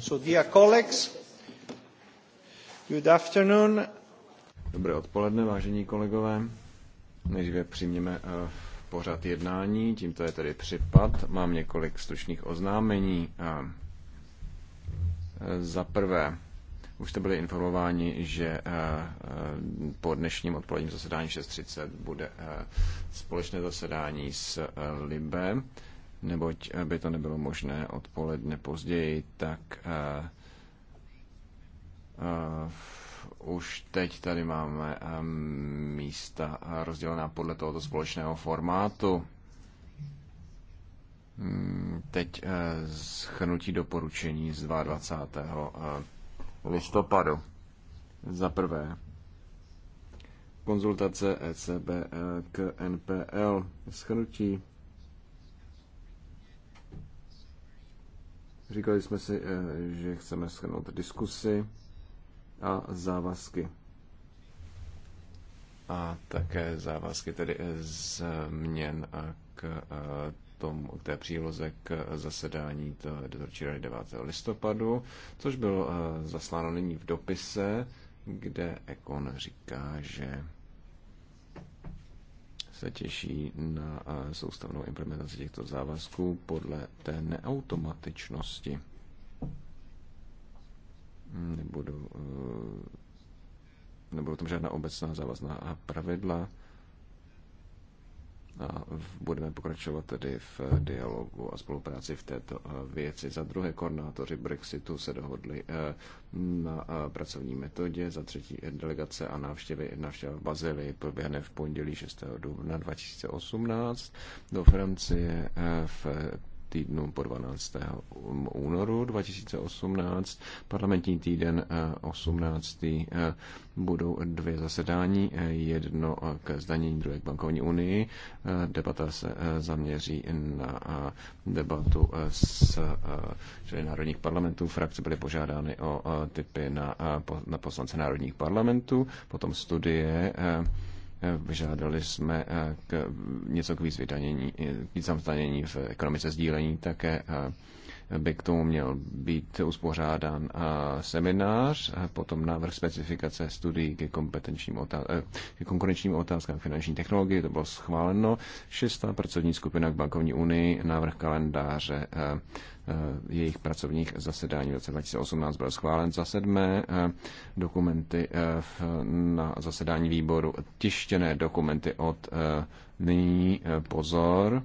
So dear colleagues, good afternoon. Dobré odpoledne, vážení kolegové. Nejdříve přijměme eh, pořad jednání, tímto je tedy připad. Mám několik stručných oznámení. Eh, za prvé, už jste byli informováni, že eh, po dnešním odpoledním zasedání 6.30 bude společné zasedání s Libem neboť by to nebylo možné odpoledne později, tak uh, uh, už teď tady máme um, místa rozdělená podle tohoto společného formátu. Um, teď uh, schrnutí doporučení z 22. listopadu. Za prvé, konzultace ECB k NPL, schrnutí Říkali jsme si, eh, že chceme schrnout diskusy a závazky. A také závazky tedy změn k, eh, tomu k té příloze k zasedání dozorčí rady 9. listopadu, což bylo eh, zasláno nyní v dopise, kde Ekon říká, že se těší na soustavnou implementaci těchto závazků podle té neautomatičnosti. Nebudu, eh, nebudou tam žádná obecná závazná pravidla, a budeme pokračovat tedy v eh, dialogu a spolupráci v této eh, věci. Za druhé, koordinátoři Brexitu se dohodli eh, na pracovní metodě. Za třetí, delegace a návštěvy návštěva v Bazilii proběhne v pondělí 6. dubna 2018 do Francie v týdnu po 12. únoru 2018. Parlamentní týden 18. Eh, eh, budou dvě zasedání, eh, jedno k zdanění, druhé k bankovní unii. Debata se zaměří na debatu s členy národních parlamentů. Frakce byly požádány o typy na, na poslance národních parlamentů, potom studie Vyžádali jsme eh, k, něco k víc eh, k víc v ekonomice sdílení také eh, by k tomu měl být uspořádán seminář, potom návrh specifikace studií ke, kompetenčním otáz- eh, ke konkurenčním otázkám finanční technologie, to bylo schváleno, šestá pracovní skupina k bankovní unii, návrh kalendáře eh, eh, jejich pracovních zasedání v roce 2018 byl schválen. Za sedmé dokumenty na zasedání výboru, tištěné dokumenty od nyní pozor,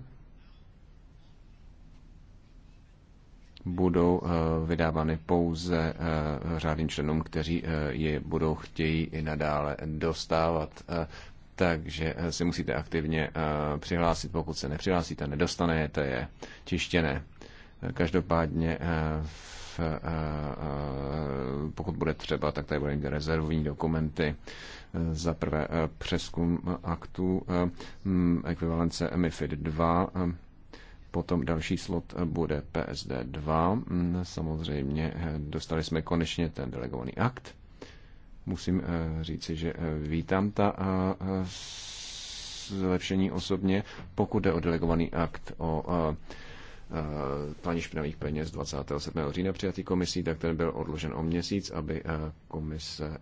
budou eh, vydávány pouze eh, řádným členům, kteří eh, je budou chtějí i nadále dostávat. Takže si musíte aktivně přihlásit, pokud se nepřihlásíte, nedostanete je čištěné. Každopádně v, pokud bude třeba, tak tady budeme mít rezervní dokumenty. Za prvé přeskum aktů ekvivalence MIFID 2 Potom další slot bude PSD 2. Mm, samozřejmě eh, dostali jsme konečně ten delegovaný akt. Musím eh, říci, že eh, vítám ta zlepšení osobně, pokud jde o delegovaný akt o praní špinavých peněz 27. října přijatý komisí, tak ten byl odložen o měsíc, aby komise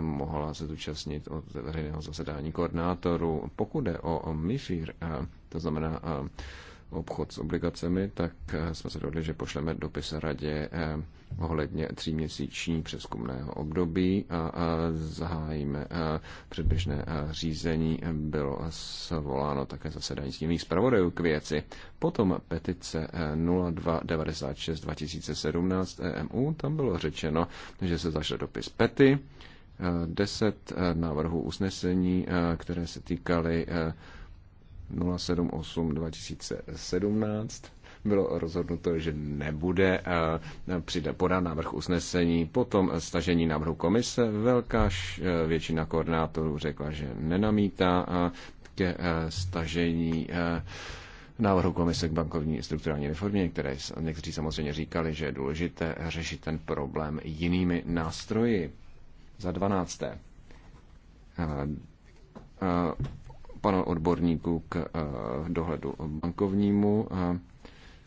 mohla se zúčastnit od veřejného zasedání koordinátorů. Pokud jde o MIFIR, to znamená obchod s obligacemi, tak eh, jsme se dohodli, že pošleme dopis radě eh, ohledně tříměsíční přeskumného období a zahájíme eh, předběžné řízení. Bylo svoláno také zasedání s nimi zpravodajů k věci. Potom petice 0296 2017 EMU, tam bylo řečeno, že se zašle dopis pety, 10 návrhů usnesení, které se týkaly 078 2017 bylo rozhodnuto, že nebude eh, podán návrh usnesení. Potom stažení návrhu komise. Velká eh, většina koordinátorů řekla, že nenamítá eh, ke stažení návrhu komise k bankovní strukturální reformě, které někteří samozřejmě říkali, že je důležité řešit ten problém jinými nástroji. Za dvanácté panel odborníků k eh, dohledu bankovnímu. Eh,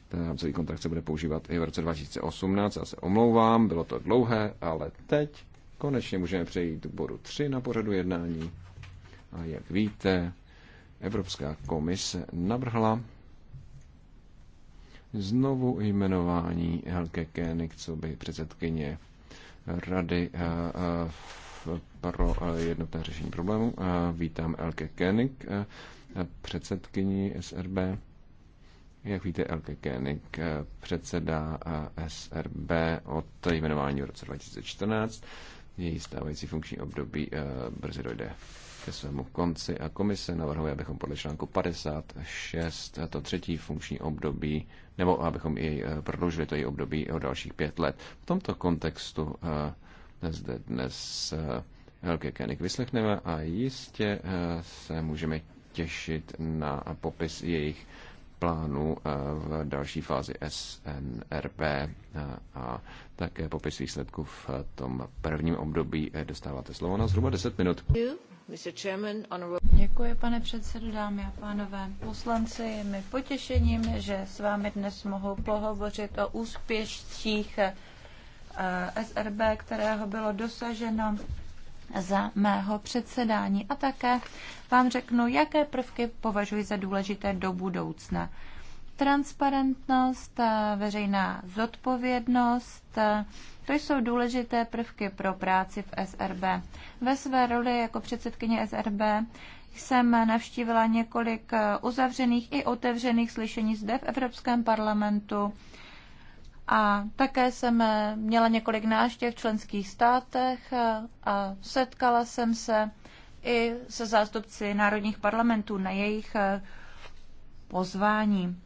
ten rámcový kontrakt se bude používat i v roce 2018. Já se omlouvám, bylo to dlouhé, ale teď konečně můžeme přejít k bodu 3 na pořadu jednání. A jak víte, Evropská komise navrhla znovu jmenování Helke Koenig, co by předsedkyně Rady eh, pro eh, jednotné řešení problému. Eh, vítám Elke Koenig, eh, předsedkyni SRB. Jak víte, Elke Koenig předseda SRB od jmenování v roce 2014. Její stávající funkční období brzy dojde ke svému konci a komise navrhuje, abychom podle článku 56 to třetí funkční období, nebo abychom i prodloužili to její období o dalších pět let. V tomto kontextu zde dnes eh, Helke Koenig vyslechneme a jistě eh, se můžeme těšit na popis jejich plánů eh, v další fázi SNRP a také popis výsledků v tom prvním období. Dostáváte slovo na zhruba 10 minut. Děkuji, pane předsedo, dámy a pánové poslanci. Je mi potěšením, že s vámi dnes mohu pohovořit o úspěšcích Eh, SRB, kterého bylo dosaženo za mého předsedání. A také vám řeknu, jaké prvky považuji za důležité do budoucna. Transparentnost, eh, veřejná zodpovědnost, eh, to jsou důležité prvky pro práci v SRB. Ve své roli jako předsedkyně SRB jsem navštívila několik uzavřených i otevřených slyšení zde v Evropském parlamentu a také jsem měla několik návštěv v členských státech a setkala jsem se i se zástupci národních parlamentů na jejich pozvání.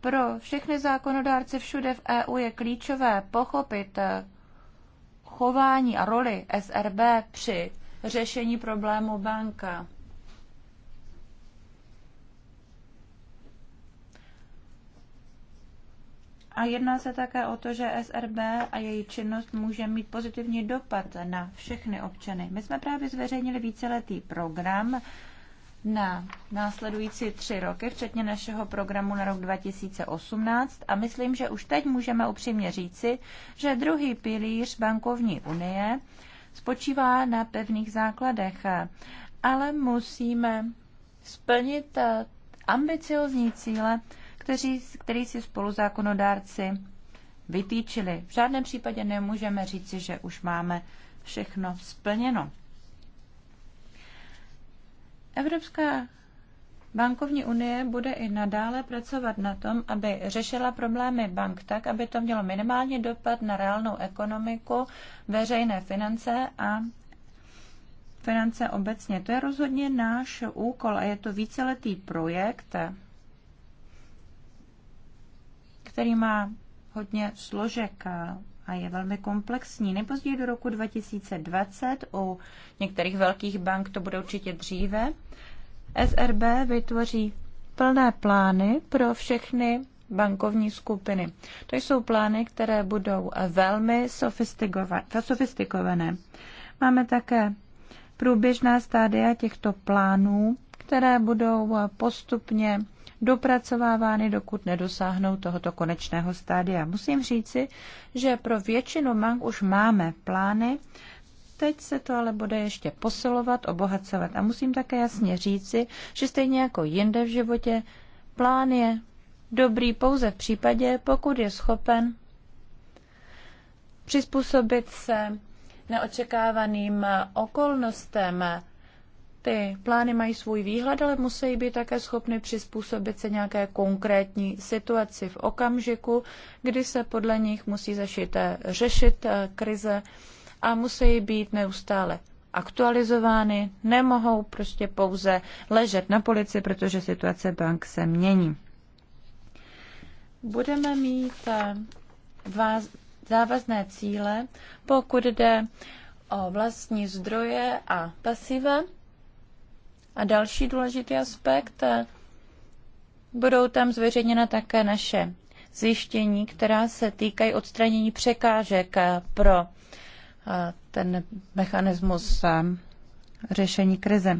Pro všechny zákonodárce všude v EU je klíčové pochopit chování a roli SRB při řešení problému banka. A jedná se také o to, že SRB a její činnost může mít pozitivní dopad na všechny občany. My jsme právě zveřejnili víceletý program na následující tři roky, včetně našeho programu na rok 2018 a myslím, že už teď můžeme upřímně říci, že druhý pilíř bankovní unie spočívá na pevných základech, ale musíme splnit eh, ambiciozní cíle, kteří, který si spoluzákonodárci vytýčili. V žádném případě nemůžeme říci, že už máme všechno splněno. Evropská bankovní unie bude i nadále pracovat na tom, aby řešila problémy bank tak, aby to mělo minimálně dopad na reálnou ekonomiku, veřejné finance a finance obecně. To je rozhodně náš úkol a je to víceletý projekt, který má hodně složek a je velmi komplexní. Nejpozději do roku 2020, u některých velkých bank to bude určitě dříve, SRB vytvoří plné plány pro všechny bankovní skupiny. To jsou plány, které budou velmi sofistikované. Máme také průběžná stádia těchto plánů, které budou postupně dopracovávány, dokud nedosáhnou tohoto konečného stádia. Musím říci, že pro většinu mang už máme plány, Teď se to ale bude ještě posilovat, obohacovat. A musím také jasně říci, že stejně jako jinde v životě, plán je dobrý pouze v případě, pokud je schopen přizpůsobit se neočekávaným okolnostem, ty plány mají svůj výhled, ale musí být také schopny přizpůsobit se nějaké konkrétní situaci v okamžiku, kdy se podle nich musí zašit eh, řešit eh, krize a musí být neustále aktualizovány, nemohou prostě pouze ležet na polici, protože situace bank se mění. Budeme mít eh, váz, závazné cíle, pokud jde o vlastní zdroje a pasiva. A další důležitý aspekt, eh, budou tam zveřejněna také naše zjištění, která se týkají odstranění překážek eh, pro eh, ten mechanismus řešení krize.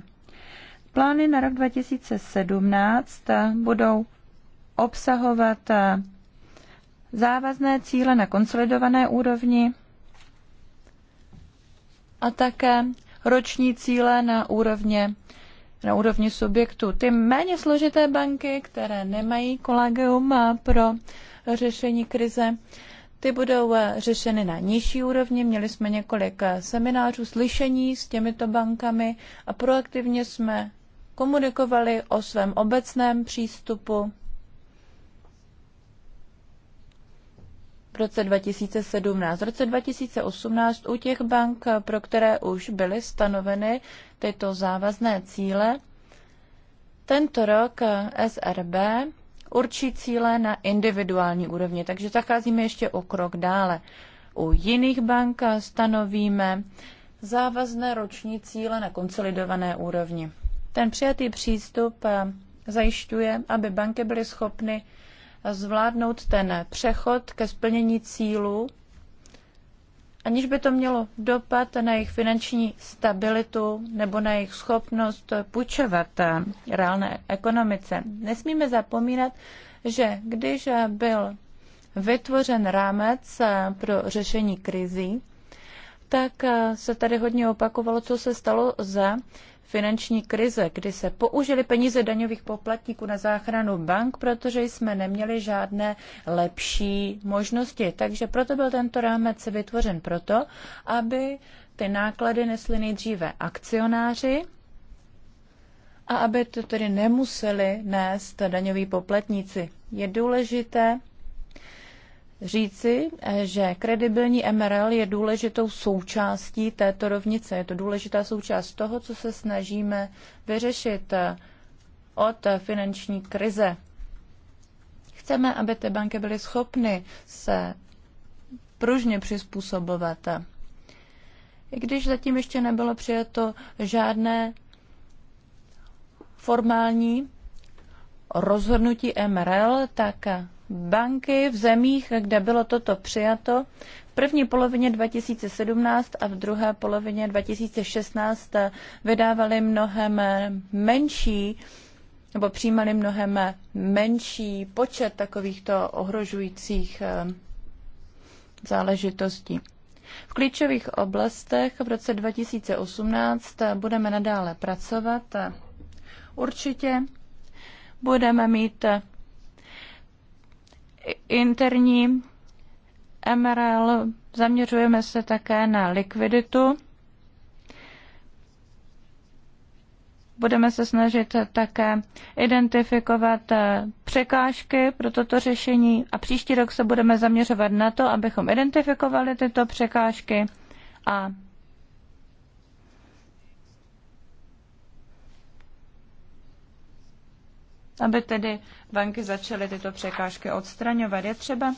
Plány na rok 2017 budou obsahovat závazné cíle na konsolidované úrovni a také roční cíle na úrovně na úrovni subjektu. Ty méně složité banky, které nemají kolegium pro řešení krize, ty budou řešeny na nižší úrovni. Měli jsme několik seminářů, slyšení s těmito bankami a proaktivně jsme komunikovali o svém obecném přístupu v roce 2017. V roce 2018 u těch bank, pro které už byly stanoveny tyto závazné cíle, tento rok SRB určí cíle na individuální úrovni, takže zacházíme ještě o krok dále. U jiných bank stanovíme závazné roční cíle na konsolidované úrovni. Ten přijatý přístup eh, zajišťuje, aby banky byly schopny zvládnout ten přechod ke splnění cílů, aniž by to mělo dopad na jejich finanční stabilitu nebo na jejich schopnost půjčovat reálné ekonomice. Nesmíme zapomínat, že když byl vytvořen rámec pro řešení krizí, tak se tady hodně opakovalo, co se stalo za finanční krize, kdy se použili peníze daňových poplatníků na záchranu bank, protože jsme neměli žádné lepší možnosti. Takže proto byl tento rámec vytvořen proto, aby ty náklady nesli nejdříve akcionáři, a aby to tedy nemuseli nést daňoví poplatníci. Je důležité říci, eh, že kredibilní MRL je důležitou součástí této rovnice. Je to důležitá součást toho, co se snažíme vyřešit eh, od finanční krize. Chceme, aby ty banky byly schopny se pružně přizpůsobovat. I když zatím ještě nebylo přijato žádné formální rozhodnutí MRL, tak banky v zemích, kde bylo toto přijato, v první polovině 2017 a v druhé polovině 2016 vydávaly mnohem menší nebo přijímali mnohem menší počet takovýchto ohrožujících eh, záležitostí. V klíčových oblastech v roce 2018 budeme nadále pracovat. Určitě budeme mít interní MRL, zaměřujeme se také na likviditu. Budeme se snažit také identifikovat eh, překážky pro toto řešení a příští rok se budeme zaměřovat na to, abychom identifikovali tyto překážky a aby tedy banky začaly tyto překážky odstraňovat. Je třeba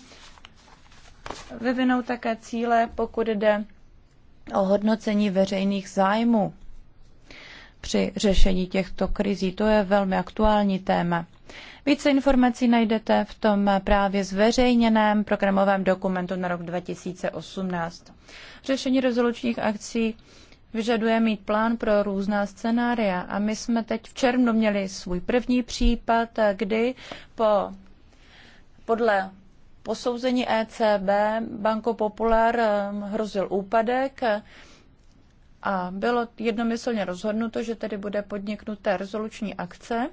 vyvinout také cíle, pokud jde o hodnocení veřejných zájmů při řešení těchto krizí. To je velmi aktuální téma. Více informací najdete v tom právě zveřejněném programovém dokumentu na rok 2018. Řešení rezolučních akcí vyžaduje mít plán pro různá scenária. A my jsme teď v červnu měli svůj první případ, kdy po, podle posouzení ECB Banko Popular um, hrozil úpadek a bylo jednomyslně rozhodnuto, že tedy bude podniknuté rezoluční akce.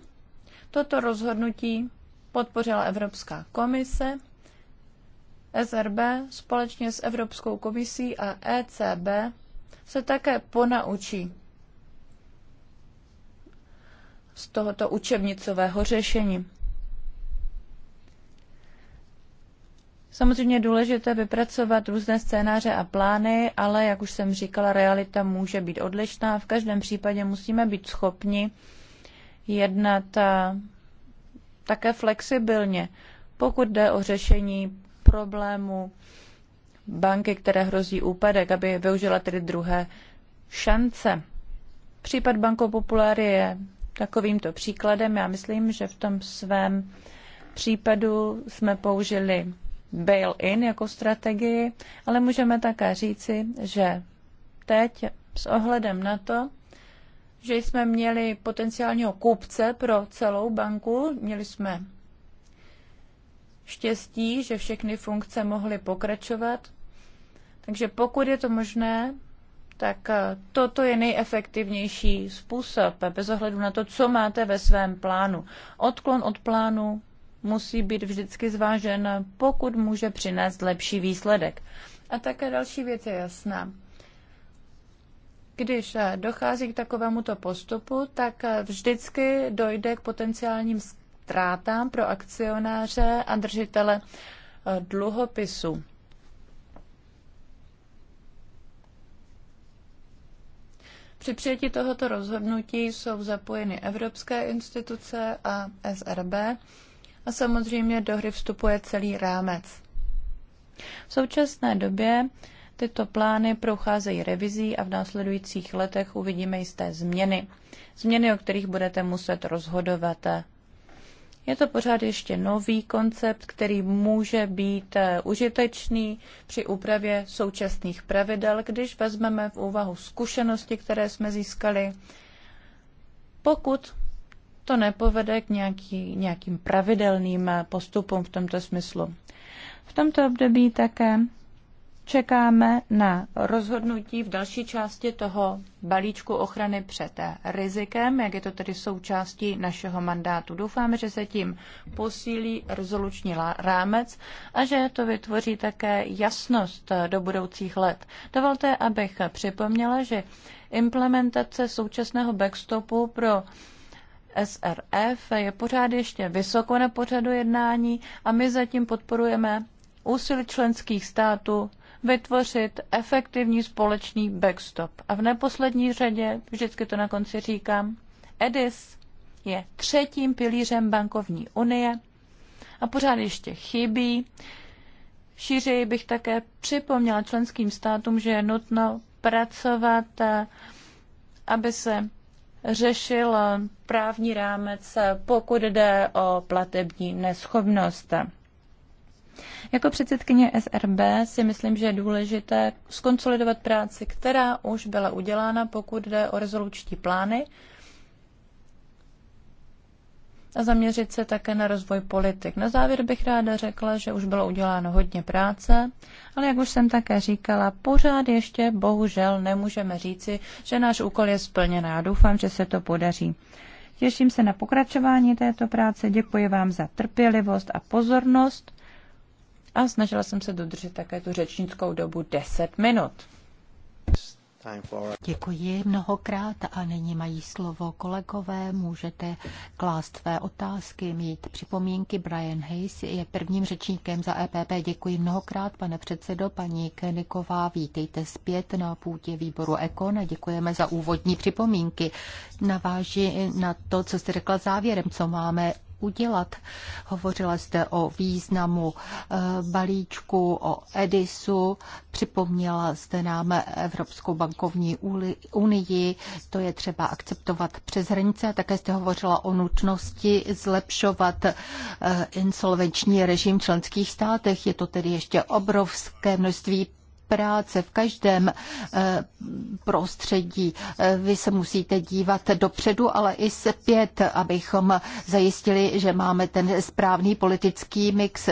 Toto rozhodnutí podpořila Evropská komise, SRB společně s Evropskou komisí a ECB se také ponaučí z tohoto učebnicového řešení. Samozřejmě je důležité vypracovat různé scénáře a plány, ale jak už jsem říkala, realita může být odlišná. V každém případě musíme být schopni jednat také flexibilně, pokud jde o řešení problému banky, které hrozí úpadek, aby využila tedy druhé šance. Případ Banko Populáry je takovýmto příkladem. Já myslím, že v tom svém případu jsme použili bail-in jako strategii, ale můžeme také říci, že teď s ohledem na to, že jsme měli potenciálního kupce pro celou banku, měli jsme štěstí, že všechny funkce mohly pokračovat, takže pokud je to možné, tak eh, toto je nejefektivnější způsob, eh, bez ohledu na to, co máte ve svém plánu. Odklon od plánu musí být vždycky zvážen, eh, pokud může přinést lepší výsledek. A také další věc je jasná. Když dochází k takovémuto postupu, tak vždycky dojde k potenciálním ztrátám pro akcionáře a držitele dluhopisu. Při přijetí tohoto rozhodnutí jsou zapojeny evropské instituce a SRB a samozřejmě do hry vstupuje celý rámec. V současné době tyto plány procházejí revizí a v následujících letech uvidíme jisté změny. Změny, o kterých budete muset rozhodovat je to pořád ještě nový koncept, který může být eh, užitečný při úpravě současných pravidel, když vezmeme v úvahu zkušenosti, které jsme získali. Pokud to nepovede k nějaký, nějakým pravidelným eh, postupům v tomto smyslu. V tomto období také Čekáme na rozhodnutí v další části toho balíčku ochrany před rizikem, jak je to tedy součástí našeho mandátu. Doufáme, že se tím posílí rezoluční rámec a že to vytvoří také jasnost do budoucích let. Dovolte, abych připomněla, že implementace současného backstopu pro SRF je pořád ještě vysoko na pořadu jednání a my zatím podporujeme úsil členských států vytvořit efektivní společný backstop. A v neposlední řadě, vždycky to na konci říkám, EDIS je třetím pilířem bankovní unie a pořád ještě chybí. Šířeji bych také připomněla členským státům, že je nutno pracovat, aby se řešil právní rámec, pokud jde o platební neschopnost. Jako předsedkyně SRB si myslím, že je důležité skonsolidovat práci, která už byla udělána, pokud jde o rezoluční plány a zaměřit se také na rozvoj politik. Na závěr bych ráda řekla, že už bylo uděláno hodně práce, ale jak už jsem také říkala, pořád ještě bohužel nemůžeme říci, že náš úkol je splněn. Já doufám, že se to podaří. Těším se na pokračování této práce, děkuji vám za trpělivost a pozornost a snažila jsem se dodržet také tu řečnickou dobu 10 minut. Děkuji mnohokrát a nyní mají slovo kolegové. Můžete klást své otázky, mít připomínky. Brian Hayes je prvním řečníkem za EPP. Děkuji mnohokrát, pane předsedo, paní Keniková. Vítejte zpět na půdě výboru Ekon. Děkujeme za úvodní připomínky. Naváži na to, co jste řekla závěrem, co máme udělat. Hovořila jste o významu eh, balíčku, o Edisu, připomněla jste nám Evropskou bankovní unii, to je třeba akceptovat přes hranice také jste hovořila o nutnosti zlepšovat eh, insolvenční režim v členských státech. Je to tedy ještě obrovské množství práce, v každém eh, prostředí. Eh, vy se musíte dívat dopředu, ale i zpět, abychom zajistili, že máme ten správný politický mix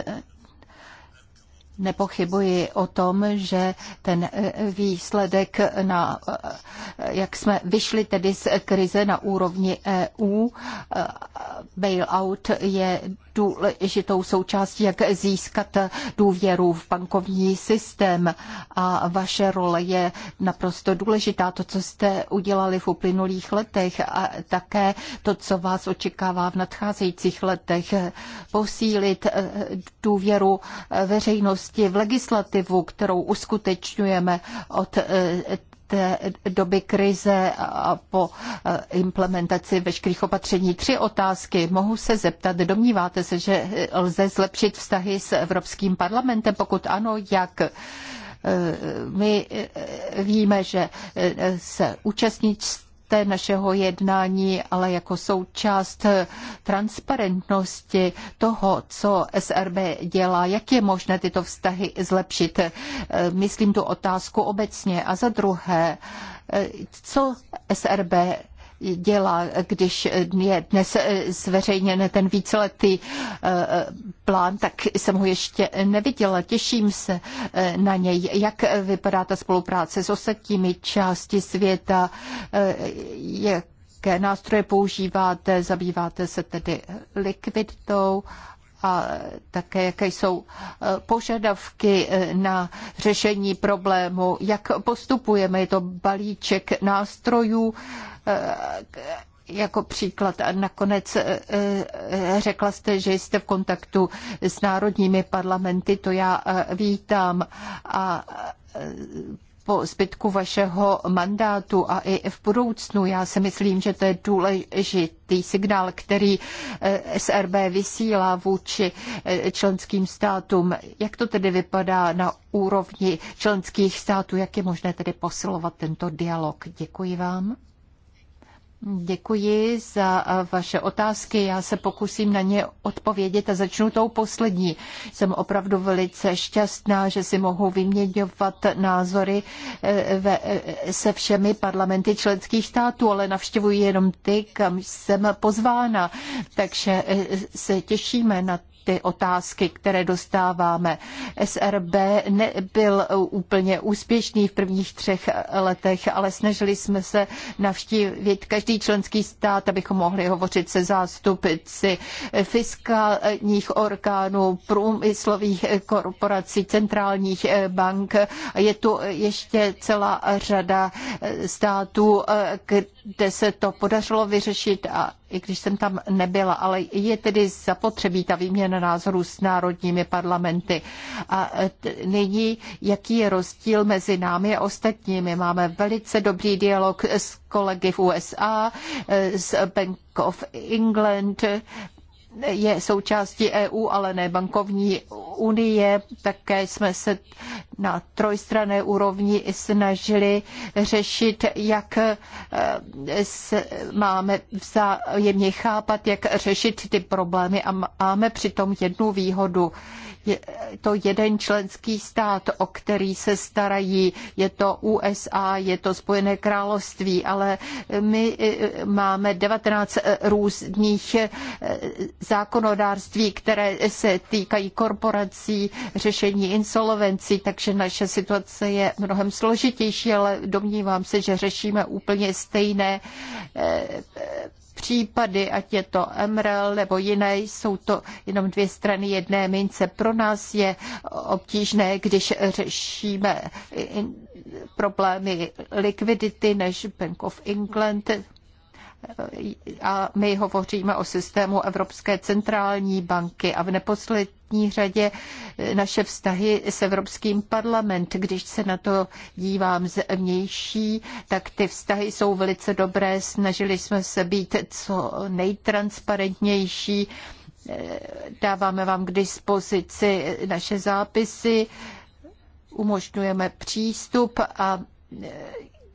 nepochybuji o tom, že ten e, výsledek, na, e, jak jsme vyšli tedy z krize na úrovni EU, e, bailout je důležitou součástí, jak získat důvěru v bankovní systém. A vaše role je naprosto důležitá. To, co jste udělali v uplynulých letech a také to, co vás očekává v nadcházejících letech, posílit důvěru veřejnosti činnosti v legislativu, kterou uskutečňujeme od eh, té doby krize a po eh, implementaci veškerých opatření. Tři otázky. Mohu se zeptat, domníváte se, že eh, lze zlepšit vztahy s Evropským parlamentem? Pokud ano, jak? My víme, že se účastnictví našeho jednání, ale jako součást transparentnosti toho, co SRB dělá, jak je možné tyto vztahy zlepšit. E, myslím tu otázku obecně. A za druhé, e, co SRB dělá, když je dnes eh, zveřejněn ten víceletý eh, eh, plán, tak jsem ho ještě neviděla. Těším se na něj. Jak vypadá ta spolupráce s ostatními části světa? Jaké nástroje používáte? Zabýváte se tedy likviditou a také jaké jsou e, požadavky e, na řešení problému, jak postupujeme. Je to balíček nástrojů, e, jako příklad. A nakonec řekla jste, že jste v kontaktu s národními parlamenty, to já vítám a po zbytku vašeho mandátu a i v budoucnu. Já si myslím, že to je důležitý signál, který eh, SRB vysílá vůči eh, členským státům. Jak to tedy vypadá na úrovni členských států? Jak je možné tedy posilovat tento dialog? Děkuji vám. Děkuji za vaše otázky. Já se pokusím na ně odpovědět a začnu tou poslední. Jsem opravdu velice šťastná, že si mohu vyměňovat názory e, ve, e, se všemi parlamenty členských států, ale navštěvuji jenom ty, kam jsem pozvána. Takže e, se těšíme na ty otázky, které dostáváme. SRB nebyl úplně úspěšný v prvních třech letech, ale snažili jsme se navštívit každý členský stát, abychom mohli hovořit se zástupci fiskálních orgánů, průmyslových korporací, centrálních bank. Je tu ještě celá řada států, kde se to podařilo vyřešit a i když jsem tam nebyla, ale je tedy zapotřebí ta výměna výměna názorů s národními parlamenty. A e, nyní, jaký je rozdíl mezi námi a ostatními? Máme velice dobrý dialog s kolegy v USA, s e, Bank of England, je součástí EU, ale ne bankovní unie. Také jsme se na trojstrané úrovni snažili řešit, jak eh, máme vzájemně chápat, jak řešit ty problémy a máme přitom jednu výhodu. Je to jeden členský stát, o který se starají. Je to USA, je to Spojené království, ale my eh, máme 19 eh, různých eh, zákonodárství, které se týkají korporací, řešení insolvencí, takže naše situace je mnohem složitější, ale domnívám se, že řešíme úplně stejné případy, ať je to MRL nebo jiné, jsou to jenom dvě strany jedné mince. Pro nás je obtížné, když řešíme problémy likvidity než Bank of England, a my hovoříme o systému Evropské centrální banky a v neposlední řadě naše vztahy s Evropským parlament. Když se na to dívám vnější, tak ty vztahy jsou velice dobré. Snažili jsme se být co nejtransparentnější. Dáváme vám k dispozici naše zápisy, umožňujeme přístup a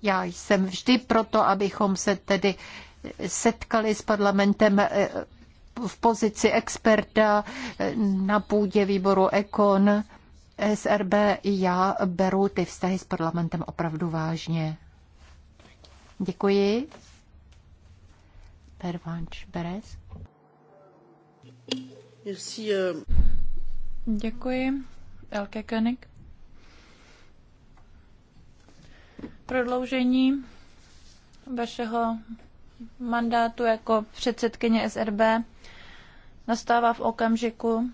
já jsem vždy proto, abychom se tedy setkali s parlamentem eh, v pozici experta eh, na půdě výboru Ekon. SRB i já beru ty vztahy s parlamentem opravdu vážně. Děkuji. Pervanč Beres. Eh. Děkuji. Elke Koenig. Prodloužení vašeho mandátu jako předsedkyně SRB nastává v okamžiku,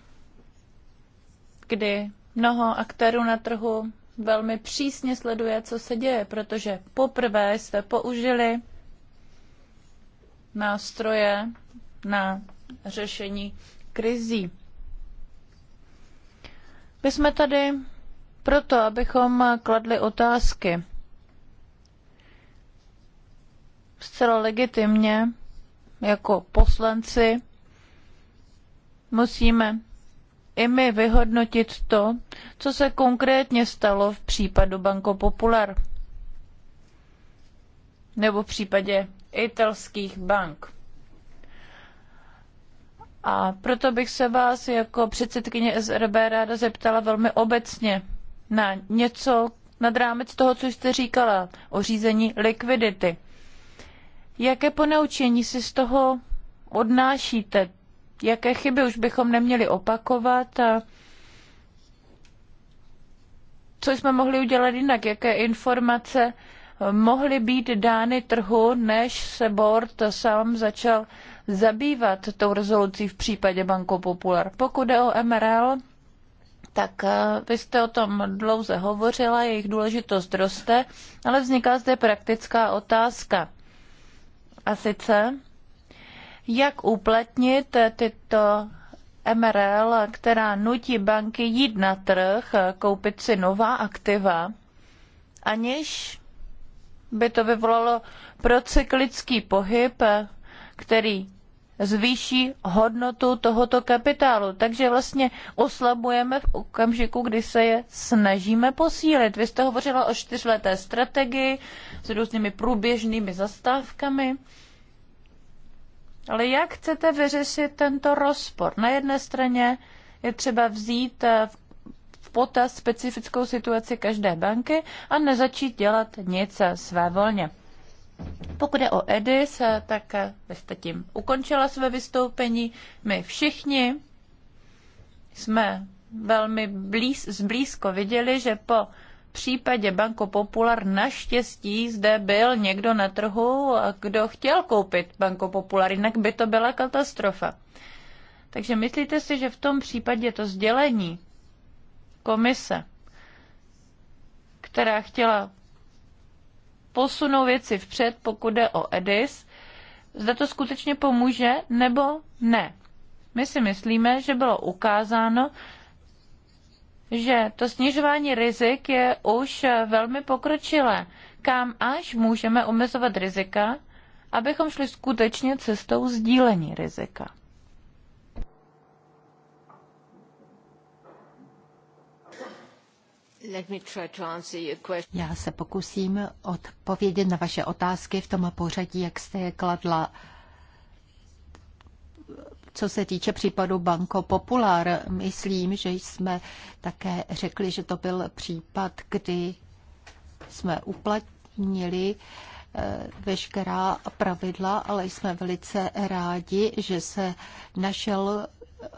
kdy mnoho aktérů na trhu velmi přísně sleduje, co se děje, protože poprvé jste použili nástroje na řešení krizí. My jsme tady proto, abychom kladli otázky zcela legitimně jako poslanci musíme i my vyhodnotit to, co se konkrétně stalo v případu Banco Popular nebo v případě italských bank. A proto bych se vás jako předsedkyně SRB ráda zeptala velmi obecně na něco nad rámec toho, co jste říkala o řízení likvidity. Jaké ponaučení si z toho odnášíte? Jaké chyby už bychom neměli opakovat? A co jsme mohli udělat jinak? Jaké informace mohly být dány trhu, než se board sám začal zabývat tou rezolucí v případě Banko Popular. Pokud jde o MRL, tak eh, vy jste o tom dlouze hovořila, jejich důležitost roste, ale vzniká zde praktická otázka. A sice, jak uplatnit tyto MRL, která nutí banky jít na trh, koupit si nová aktiva, aniž by to vyvolalo procyklický pohyb, který zvýší hodnotu tohoto kapitálu. Takže vlastně oslabujeme v okamžiku, kdy se je snažíme posílit. Vy jste hovořila o čtyřleté strategii s různými průběžnými zastávkami. Ale jak chcete vyřešit tento rozpor? Na jedné straně je třeba vzít eh, v potaz specifickou situaci každé banky a nezačít dělat nic své volně. Pokud je o Edis, tak jste tím ukončila své vystoupení. My všichni jsme velmi blíz, zblízko viděli, že po případě Banko Popular naštěstí zde byl někdo na trhu, kdo chtěl koupit Banko Popular, jinak by to byla katastrofa. Takže myslíte si, že v tom případě to sdělení komise, která chtěla posunou věci vpřed, pokud jde o EDIS, zda to skutečně pomůže nebo ne. My si myslíme, že bylo ukázáno, že to snižování rizik je už velmi pokročilé. Kam až můžeme omezovat rizika, abychom šli skutečně cestou sdílení rizika. Já se pokusím odpovědět na vaše otázky v tom pořadí, jak jste je kladla. Co se týče případu Banco Popular, myslím, že jsme také řekli, že to byl případ, kdy jsme uplatnili eh, veškerá pravidla, ale jsme velice rádi, že se našel eh,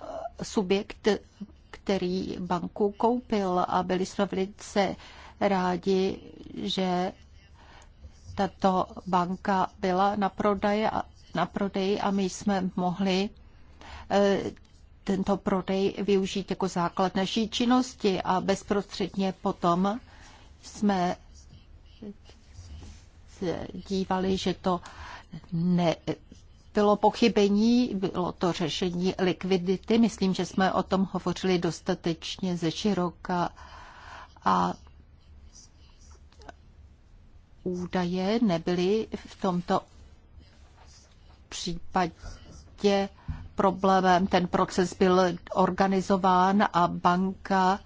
subjekt který banku koupil a byli jsme velice rádi, že tato banka byla na, prodaje, na prodeji a my jsme mohli eh, tento prodej využít jako základ naší činnosti a bezprostředně potom jsme dívali, že to ne, bylo pochybení, bylo to řešení likvidity. Myslím, že jsme o tom hovořili dostatečně ze široka a údaje nebyly v tomto případě problémem. Ten proces byl organizován a banka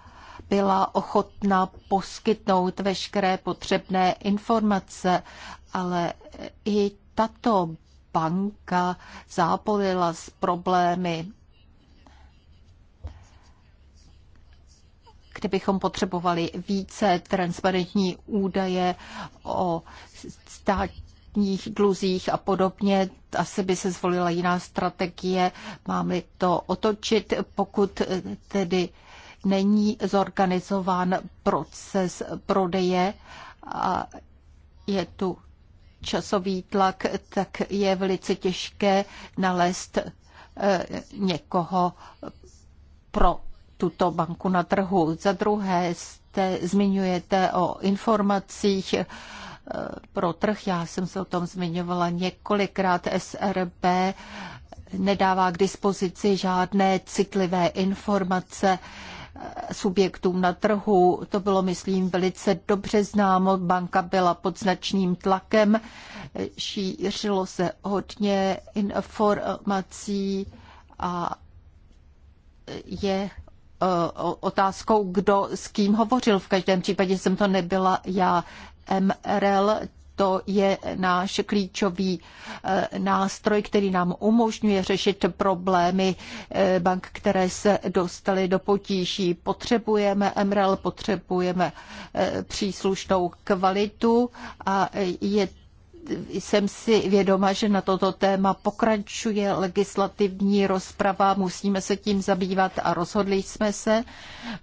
byla ochotná poskytnout veškeré potřebné informace, ale i tato banka zápolila s problémy. Kdybychom potřebovali více transparentní údaje o státních dluzích a podobně, asi by se zvolila jiná strategie. Máme to otočit, pokud tedy není zorganizován proces prodeje a je tu časový tlak, tak je velice těžké nalézt eh, někoho pro tuto banku na trhu. Za druhé jste, zmiňujete o informacích eh, pro trh. Já jsem se o tom zmiňovala několikrát. SRB nedává k dispozici žádné citlivé informace subjektům na trhu. To bylo, myslím, velice dobře známo. Banka byla pod značným tlakem, šířilo se hodně informací a je eh, otázkou, kdo s kým hovořil. V každém případě jsem to nebyla já. MRL to je náš klíčový eh, nástroj, který nám umožňuje řešit problémy eh, bank, které se dostaly do potíží. Potřebujeme MREL, potřebujeme eh, příslušnou kvalitu a je jsem si vědoma, že na toto téma pokračuje legislativní rozprava, musíme se tím zabývat a rozhodli jsme se.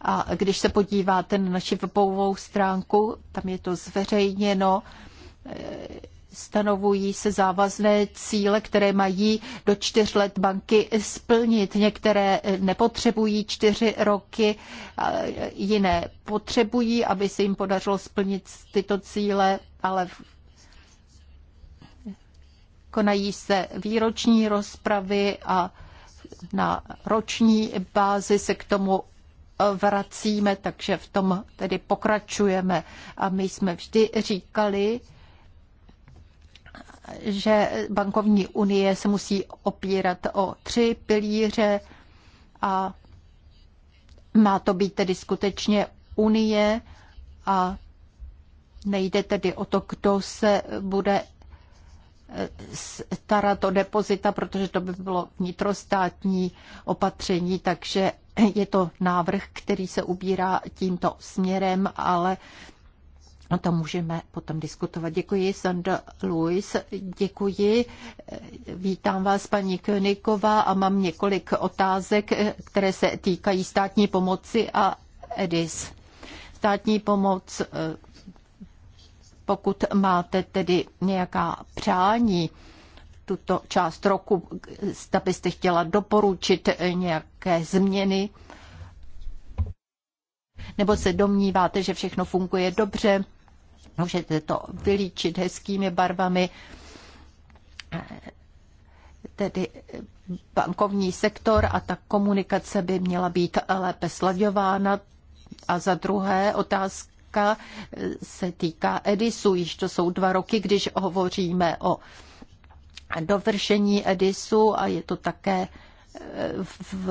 A když se podíváte na naši webovou stránku, tam je to zveřejněno, stanovují se závazné cíle, které mají do čtyř let banky splnit. Některé nepotřebují čtyři roky, jiné potřebují, aby se jim podařilo splnit tyto cíle, ale konají se výroční rozpravy a na roční bázi se k tomu vracíme, takže v tom tedy pokračujeme. A my jsme vždy říkali, že bankovní unie se musí opírat o tři pilíře a má to být tedy skutečně unie a nejde tedy o to, kdo se bude eh, starat o depozita, protože to by bylo vnitrostátní opatření, takže je to návrh, který se ubírá tímto směrem, ale No, to můžeme potom diskutovat. Děkuji, Sandra Luis, děkuji. Vítám vás, paní Königová, a mám několik otázek, které se týkají státní pomoci a EDIS. Státní pomoc, eh, pokud máte tedy nějaká přání, tuto část roku, zda byste chtěla doporučit eh, nějaké změny, nebo se domníváte, že všechno funguje dobře, Můžete to vylíčit hezkými barvami. Tedy bankovní sektor a ta komunikace by měla být lépe sladěvána. A za druhé otázka se týká Edisu. Již to jsou dva roky, když hovoříme o dovršení Edisu a je to také v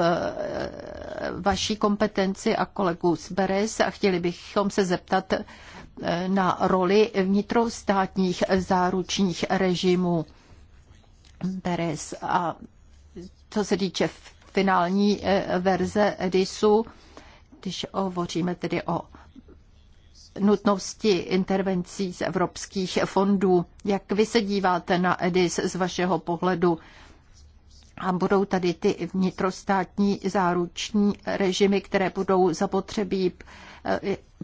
vaší kompetenci a kolegů z Beres a chtěli bychom se zeptat, na roli vnitrostátních záručních režimů. Beres a co se týče finální eh, verze Edisu, když hovoříme tedy o nutnosti intervencí z evropských fondů. Jak vy se díváte na EDIS z vašeho pohledu? a budou tady ty vnitrostátní záruční režimy, které budou zapotřebí eh,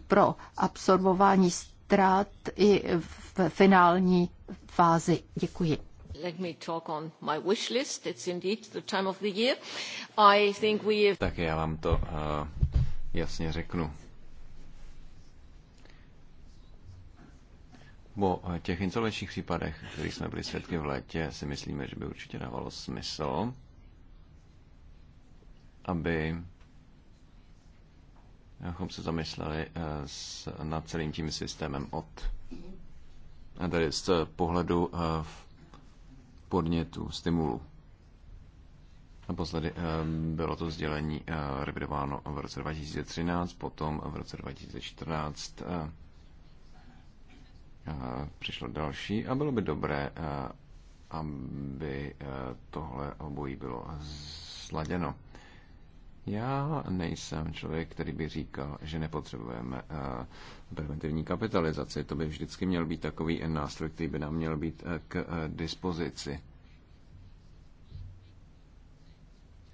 pro absorbování ztrát i v finální fázi. Děkuji. Tak já vám to uh, jasně řeknu. Po těch insolvenčních případech, kterých jsme byli svědky v létě, si myslíme, že by určitě dávalo smysl, aby abychom se zamysleli eh, s, nad celým tím systémem od a tady z pohledu eh, v podnětu, stimulu. Naposledy eh, bylo to sdělení revidováno v roce 2013, potom v roce 2014 přišlo další a bylo by dobré, aby tohle obojí bylo sladěno. Já nejsem člověk, který by říkal, že nepotřebujeme preventivní kapitalizaci. To by vždycky měl být takový nástroj, který by nám měl být k dispozici.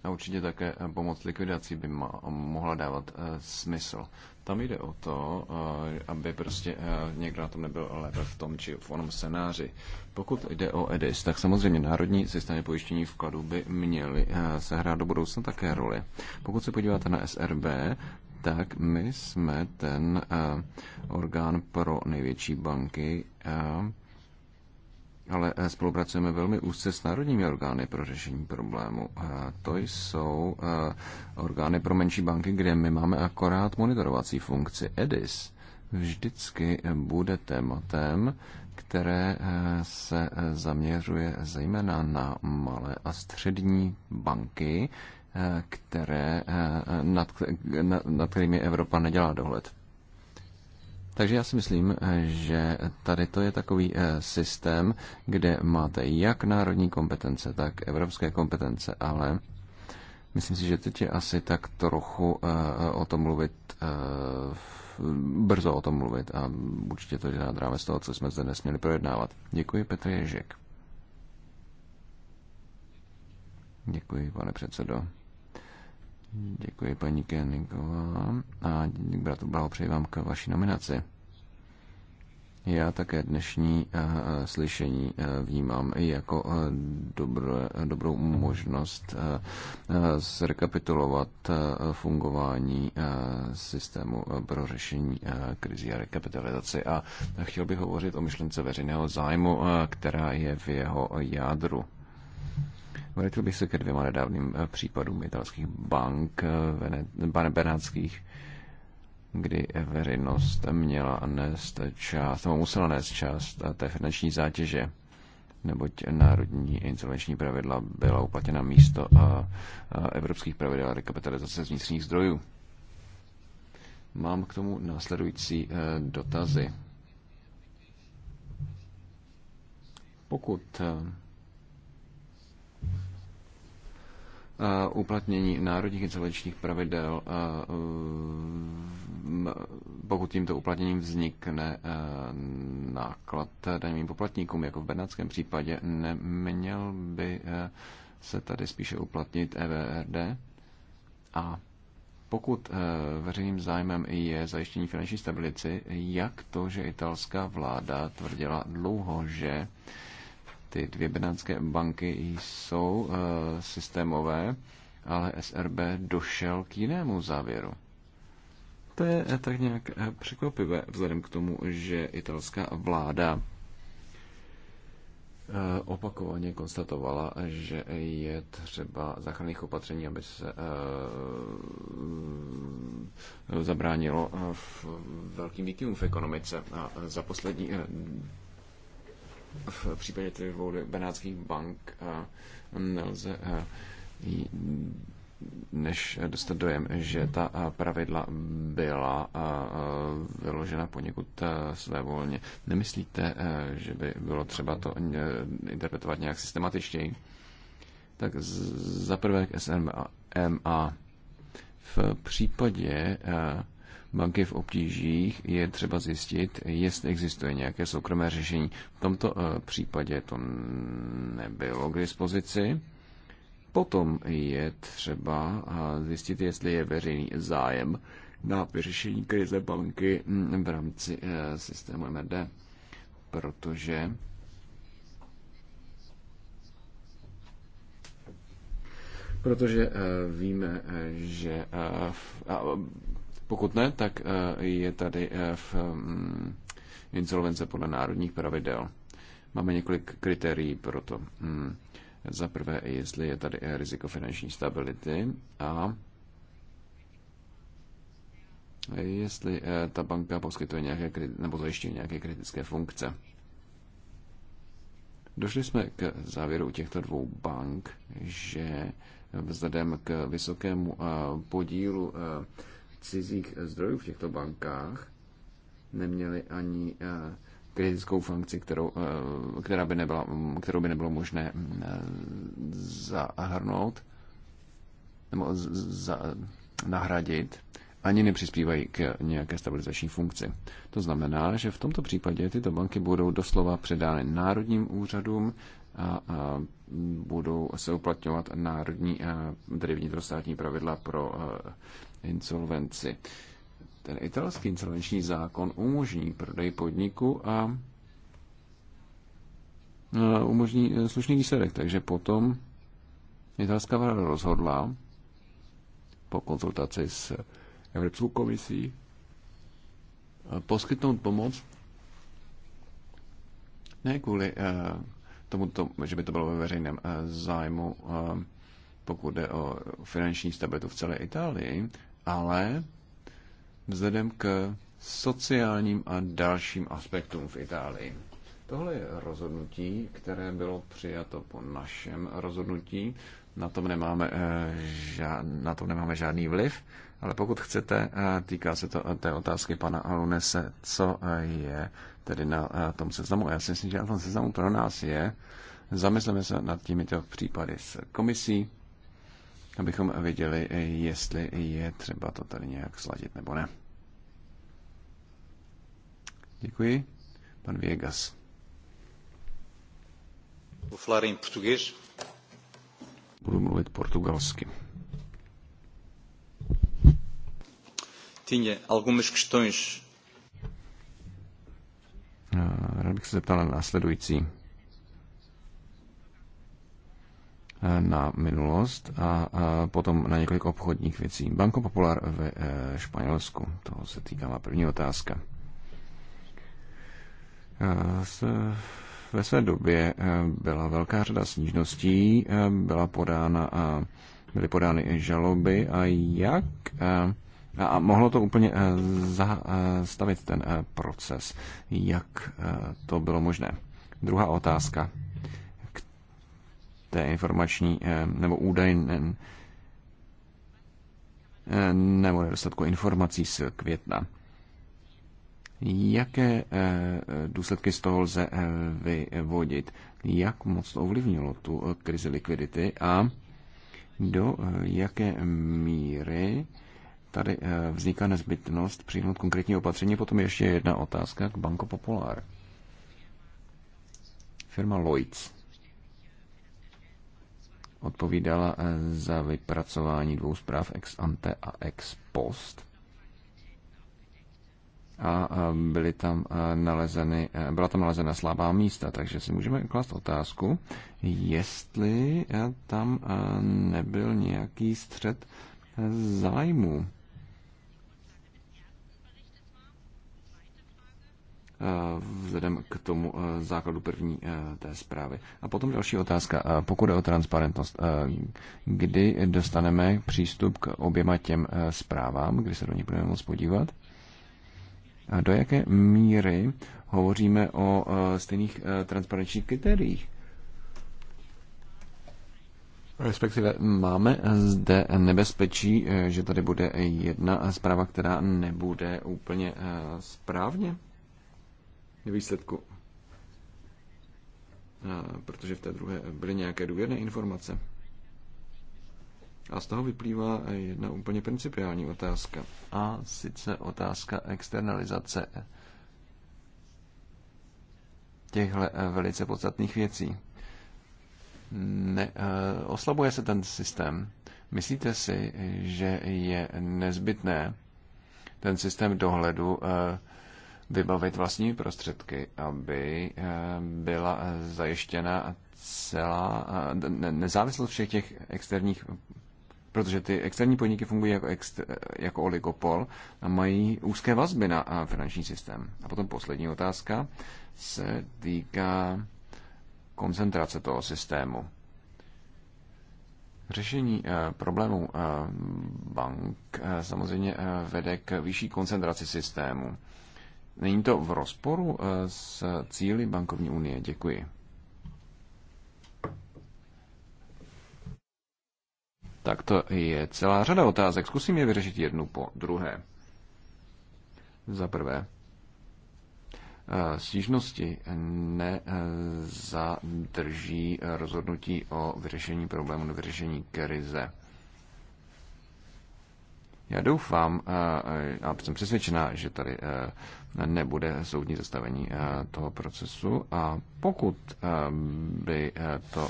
a určitě také eh, pomoc likvidací by mohla dávat eh, smysl. Tam jde o to, eh, aby prostě někdo na tom nebyl lépe v tom či v onom scénáři. Pokud jde o EDIS, tak samozřejmě národní systémy pojištění vkladů by měly sehrát do budoucna také roli. Pokud se podíváte na SRB, tak my jsme ten orgán pro největší banky ale eh, spolupracujeme velmi úzce s národními orgány pro řešení problému. To jsou eh, orgány pro menší banky, kde my máme akorát monitorovací funkci. EDIS vždycky eh, bude tématem, které se zaměřuje zejména na malé a střední banky, které, nad, nad kterými Evropa nedělá dohled. Takže já si myslím, eh, že tady to je takový eh, systém, kde máte jak národní kompetence, tak evropské kompetence, ale myslím si, že teď je asi tak trochu eh, o tom mluvit, brzo o tom mluvit a určitě to je nad rámec toho, co jsme zde dnes měli projednávat. Děkuji, Petr Ježek. Děkuji, pane předsedo. Děkuji paní Kenningová a bratu přeji vám k vaší nominaci. Já také dnešní eh, eh, slyšení eh, vnímám i jako dobré, dobrou možnost zrekapitulovat fungování systému pro řešení krizi a rekapitalizaci. A chtěl bych hovořit o myšlence veřejného zájmu, která je v jeho jádru. Vrátil bych se ke dvěma nedávným eh, případům italských bank, eh, benátských, kdy veřejnost měla nést část, nebo musela nést část eh, té finanční zátěže neboť národní insolvenční pravidla byla uplatěna místo a, a evropských pravidel rekapitalizace z vnitřních zdrojů. Mám k tomu následující dotazy. Pokud uplatnění národních insolvenčních pravidel, pokud tímto uplatněním vznikne náklad daným poplatníkům, jako v benátském případě, neměl by se tady spíše uplatnit EVRD? A pokud veřejným zájmem je zajištění finanční stability, jak to, že italská vláda tvrdila dlouho, že ty dvě benátské banky jsou eh, systémové, ale SRB došel k jinému závěru. To je eh, tak nějak eh, překvapivé, vzhledem k tomu, že italská vláda opakovaně konstatovala, že je třeba záchranných opatření, aby se zabránilo v velkým výkyvům v ekonomice. A za poslední v případě tedy dvou benátských bank eh, nelze eh, než dostat dojem, že ta eh, pravidla byla vyložena poněkud svévolně. Nemyslíte, že by bylo třeba to interpretovat nějak systematičtěji? Tak za prvé k SMA. V případě banky v obtížích, je třeba zjistit, jestli existuje nějaké soukromé řešení. V tomto eh, případě to nebylo k dispozici. Potom je třeba eh, zjistit, jestli je veřejný zájem na vyřešení krize banky hm, v rámci eh, systému MRD, protože protože víme, že pokud ne, tak eh, je tady eh, v mm, insolvence podle národních pravidel. Máme několik kritérií pro to. Hmm. Za prvé, jestli je tady eh, riziko finanční stability a jestli ta banka poskytuje nějaké, nebo zajišťuje nějaké kritické funkce. Došli jsme k závěru těchto dvou bank, že vzhledem k vysokému podílu cizích zdrojů v těchto bankách, neměli ani eh, kritickou funkci, kterou, eh, která by nebyla, kterou by nebylo možné eh, zahrnout nebo z, nahradit, ani nepřispívají k nějaké stabilizační funkci. To znamená, že v tomto případě tyto banky budou doslova předány národním úřadům a, a budou se uplatňovat národní, tedy vnitrostátní pravidla pro insolvenci. Ten italský insolvenční zákon umožní prodej podniku a umožní slušný výsledek. Takže potom italská vláda rozhodla po konzultaci s Evropskou komisí poskytnout pomoc ne kvůli tomu, to, že by to bylo ve veřejném eh, zájmu, eh, pokud jde o finanční stabilitu v celé Itálii, ale vzhledem k sociálním a dalším aspektům v Itálii. Tohle je rozhodnutí, které bylo přijato po našem rozhodnutí. Na tom nemáme, eh, na tom nemáme žádný vliv, ale pokud chcete, týká se to té otázky pana Alunese, co je tedy na eh, tom seznamu. já si myslím, že na tom seznamu pro nás je, zamysleme se nad těmito případy s komisí, abychom věděli, jestli je třeba to tady nějak sladit nebo ne. Děkuji. Pan Viegas. Vou falar em português. Budu mluvit portugalsky. Tinha algumas questões Eh, rád bych se zeptal na následující. Eh, na minulost a potom na několik obchodních věcí. Banco Popular ve eh, Španělsku. Toho se týká má první otázka. Se ve své době byla velká řada stížností, byla podána, a byly podány žaloby a jak a mohlo to úplně eh, zastavit eh, ten eh, proces. Jak to bylo možné? Druhá otázka k té informační nebo údajné nebo nedostatku informací z května. Jaké důsledky z toho lze vyvodit? Jak moc to ovlivnilo tu krizi likvidity a do jaké míry tady eh, vzniká nezbytnost přijmout konkrétní opatření. Potom ještě jedna otázka k Banko Popular. Firma Lloyds odpovídala eh, za vypracování dvou zpráv ex ante a ex post. A eh, byly tam nalezeny, byla tam nalezena slabá místa, takže si můžeme klást otázku, jestli tam nebyl nějaký střed zájmu vzhledem k tomu eh, základu první eh, té zprávy. A potom další otázka, eh, pokud je o transparentnost. Kdy dostaneme přístup k oběma těm zprávám, kdy se do nich budeme moct podívat? A do jaké míry hovoříme o stejných transparentních kritériích? Respektive máme zde nebezpečí, že tady bude jedna zpráva, která nebude úplně správně výsledku. Protože v té druhé byly nějaké důvěrné informace. A z toho vyplývá jedna úplně principiální otázka. A sice otázka externalizace těchto eh, velice podstatných věcí. Ne, eh, oslabuje se ten systém. Myslíte si, že je nezbytné ten systém dohledu eh, vybavit vlastními prostředky, aby eh, byla eh, zajištěna celá eh, nezávislost všech těch externích, protože ty externí podniky fungují jako, exter, jako oligopol a mají úzké vazby na finanční systém. A potom poslední otázka se týká koncentrace toho systému. Řešení problémů bank samozřejmě vede k vyšší koncentraci systému. Není to v rozporu eh, s cíly bankovní unie? Děkuji. Tak to je celá řada otázek. Zkusím je vyřešit jednu po druhé. Za prvé, eh, stížnosti nezadrží rozhodnutí o vyřešení problému, vyřešení krize. Já doufám eh, eh, a jsem přesvědčená, že tady eh, nebude soudní zastavení toho procesu a pokud by to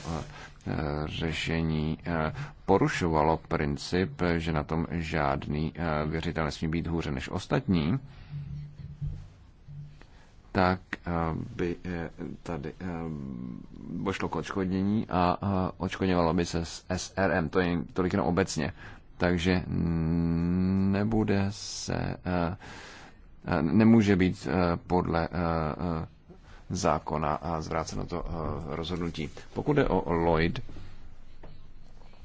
řešení porušovalo princip, že na tom žádný věřitel nesmí být hůře než ostatní, tak by tady došlo k odškodnění a odškodňovalo by se s SRM, to je tolik jenom obecně takže nebude se, eh, eh, nemůže být eh, podle zákona a zvráceno to rozhodnutí. Pokud je o Lloyd,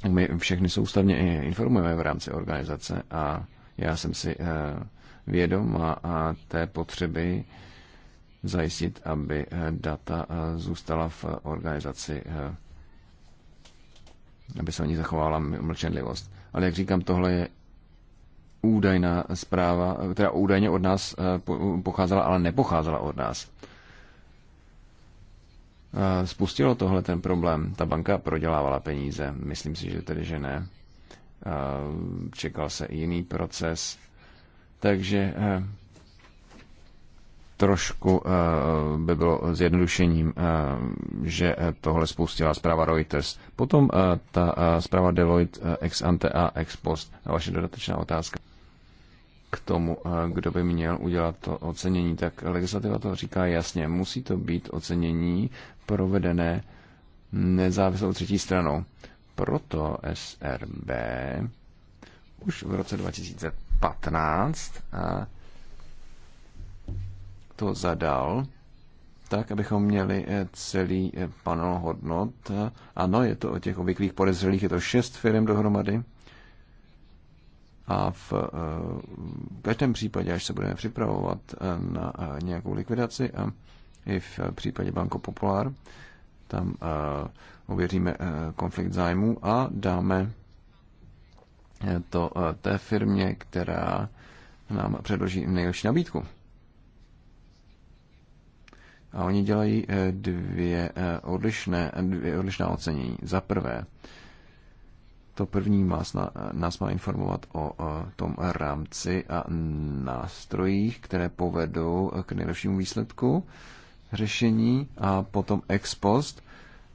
my všechny soustavně informujeme v rámci organizace a já jsem si vědom a té potřeby zajistit, aby data zůstala v organizaci, aby se o ní zachovala mlčenlivost. Ale jak říkám, tohle je údajná zpráva, která údajně od nás eh, pocházela, ale nepocházela od nás. Eh, spustilo tohle ten problém. Ta banka prodělávala peníze. Myslím si, že tedy, že ne. Eh, čekal se jiný proces. Takže trošku eh, by bylo zjednodušením, eh, že tohle spustila zpráva Reuters. Potom eh, ta zpráva Deloitte ex ante a ex post. A vaše dodatečná otázka k tomu, kdo by měl udělat to ocenění, tak legislativa to říká jasně. Musí to být ocenění provedené nezávislou třetí stranou. Proto SRB už v roce 2015 to zadal, tak, abychom měli eh, celý eh, panel hodnot. Eh, ano, je to o těch obvyklých podezřelých, je to šest firm dohromady. A v, každém případě, až se budeme připravovat na nějakou likvidaci, a i v případě Banko Popular, tam ověříme konflikt zájmů a dáme to té firmě, která nám předloží nejlepší nabídku. A oni dělají eh, dvě eh, odlišné, eh, dvě odlišná ocenění. Za prvé, to první nás, na, nás má informovat o, o tom rámci a nástrojích, které povedou k nejlepšímu výsledku řešení a potom ex post,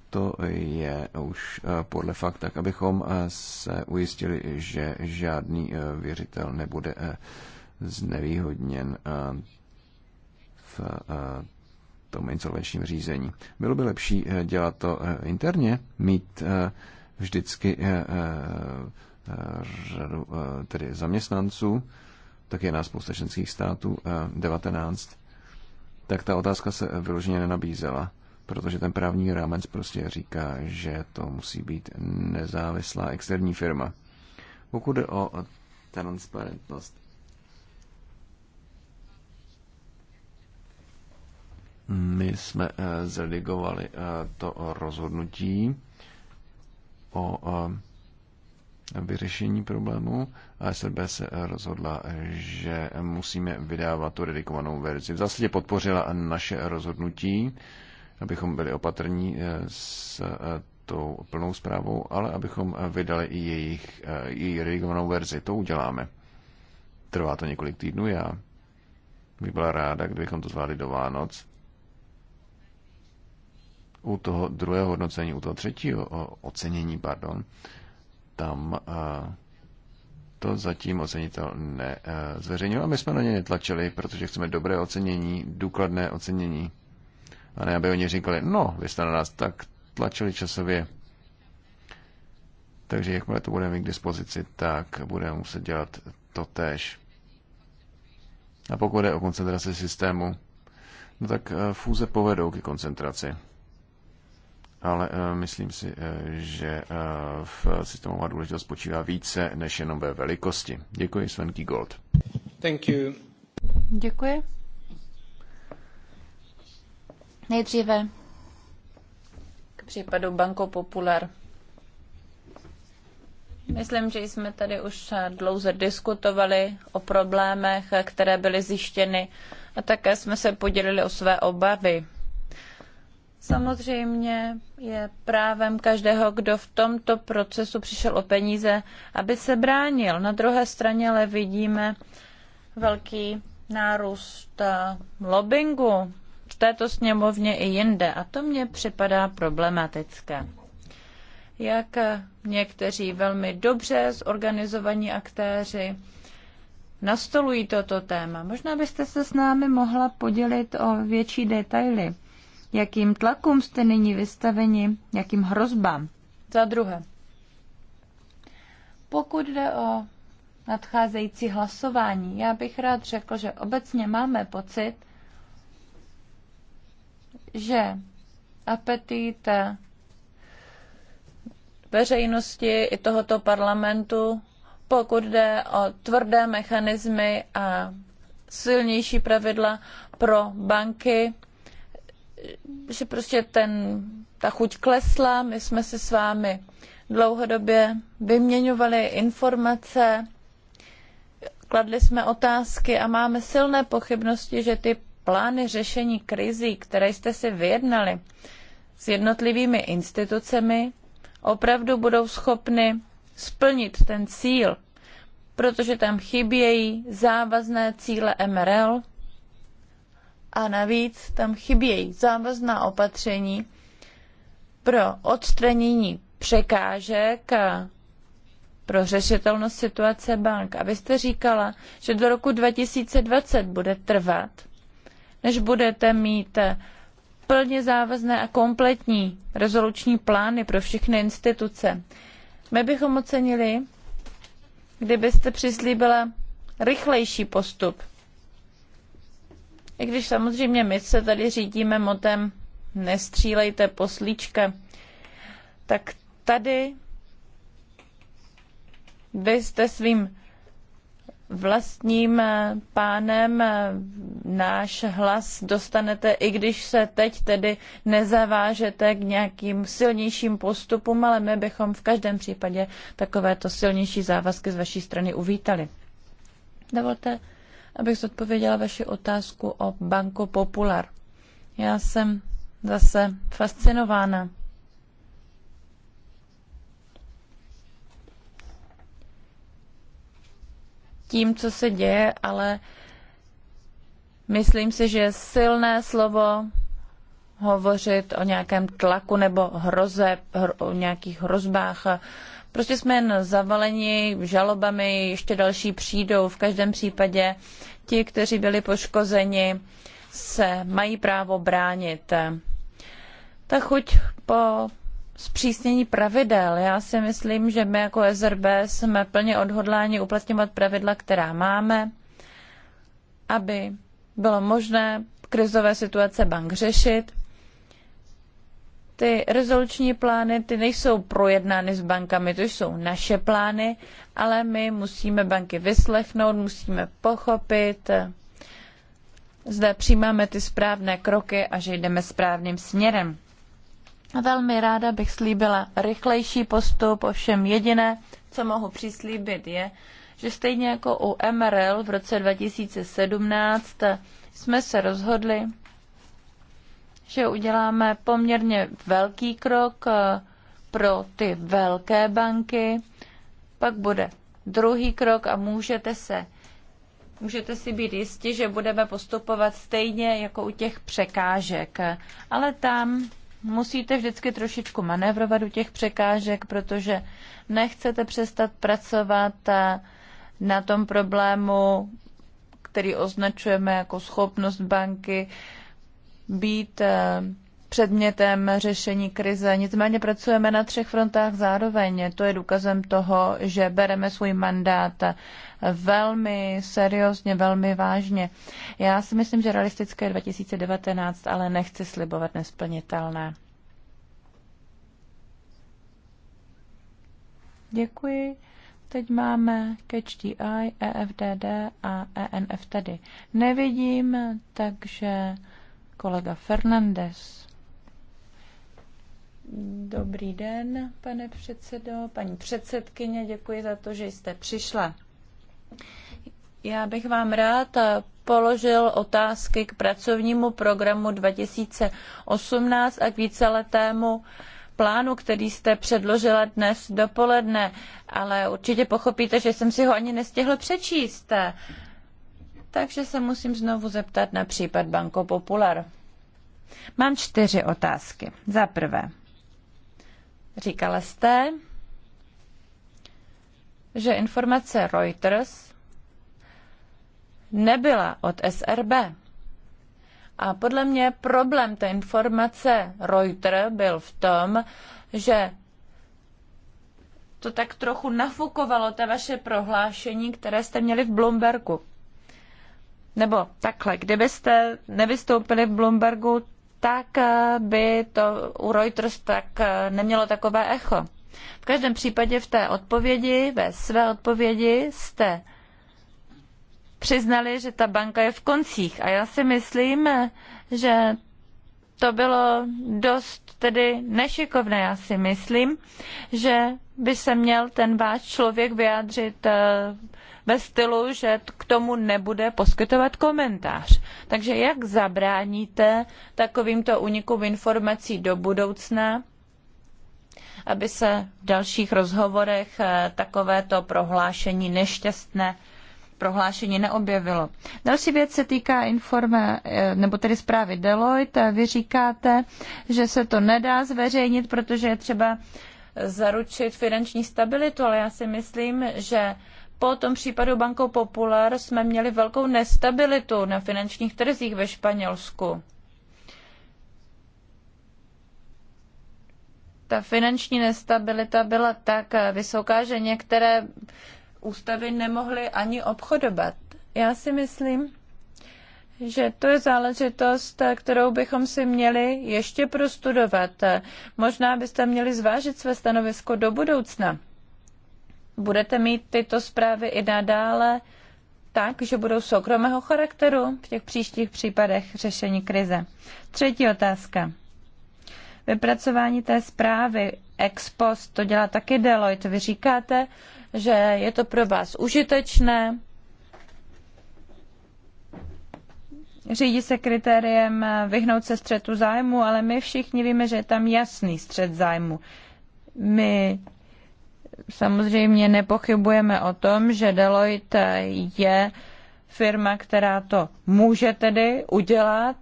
to je už podle fakt tak, abychom se ujistili, že žádný věřitel nebude znevýhodněn v tom insolvenčním řízení. Bylo by lepší eh, dělat to eh, interně, mít eh, vždycky řadu tedy zaměstnanců, tak je nás spousta členských států, 19, tak ta otázka se vyloženě nenabízela, protože ten právní rámec prostě říká, že to musí být nezávislá externí firma. Pokud jde o transparentnost, My jsme eh, zredigovali eh, to rozhodnutí o eh, vyřešení problému a SRB se rozhodla, že musíme vydávat tu redikovanou verzi. V zásadě podpořila naše rozhodnutí, abychom byli opatrní s tou plnou zprávou, ale abychom vydali i jejich, její redikovanou verzi. To uděláme. Trvá to několik týdnů, já bych byla ráda, kdybychom to zvládli do Vánoc u toho druhého hodnocení, u toho třetího ocenění, pardon, tam eh, to zatím ocenitel nezveřejnil a my jsme na ně netlačili, protože chceme dobré ocenění, důkladné ocenění. A ne, aby oni říkali, no, vy jste na nás tak tlačili časově. Takže jakmile to budeme mít k dispozici, tak budeme muset dělat to tež. A pokud je o koncentraci systému, no tak eh, fůze povedou ke koncentraci ale eh, myslím si, eh, že eh, v systémová důležitost spočívá více než jenom ve velikosti. Děkuji, Sven Gold. Thank you. Děkuji. Nejdříve k případu Banko Popular. Myslím, že jsme tady už dlouze diskutovali o problémech, které byly zjištěny a také jsme se podělili o své obavy Samozřejmě je právem každého, kdo v tomto procesu přišel o peníze, aby se bránil. Na druhé straně ale vidíme velký nárůst eh, lobbingu v této sněmovně i jinde a to mně připadá problematické. Jak eh, někteří velmi dobře zorganizovaní aktéři nastolují toto téma. Možná byste se s námi mohla podělit o větší detaily jakým tlakům jste nyní vystaveni, jakým hrozbám. Za druhé, pokud jde o nadcházející hlasování, já bych rád řekl, že obecně máme pocit, že apetit veřejnosti i tohoto parlamentu, pokud jde o tvrdé mechanismy a silnější pravidla pro banky, že prostě ten, ta chuť klesla, my jsme se s vámi dlouhodobě vyměňovali informace, kladli jsme otázky a máme silné pochybnosti, že ty plány řešení krizí, které jste si vyjednali s jednotlivými institucemi, opravdu budou schopny splnit ten cíl, protože tam chybějí závazné cíle MRL, a navíc tam chybějí závazná opatření pro odstranění překážek a pro řešitelnost situace bank. A vy jste říkala, že do roku 2020 bude trvat, než budete mít plně závazné a kompletní rezoluční plány pro všechny instituce. My bychom ocenili, kdybyste přislíbila rychlejší postup i když samozřejmě my se tady řídíme motem nestřílejte poslíčka, tak tady vy jste svým vlastním eh, pánem eh, náš hlas dostanete, i když se teď tedy nezavážete k nějakým silnějším postupům, ale my bychom v každém případě takovéto silnější závazky z vaší strany uvítali. Dovolte, abych zodpověděla vaši otázku o Banco Popular. Já jsem zase fascinována tím, co se děje, ale myslím si, že je silné slovo hovořit o nějakém tlaku nebo hroze, o nějakých hrozbách Prostě jsme jen zavaleni žalobami, ještě další přijdou. V každém případě ti, kteří byli poškozeni, se mají právo bránit. Ta chuť po zpřísnění pravidel. Já si myslím, že my jako SRB jsme plně odhodláni uplatňovat pravidla, která máme, aby bylo možné krizové situace bank řešit ty rezoluční plány, ty nejsou projednány s bankami, to jsou naše plány, ale my musíme banky vyslechnout, musíme pochopit, zda přijímáme ty správné kroky a že jdeme správným směrem. Velmi ráda bych slíbila rychlejší postup, ovšem jediné, co mohu přislíbit, je, že stejně jako u MRL v roce 2017 jsme se rozhodli, že uděláme poměrně velký krok eh, pro ty velké banky, pak bude druhý krok a můžete se můžete si být jisti, že budeme postupovat stejně jako u těch překážek. Ale tam musíte vždycky trošičku manévrovat u těch překážek, protože nechcete přestat pracovat eh, na tom problému, který označujeme jako schopnost banky být eh, předmětem řešení krize. Nicméně pracujeme na třech frontách zároveň. To je důkazem toho, že bereme svůj mandát velmi seriózně, velmi vážně. Já si myslím, že realistické 2019, ale nechci slibovat nesplnitelné. Děkuji. Teď máme CatchDI, EFDD e a ENF tady. Nevidím, takže kolega Fernandez. Dobrý den, pane předsedo, paní předsedkyně, děkuji za to, že jste přišla. Já bych vám rád položil otázky k pracovnímu programu 2018 a k víceletému plánu, který jste předložila dnes dopoledne, ale určitě pochopíte, že jsem si ho ani nestihl přečíst takže se musím znovu zeptat na případ Banco Popular. Mám čtyři otázky. Za prvé, říkala jste, že informace Reuters nebyla od SRB. A podle mě problém té informace Reuters byl v tom, že to tak trochu nafukovalo ta vaše prohlášení, které jste měli v Bloombergu nebo takhle, kdybyste nevystoupili v Bloombergu, tak eh, by to u Reuters tak eh, nemělo takové echo. V každém případě v té odpovědi, ve své odpovědi jste přiznali, že ta banka je v koncích. A já si myslím, eh, že to bylo dost tedy nešikovné. Já si myslím, že by se měl ten váš člověk vyjádřit ve stylu, že k tomu nebude poskytovat komentář. Takže jak zabráníte takovýmto unikům informací do budoucna, aby se v dalších rozhovorech eh, takovéto prohlášení nešťastné prohlášení neobjevilo. Další věc se týká informe, eh, nebo tedy zprávy Deloitte. Vy říkáte, že se to nedá zveřejnit, protože je třeba zaručit finanční stabilitu, ale já si myslím, že po tom případu Banco Popular jsme měli velkou nestabilitu na finančních trzích ve Španělsku. Ta finanční nestabilita byla tak vysoká, že některé ústavy nemohly ani obchodovat. Já si myslím, že to je záležitost, kterou bychom si měli ještě prostudovat. Možná byste měli zvážit své stanovisko do budoucna budete mít tyto zprávy i nadále tak, že budou soukromého charakteru v těch příštích případech řešení krize. Třetí otázka. Vypracování té zprávy ex post, to dělá taky Deloitte. Vy říkáte, že je to pro vás užitečné, řídí se kritériem vyhnout se střetu zájmu, ale my všichni víme, že je tam jasný střet zájmu. My samozřejmě nepochybujeme o tom, že Deloitte je firma, která to může tedy udělat,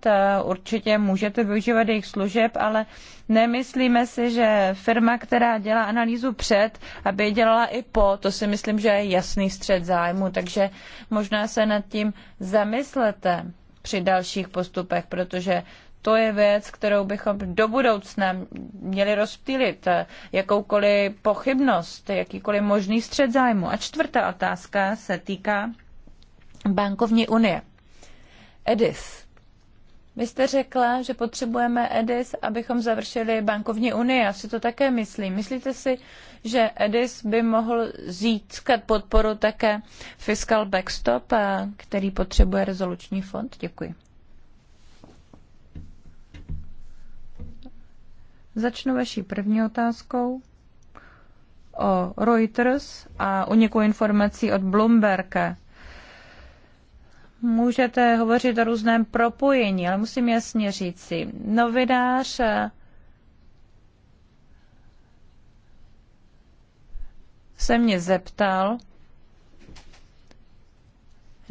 určitě můžete využívat jejich služeb, ale nemyslíme si, že firma, která dělá analýzu před, aby je dělala i po, to si myslím, že je jasný střed zájmu, takže možná se nad tím zamyslete při dalších postupech, protože to je věc, kterou bychom do budoucna měli rozptýlit. Jakoukoliv pochybnost, jakýkoliv možný střed zájmu. A čtvrtá otázka se týká bankovní unie. Edis. Vy jste řekla, že potřebujeme EDIS, abychom završili bankovní unii. Já si to také myslím. Myslíte si, že EDIS by mohl získat podporu také fiskal backstop, který potřebuje rezoluční fond? Děkuji. Začnu vaší první otázkou o Reuters a uniku informací od Bloomberga. Můžete hovořit o různém propojení, ale musím jasně říct, si novinář eh, se mě zeptal,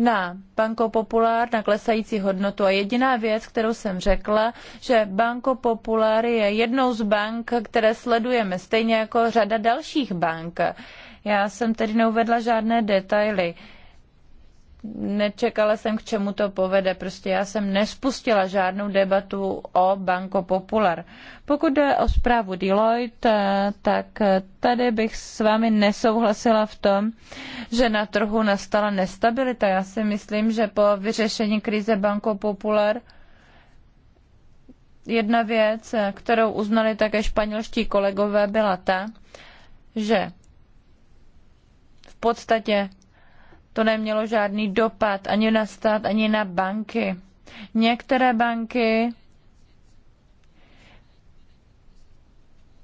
na Banco Popular, na klesající hodnotu. A jediná věc, kterou jsem řekla, že Banco Popular je jednou z bank, které sledujeme, stejně jako řada dalších bank. Já jsem tedy neuvedla žádné detaily nečekala jsem, k čemu to povede. Prostě já jsem nespustila žádnou debatu o Banco Popular. Pokud jde o zprávu Deloitte, tak tady bych s vámi nesouhlasila v tom, že na trhu nastala nestabilita. Já si myslím, že po vyřešení krize Banco Popular jedna věc, kterou uznali také španělští kolegové, byla ta, že v podstatě to nemělo žádný dopad ani na stát, ani na banky. Některé banky,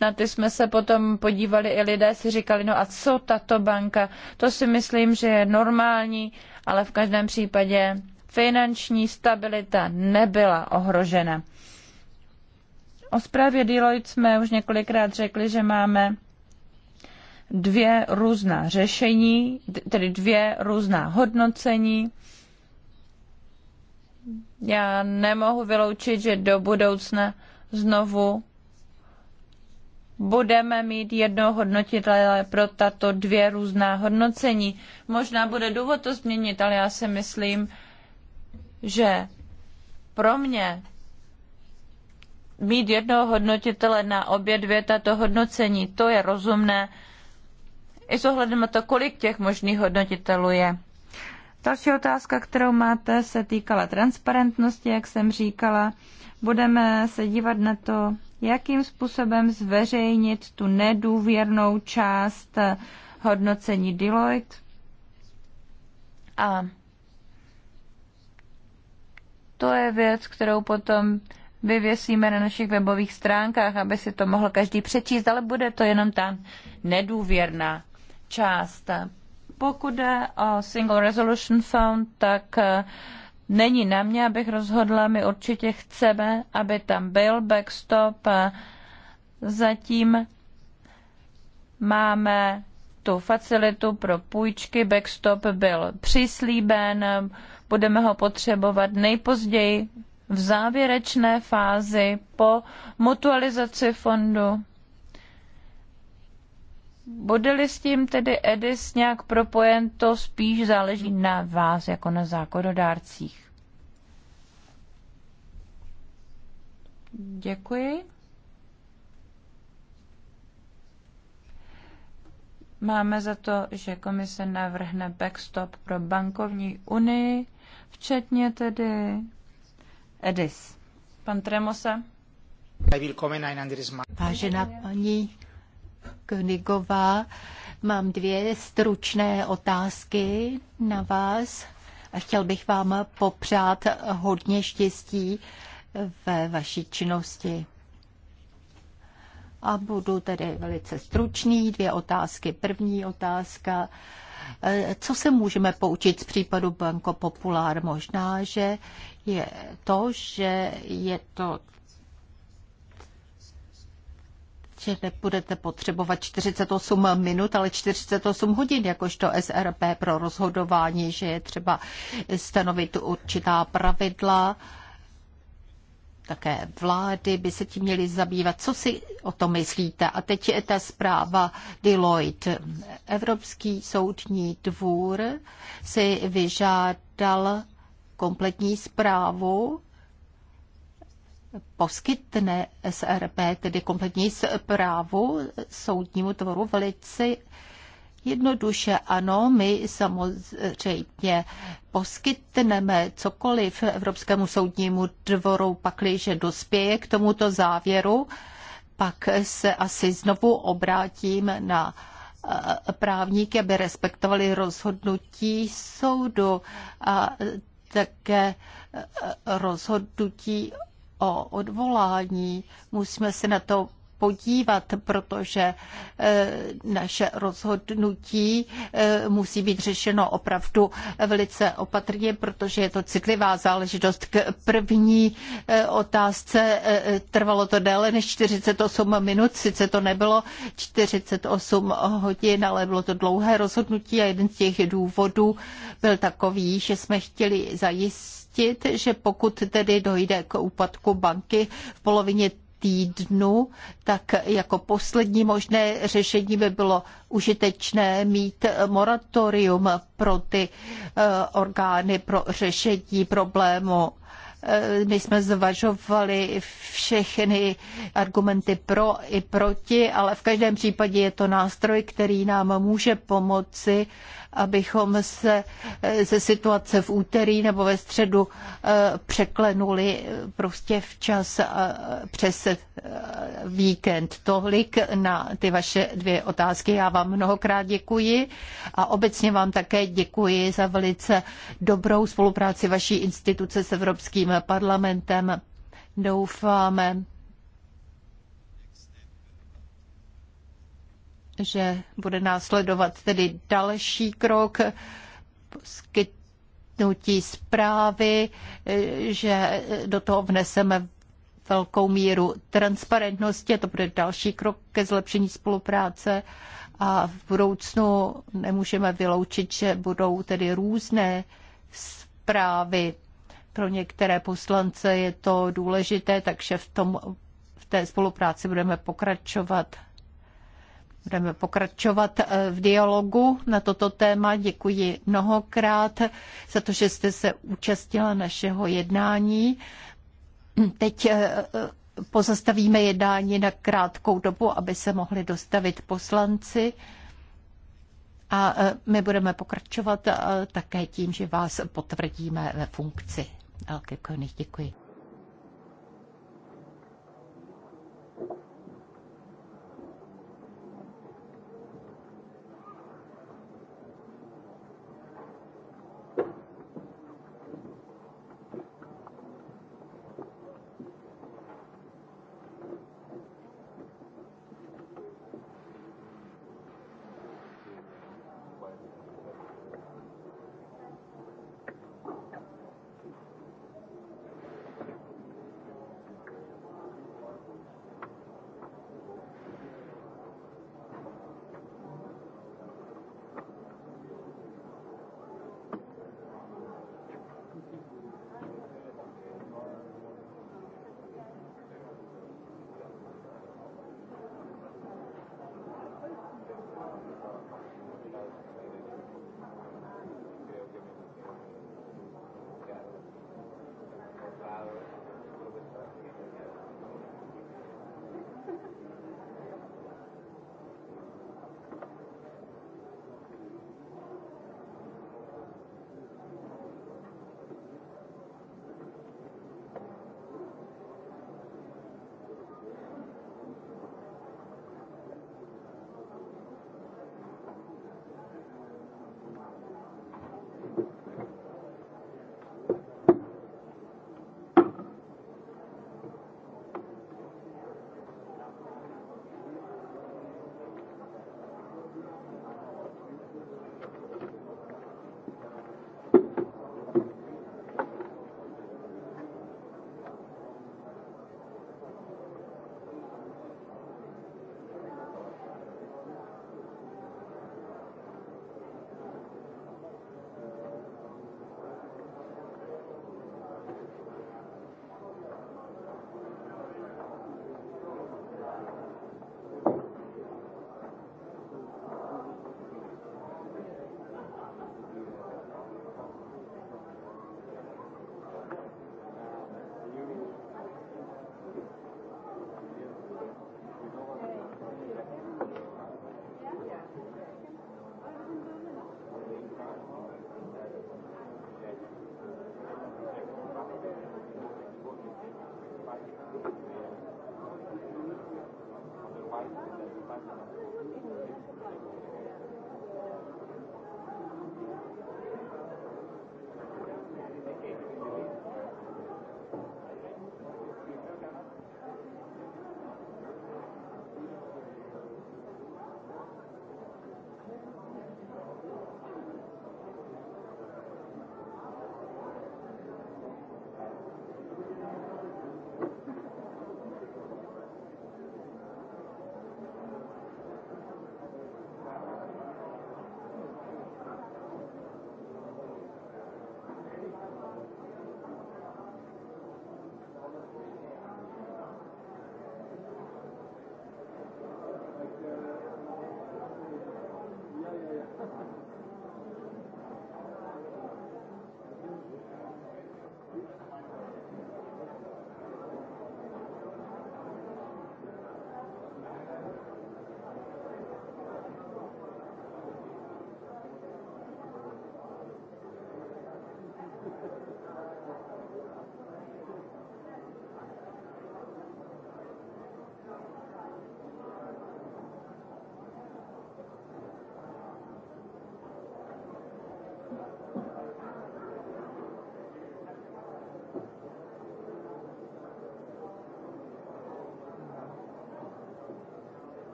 na ty jsme se potom podívali i lidé si říkali, no a co tato banka? To si myslím, že je normální, ale v každém případě finanční stabilita nebyla ohrožena. O zprávě Deloitte jsme už několikrát řekli, že máme dvě různá řešení, tedy dvě různá hodnocení. Já nemohu vyloučit, že do budoucna znovu budeme mít jedno hodnotitele pro tato dvě různá hodnocení. Možná bude důvod to změnit, ale já si myslím, že pro mě mít jednoho hodnotitele na obě dvě tato hodnocení, to je rozumné i s ohledem na to, kolik těch možných hodnotitelů je. Další otázka, kterou máte, se týkala transparentnosti, jak jsem říkala. Budeme se dívat na to, jakým způsobem zveřejnit tu nedůvěrnou část hodnocení Deloitte. A to je věc, kterou potom vyvěsíme na našich webových stránkách, aby si to mohl každý přečíst, ale bude to jenom ta nedůvěrná část. Pokud jde o Single Resolution Fund, tak eh, není na mě, abych rozhodla. My určitě chceme, aby tam byl backstop. Eh, zatím máme tu facilitu pro půjčky. Backstop byl přislíben, budeme ho potřebovat nejpozději v závěrečné fázi po mutualizaci fondu. Bude-li s tím tedy EDIS nějak propojen, to spíš záleží na vás jako na zákonodárcích. Děkuji. Máme za to, že komise navrhne backstop pro bankovní unii, včetně tedy EDIS. Pan Tremosa. Vážená paní Königová. Mám dvě stručné otázky na vás a chtěl bych vám popřát hodně štěstí ve vaší činnosti. A budu tedy velice stručný. Dvě otázky. První otázka. Co se můžeme poučit z případu Banko Populár? Možná, že je to, že je to že nebudete potřebovat 48 minut, ale 48 hodin, jakožto SRP pro rozhodování, že je třeba stanovit určitá pravidla. Také vlády by se tím měly zabývat. Co si o tom myslíte? A teď je ta zpráva Deloitte. Evropský soudní dvůr si vyžádal kompletní zprávu poskytne SRP tedy kompletní zprávu soudnímu tvoru velice Jednoduše ano, my samozřejmě poskytneme cokoliv Evropskému soudnímu dvoru, pakliže dospěje k tomuto závěru, pak se asi znovu obrátím na eh, právníky, aby respektovali rozhodnutí soudu a také eh, rozhodnutí o odvolání. Musíme se na to podívat, protože eh, naše rozhodnutí eh, musí být řešeno opravdu velice opatrně, protože je to citlivá záležitost. K první eh, otázce trvalo to déle než 48 minut, sice to nebylo 48 hodin, ale bylo to dlouhé rozhodnutí a jeden z těch důvodů byl takový, že jsme chtěli zajistit, zjistit, že pokud tedy dojde k úpadku banky v polovině týdnu, tak jako poslední možné řešení by bylo užitečné mít moratorium pro ty eh, orgány pro řešení problému. Eh, my jsme zvažovali všechny argumenty pro i proti, ale v každém případě je to nástroj, který nám může pomoci abychom se eh, ze situace v úterý nebo ve středu eh, překlenuli eh, prostě včas přes víkend. Tolik na ty vaše dvě otázky. Já vám mnohokrát děkuji a obecně vám také děkuji za velice dobrou spolupráci vaší instituce s Evropským parlamentem. Doufáme, že bude následovat tedy další krok poskytnutí zprávy, že do toho vneseme velkou míru transparentnosti, to bude další krok ke zlepšení spolupráce a v budoucnu nemůžeme vyloučit, že budou tedy různé zprávy. Pro některé poslance je to důležité, takže v, tom, v té spolupráci budeme pokračovat. Budeme pokračovat eh, v dialogu na toto téma. Děkuji mnohokrát za to, že jste se účastnila našeho jednání. Teď eh, eh, pozastavíme jednání na krátkou dobu, aby se mohli dostavit poslanci. A my budeme pokračovat také tím, že vás potvrdíme ve funkci. Elke děkuji.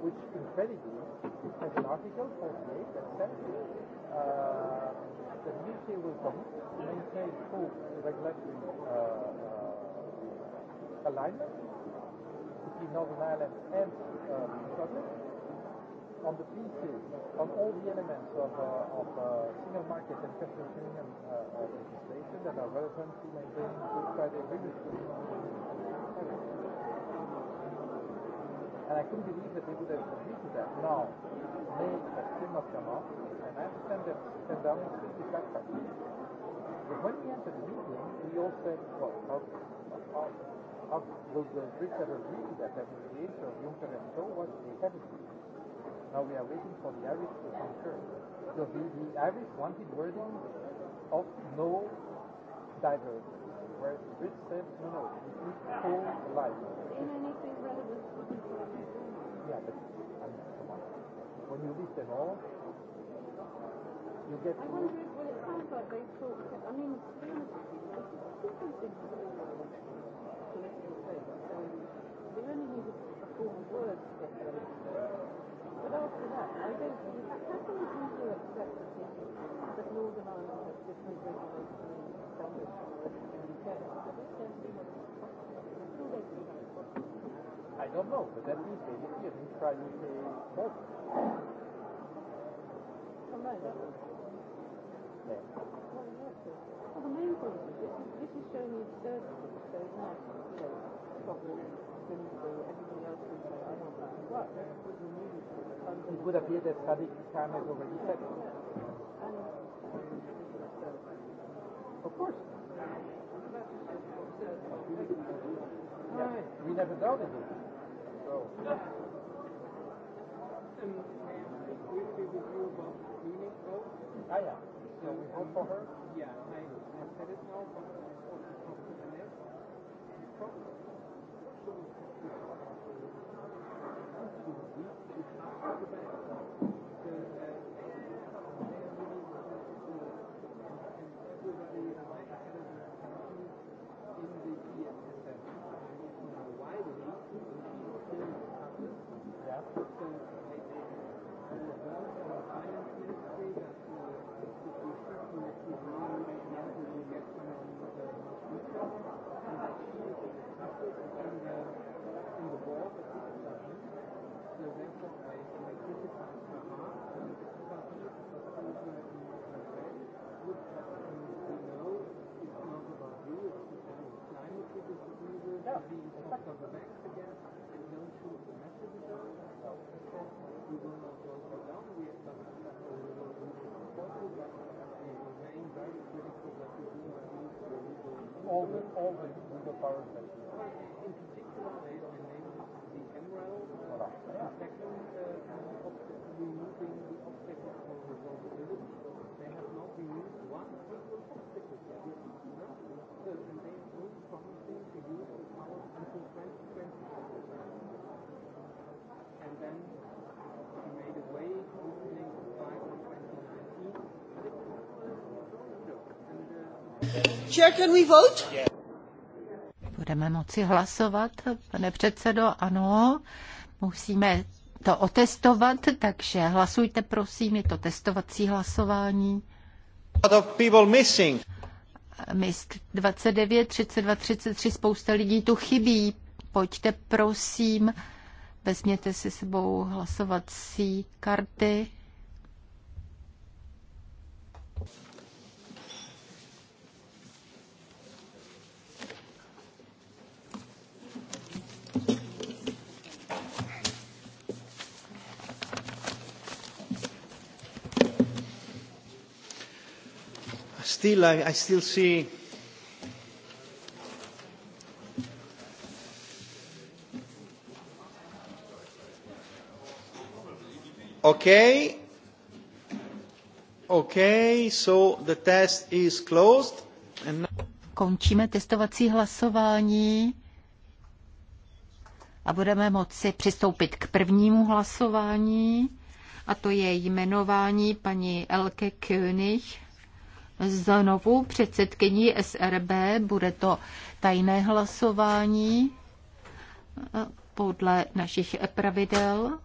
which incredibly has an article 48 that says, uh, the UK wisdom maintained full regulatory uh, uh, alignment between Northern Ireland and uh, the Republic on the pieces, on all the elements of, uh, of uh, single market and customs union uh, uh, legislation that are relevant to maintain Good Friday Agreement. And I couldn't believe that they would have agreed to that. Now, May has still not come up. I understand that and down is that practice. But when we entered the meeting, we all said, well, how, how, how will the Brits ever agree that having created of Juncker and so was the heresy? Now we are waiting for the Irish to concur. So the, the Irish wanted wording of no divergence, Where the Brits said, no, no, we need full life. In anything relevant Yeah, but I um, mean, come on. When you list them all, get. I wonder if what it sounds like they talk. I mean, to be honest it's a thing we only need a, a form of words to get But after that, I don't. How can come to accept that has different the UK? I don't know, but at least they didn't try trying to say, both there. Well, the main problem is this, is showing the absurdity, so you know, everything else I want that to work, would It would appear that Sadiq Khan has already said it. And, of course. Right. We never doubted it. So. we, ah, So we hope for her. Yeah, I, I said it now, but I spoke to the next. Probably. all the all the legal parameters. In particular, they renamed the MREL uh, yeah. second uh, obstacle, removing the obstacle for resolvability. They have not removed one single obstacle yet. So, and they will promising to use the power until 2020. And then Budeme moci hlasovat, pane předsedo, ano. Musíme to otestovat, takže hlasujte, prosím, je to testovací hlasování. MISK 29, 32, 33, spousta lidí tu chybí. Pojďte, prosím, vezměte si sebou hlasovací karty. still, I, I still see Okay. Okay, so the test is closed. And... Končíme testovací hlasování a budeme moci přistoupit k prvnímu hlasování a to je jmenování paní Elke König znovu předsedkyní SRB. Bude to tajné hlasování eh, podle našich pravidel.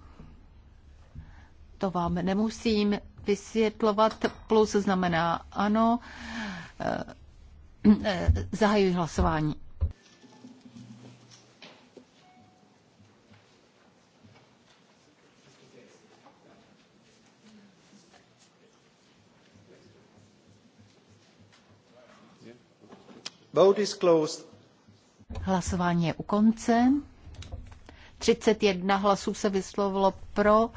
To vám nemusím vysvětlovat. Plus znamená ano. Eh, eh, zahajuji hlasování. Vote is closed. Hlasování je u konce. 31 hlasů se vyslovilo pro,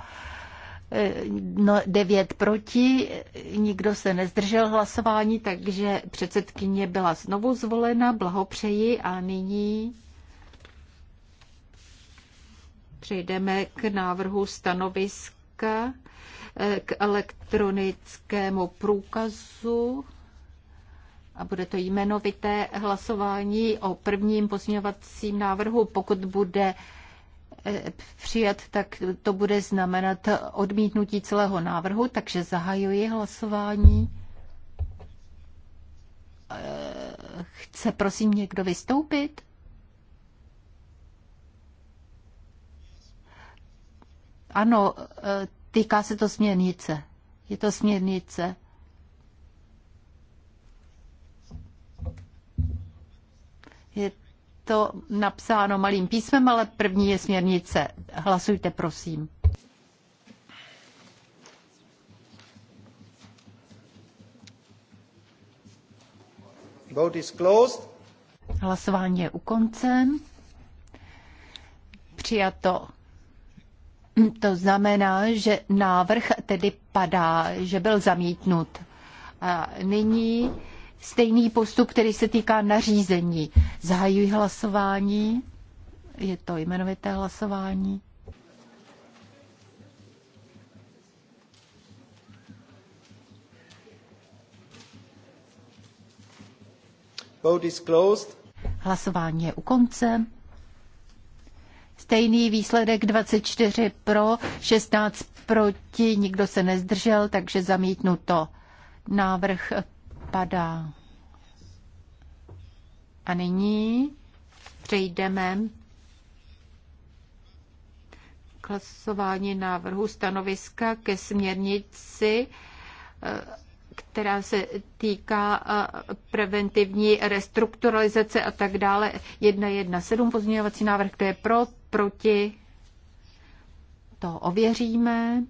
9 eh, no, proti, nikdo se nezdržel hlasování, takže předsedkyně byla znovu zvolena, blahopřeji a nyní přejdeme k návrhu stanoviska eh, k elektronickému průkazu a bude to jmenovité hlasování o prvním pozměňovacím návrhu. Pokud bude eh, přijat, tak to bude znamenat odmítnutí celého návrhu, takže zahajuji hlasování. Eh, chce prosím někdo vystoupit? Ano, eh, týká se to směrnice. Je to směrnice. Je to napsáno malým písmem, ale první je směrnice. Hlasujte, prosím. Vote is closed. Hlasování je u konce. Přijato. To znamená, že návrh tedy padá, že byl zamítnut. A nyní stejný postup, který se týká nařízení. Zahajuji hlasování. Je to jmenovité hlasování. Vote is closed. Hlasování je u konce. Stejný výsledek 24 pro, 16 proti, nikdo se nezdržel, takže zamítnuto. Návrh padá. A nyní přejdeme k hlasování návrhu stanoviska ke směrnici, eh, která se týká eh, preventivní restrukturalizace a tak dále. 1.1.7 pozměňovací návrh, kdo je pro, proti, to ověříme.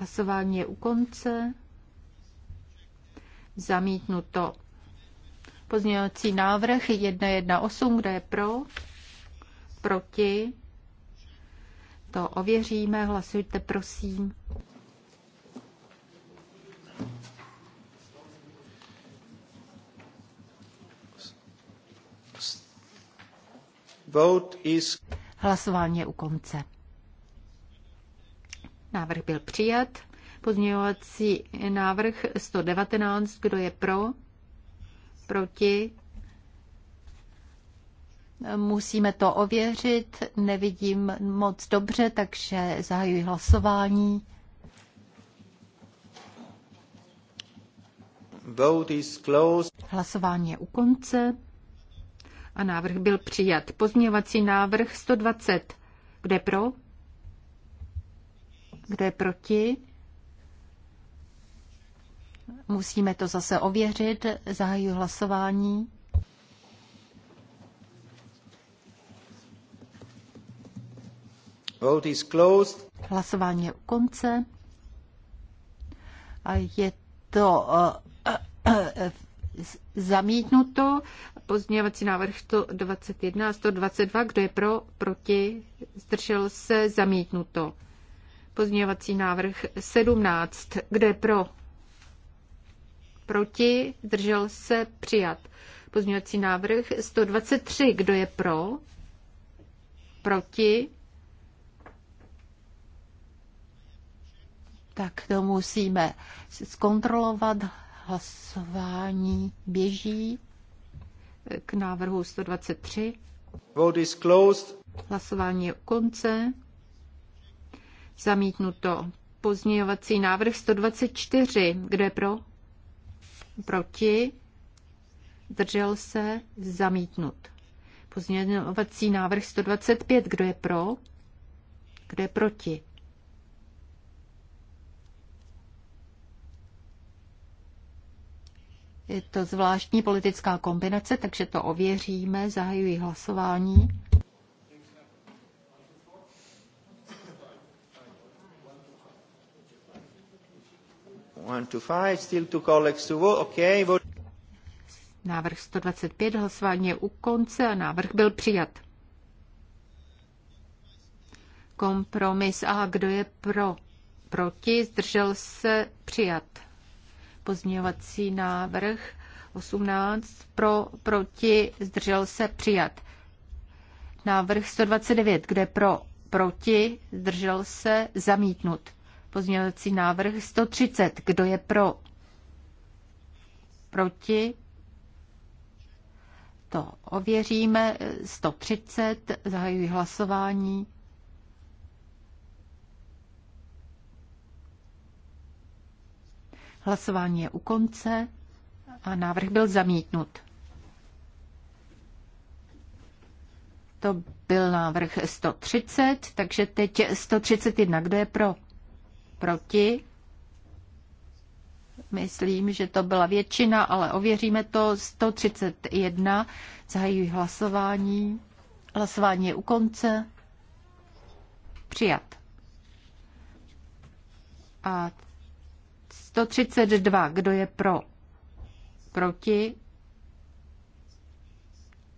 Hlasování je u konce. Zamítnuto. Pozměňovací návrh 118, kde je pro, proti. To ověříme, hlasujte prosím. Vote is... Hlasování je u konce. Návrh byl přijat. Pozměňovací návrh 119. Kdo je pro? Proti? Musíme to ověřit. Nevidím moc dobře, takže zahajuji hlasování. Vote is closed. Hlasování je u konce a návrh byl přijat. Pozměňovací návrh 120. Kde pro? Kdo je proti? Musíme to zase ověřit. Zahajuji hlasování. Vote is closed. Hlasování je u konce. A je to uh, uh, uh, zamítnuto. Pozměňovací návrh 121 a 122. Kdo je pro, proti, zdržel se, zamítnuto. Pozměňovací návrh 17. Kde pro? Proti? držel se? Přijat. Pozměňovací návrh 123. Kdo je pro? Proti? Tak to musíme zkontrolovat. Hlasování běží k návrhu 123. Vote is closed. Hlasování je u konce. Zamítnuto. Pozměňovací návrh 124. Kdo je pro? Proti? Držel se? Zamítnut. Pozměňovací návrh 125. Kdo je pro? Kdo je proti? Je to zvláštní politická kombinace, takže to ověříme. Zahajuji hlasování. Návrh 125, hlasování je u konce a návrh byl přijat. Kompromis A, kdo je pro? Proti, zdržel se, přijat. Pozměňovací návrh 18, pro, proti, zdržel se, přijat. Návrh 129, kde pro, proti, zdržel se, zamítnut. Pozměňovací návrh 130. Kdo je pro? Proti? To ověříme. 130. Zahajuji hlasování. Hlasování je u konce a návrh byl zamítnut. To byl návrh 130, takže teď 131. Kdo je pro? proti. Myslím, že to byla většina, ale ověříme to. 131. zahajují hlasování. Hlasování je u konce. Přijat. A 132. Kdo je pro? Proti?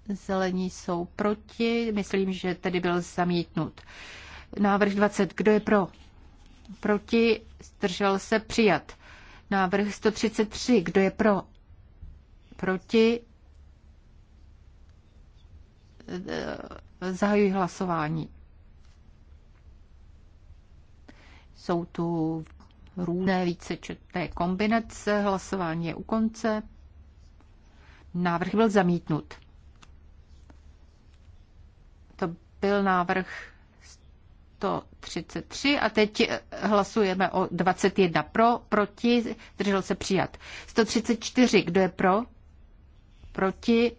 Zelení jsou proti. Myslím, že tedy byl zamítnut. Návrh 20. Kdo je pro? proti, zdržel se přijat. Návrh 133, kdo je pro, proti, e, e, zahajuji hlasování. Jsou tu různé vícečetné kombinace, hlasování je u konce. Návrh byl zamítnut. To byl návrh 133 a teď eh, hlasujeme o 21 pro, proti, zdržel se přijat. 134, kdo je pro, proti,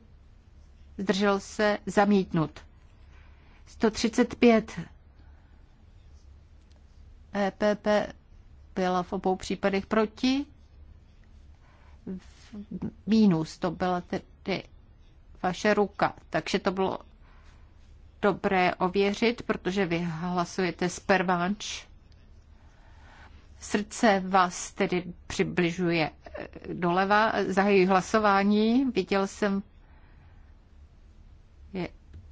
zdržel se zamítnut. 135 EPP byla v obou případech proti, mínus, to byla tedy vaše ruka, takže to bylo dobré ověřit, protože vy hlasujete spervánč. Srdce vás tedy přibližuje eh, doleva. Zahajuji hlasování. Viděl jsem je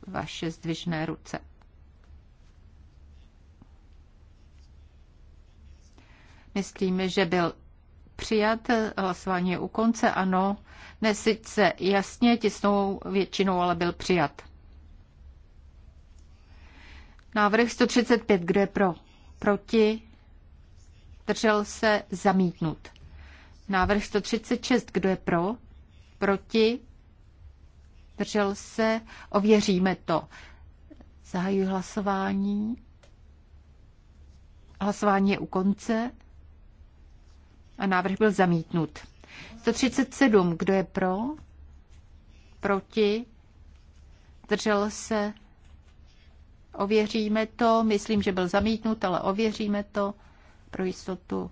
vaše zdvižné ruce. Myslím, že byl přijat, hlasování je u konce, ano, ne sice jasně, těsnou většinou, ale byl přijat. Návrh 135, kdo je pro? Proti? Držel se zamítnut. Návrh 136, kdo je pro? Proti? Držel se? Ověříme to. Zahajuji hlasování. Hlasování je u konce a návrh byl zamítnut. 137, kdo je pro? Proti? Držel se? Ověříme to. Myslím, že byl zamítnut, ale ověříme to pro jistotu.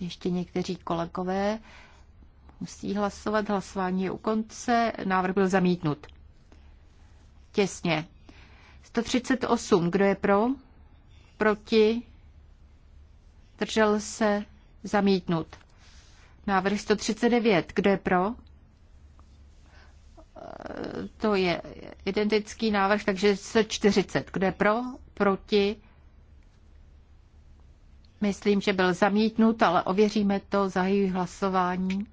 Ještě někteří kolegové musí hlasovat. Hlasování je u konce. Návrh byl zamítnut. Těsně. 138. Kdo je pro? Proti? Držel se? Zamítnut. Návrh 139. Kdo je pro? to je identický návrh, takže 140. Kde pro? Proti? Myslím, že byl zamítnut, ale ověříme to, za její hlasování.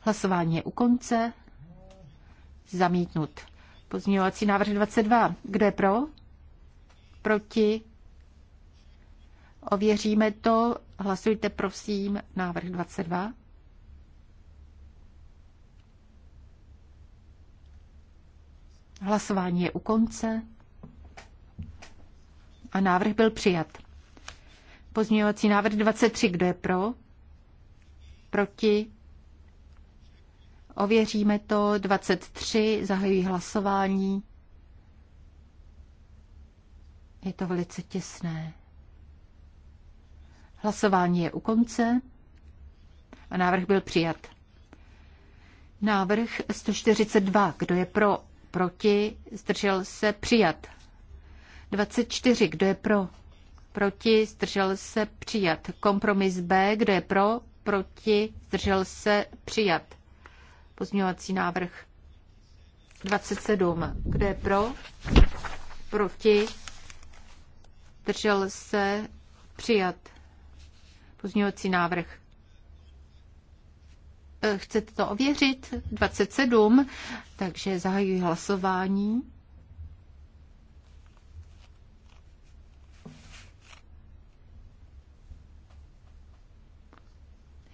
Hlasování je u konce. Zamítnut. Pozměňovací návrh 22. Kdo je pro? Proti? Ověříme to. Hlasujte prosím návrh 22. Hlasování je u konce a návrh byl přijat. Pozměňovací návrh 23, kdo je pro? Proti? Ověříme to. 23, zahajují hlasování. Je to velice těsné. Hlasování je u konce a návrh byl přijat. Návrh 142. Kdo je pro? Proti? Zdržel se? Přijat. 24. Kdo je pro? Proti? Zdržel se? Přijat. Kompromis B. Kdo je pro? Proti? Zdržel se? Přijat. Pozměňovací návrh 27. Kdo je pro? Proti? Zdržel se? Přijat. Pozměňovací návrh. Eh, chcete to ověřit? 27, takže zahajuji hlasování.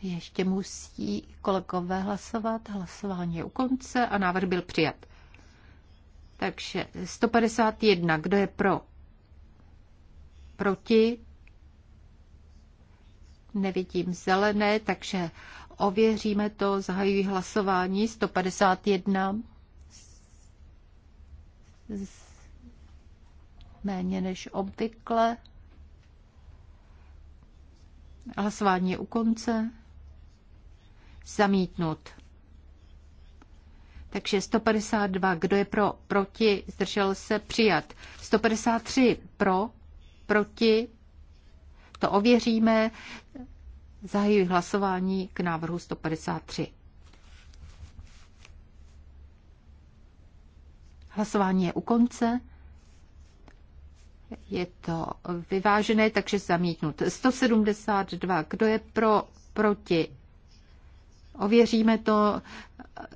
Ještě musí kolegové hlasovat. Hlasování je u konce a návrh byl přijat. Takže 151. Kdo je pro? Proti? nevidím zelené, takže ověříme to, zahajuji hlasování 151 méně než obvykle. Hlasování je u konce. Zamítnut. Takže 152, kdo je pro, proti, zdržel se, přijat. 153 pro, proti, to ověříme. Zahajuji hlasování k návrhu 153. Hlasování je u konce. Je to vyvážené, takže zamítnut. 172. Kdo je pro, proti? Ověříme to.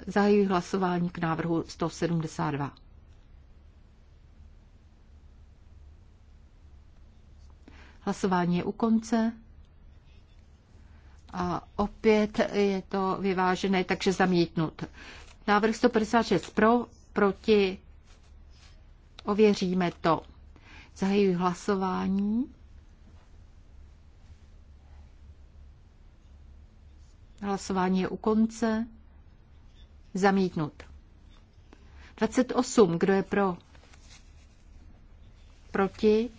Zahajuji hlasování k návrhu 172. Hlasování je u konce. A opět je to vyvážené, takže zamítnut. Návrh 156 pro, proti. Ověříme to. Zahajuji hlasování. Hlasování je u konce. Zamítnut. 28. Kdo je pro? Proti?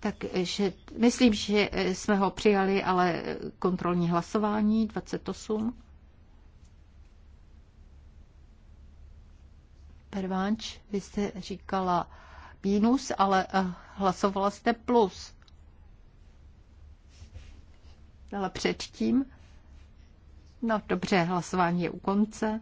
Takže myslím, že jsme ho přijali, ale kontrolní hlasování 28. Pervánč, vy jste říkala mínus, ale eh, hlasovala jste plus. Ale předtím? No dobře, hlasování je u konce.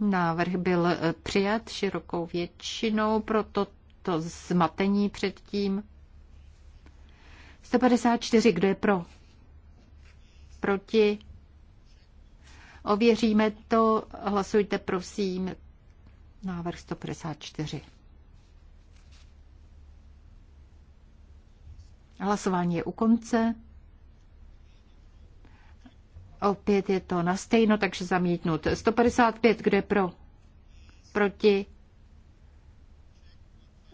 Návrh byl eh, přijat širokou většinou, proto to zmatení předtím. 154, kdo je pro? Proti? Ověříme to, hlasujte prosím. Návrh 154. Hlasování je u konce. Opět je to na stejno, takže zamítnut. 155, kdo je pro? Proti?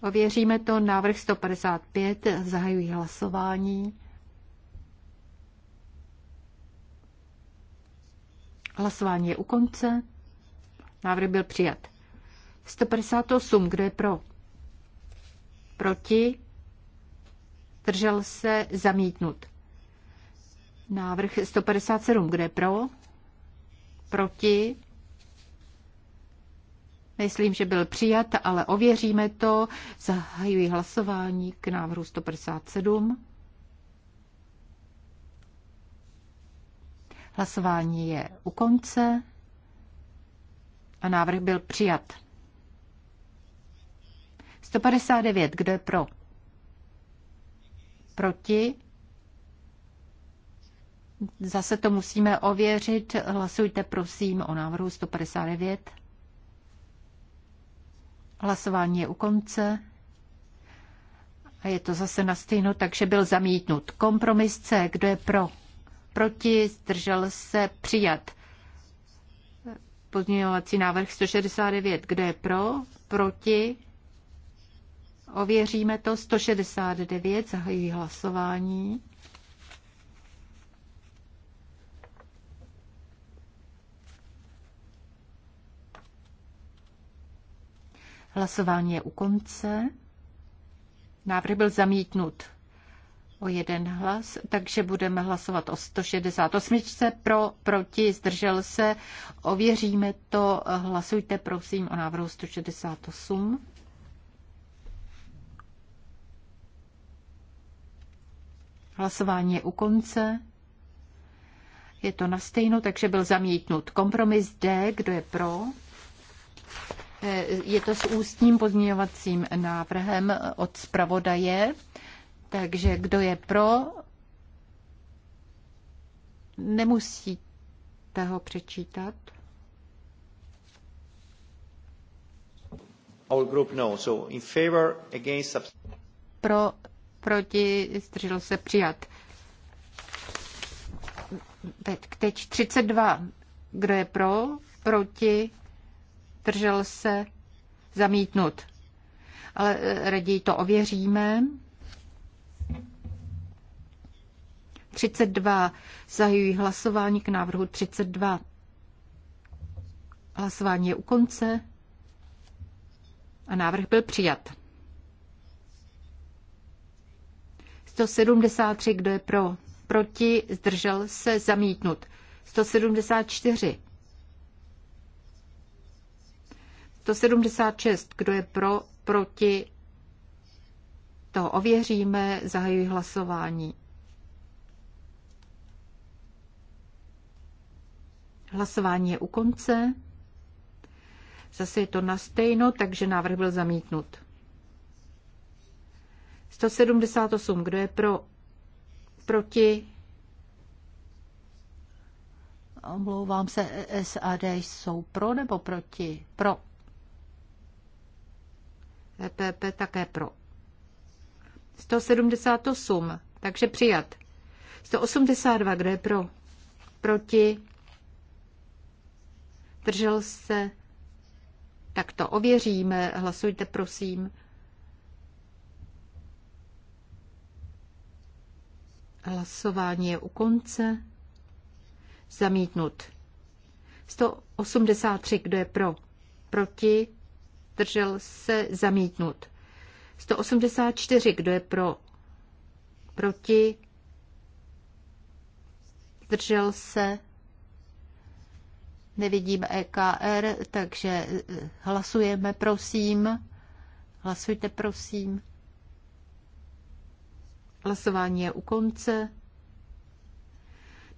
Ověříme to. Návrh 155. Zahajuji hlasování. Hlasování je u konce. Návrh byl přijat. 158. Kdo je pro? Proti? Držel se zamítnut. Návrh 157. Kdo je pro? Proti? Myslím, že byl přijat, ale ověříme to. Zahajuji hlasování k návrhu 157. Hlasování je u konce a návrh byl přijat. 159. Kdo je pro? Proti? Zase to musíme ověřit. Hlasujte prosím o návrhu 159. Hlasování je u konce. A je to zase na stejno, takže byl zamítnut. Kompromis C, kdo je pro? Proti, zdržel se, přijat. Pozměňovací návrh 169, kdo je pro? Proti, ověříme to, 169, zahají hlasování. Hlasování je u konce. Návrh byl zamítnut o jeden hlas, takže budeme hlasovat o 168. Pro, proti, zdržel se. Ověříme to. Hlasujte prosím o návrhu 168. Hlasování je u konce. Je to na stejno, takže byl zamítnut. Kompromis D, kdo je pro? Eh, je to s ústním pozměňovacím návrhem od zpravodaje, takže kdo je pro, nemusíte ho přečítat. group no, so in favor, against... Pro, proti, zdržel se přijat. Teď, teď 32. Kdo je pro, proti, zdržel se, zamítnut. Ale e, raději to ověříme. 32. Zahajuji hlasování k návrhu 32. Hlasování je u konce a návrh byl přijat. 173, kdo je pro? Proti, zdržel se, zamítnut. 174, 176. Kdo je pro, proti? To ověříme, zahajuji hlasování. Hlasování je u konce. Zase je to na stejno, takže návrh byl zamítnut. 178. Kdo je pro? Proti? Omlouvám se, SAD jsou pro nebo proti? Pro. EPP také pro. 178, takže přijat. 182, kdo je pro? Proti? Držel se? Tak to ověříme. Hlasujte, prosím. Hlasování je u konce. Zamítnut. 183, kdo je pro? Proti? zdržel se zamítnut. 184, kdo je pro, proti, zdržel se, nevidím EKR, takže eh, hlasujeme, prosím. Hlasujte, prosím. Hlasování je u konce.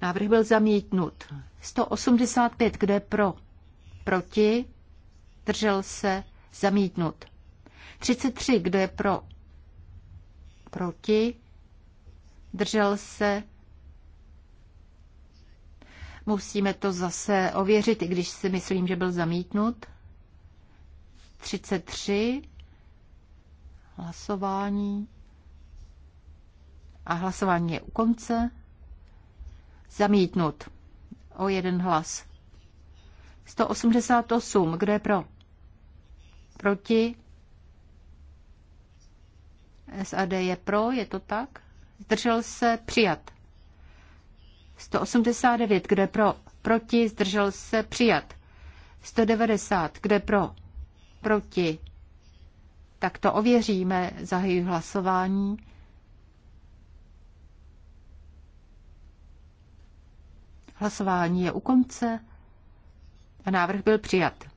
Návrh byl zamítnut. 185, kde pro? Proti? Držel se? Zamítnut. 33. Kdo je pro? Proti? Držel se? Musíme to zase ověřit, i když si myslím, že byl zamítnut. 33. Hlasování. A hlasování je u konce. Zamítnut. O jeden hlas. 188. Kdo je pro? Proti? SAD je pro, je to tak? Zdržel se? Přijat. 189, kde pro? Proti? Zdržel se? Přijat. 190, kde pro? Proti? Tak to ověříme. Zahajuji hlasování. Hlasování je u konce a návrh byl přijat.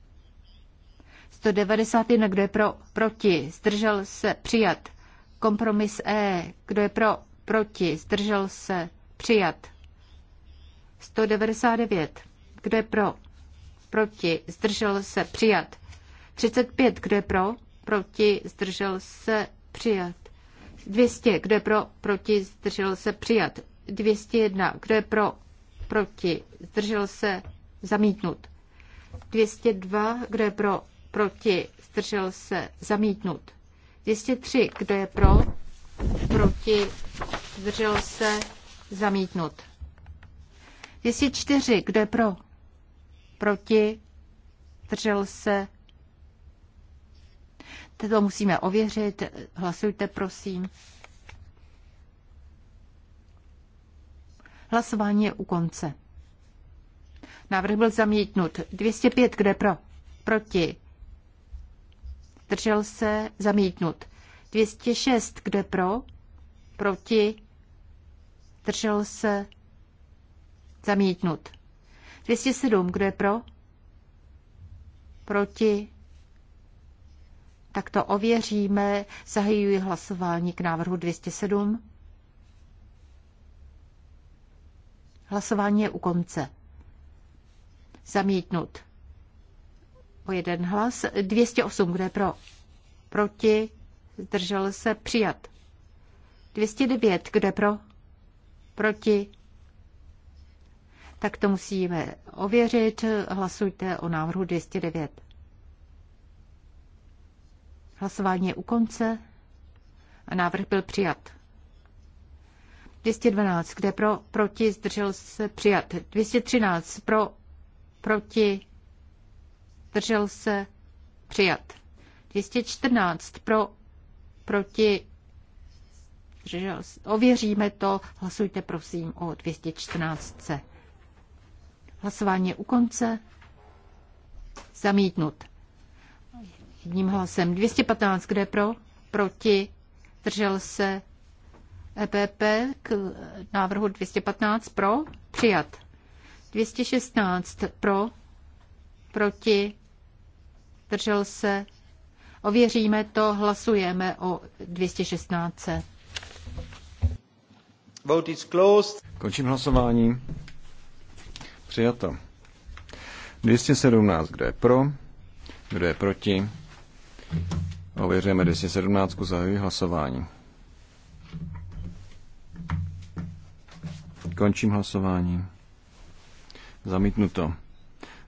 191, kdo je pro, proti, zdržel se, přijat. Kompromis E, kdo je pro, proti, zdržel se, přijat. 199, kdo je pro, proti, zdržel se, přijat. 35, kdo je pro, proti, zdržel se, přijat. 200, kdo je pro, proti, zdržel se, přijat. 201, kdo je pro, proti, zdržel se, zamítnut. 202, kdo je pro, proti, zdržel se, zamítnut. 203, kdo je pro, proti, zdržel se, zamítnut. 204, kdo je pro, proti, zdržel se, to musíme ověřit, hlasujte prosím. Hlasování je u konce. Návrh byl zamítnut. 205, kde pro? Proti zdržel se, zamítnut. 206, kde pro, proti, zdržel se, zamítnut. 207, kde pro, proti, tak to ověříme, zahajuji hlasování k návrhu 207. Hlasování je u konce. Zamítnut o jeden hlas. 208, kde pro? Proti? Zdržel se přijat. 209, kde pro? Proti? Tak to musíme ověřit. Hlasujte o návrhu 209. Hlasování je u konce a návrh byl přijat. 212, kde pro, proti, zdržel se přijat. 213, pro, proti, zdržel se, přijat. 214 pro, proti, zdržel se. Ověříme to, hlasujte prosím o 214. Hlasování je u konce. Zamítnut. Jedním hlasem 215, kde pro, proti, zdržel se, EPP k návrhu 215 pro, přijat. 216 pro, proti, zdržel se. Ověříme to, hlasujeme o 216. Vote is closed. Končím hlasování. Přijato. 217, kdo je pro, kdo je proti. Ověřujeme 217, zahajuji hlasování. Končím hlasování. Zamítnuto.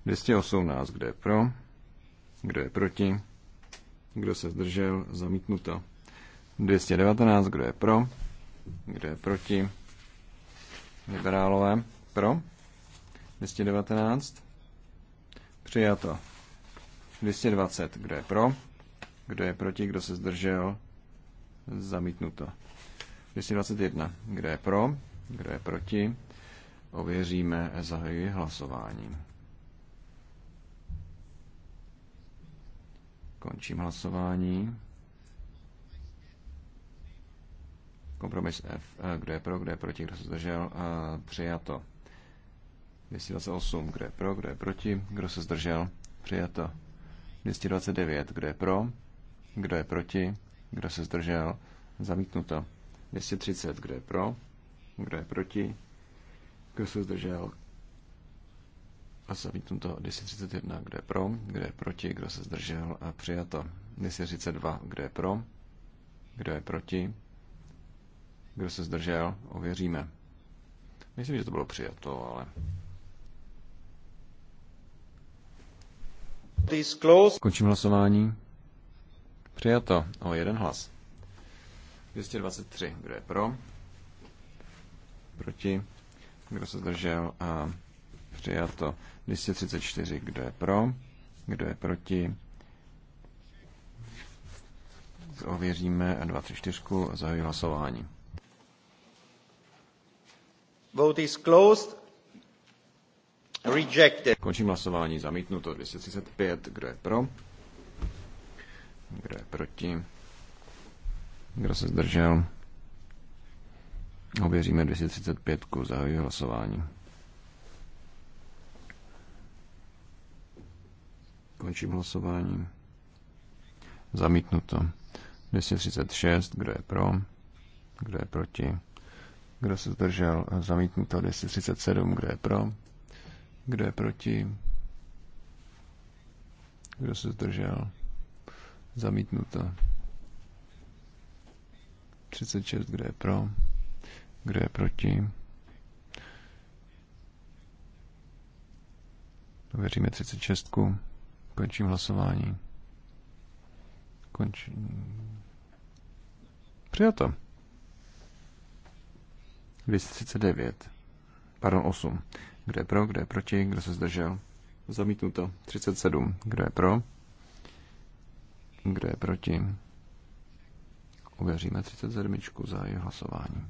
218, kde je pro, kdo je proti? Kdo se zdržel? Zamítnuto. 219. Kdo je pro? Kdo je proti? Liberálové. Pro. 219. Přijato. 220. Kdo je pro? Kdo je proti? Kdo se zdržel? Zamítnuto. 221. Kdo je pro? Kdo je proti? Ověříme, zahajuji hlasování. Končím hlasování. Kompromis F. Kdo je pro, kdo je proti, kdo se zdržel? Přijato. 228. Kdo je pro, kdo je proti, kdo se zdržel? Přijato. 229. Kdo je pro, kdo je proti, kdo se zdržel? Zamítnuto. 230. Kdo je pro, kdo je proti, kdo se zdržel? A to 1031, kde je pro, kde je proti, kdo se zdržel a přijato. 1032, kde je pro, kdo je proti, kdo se zdržel, ověříme. Myslím, že to bylo přijato, ale... Končím hlasování. Přijato o jeden hlas. 223, kdo je pro, proti, kdo se zdržel a Přijato. 234. Kdo je pro? Kdo je proti? Ověříme 234. Zahajuji hlasování. Vote is closed. Rejected. Končím hlasování. Zamítnuto 235. Kdo je pro? Kdo je proti? Kdo se zdržel? Ověříme 235. Zahajuji hlasování. Končím hlasováním. Zamítnuto. 236, kdo je pro, kdo je proti, kdo se zdržel, zamítnuto 237, kdo je pro, kdo je proti, kdo se zdržel, zamítnuto 36, kdo je pro, kdo je proti, věříme 36. Končím hlasování. Končím. Přijato. 239. Pardon, 8. Kdo je pro, kdo je proti, kdo se zdržel? Zamítnuto. 37. Kdo je pro? Kdo je proti? Uvěříme 37. za jeho hlasování.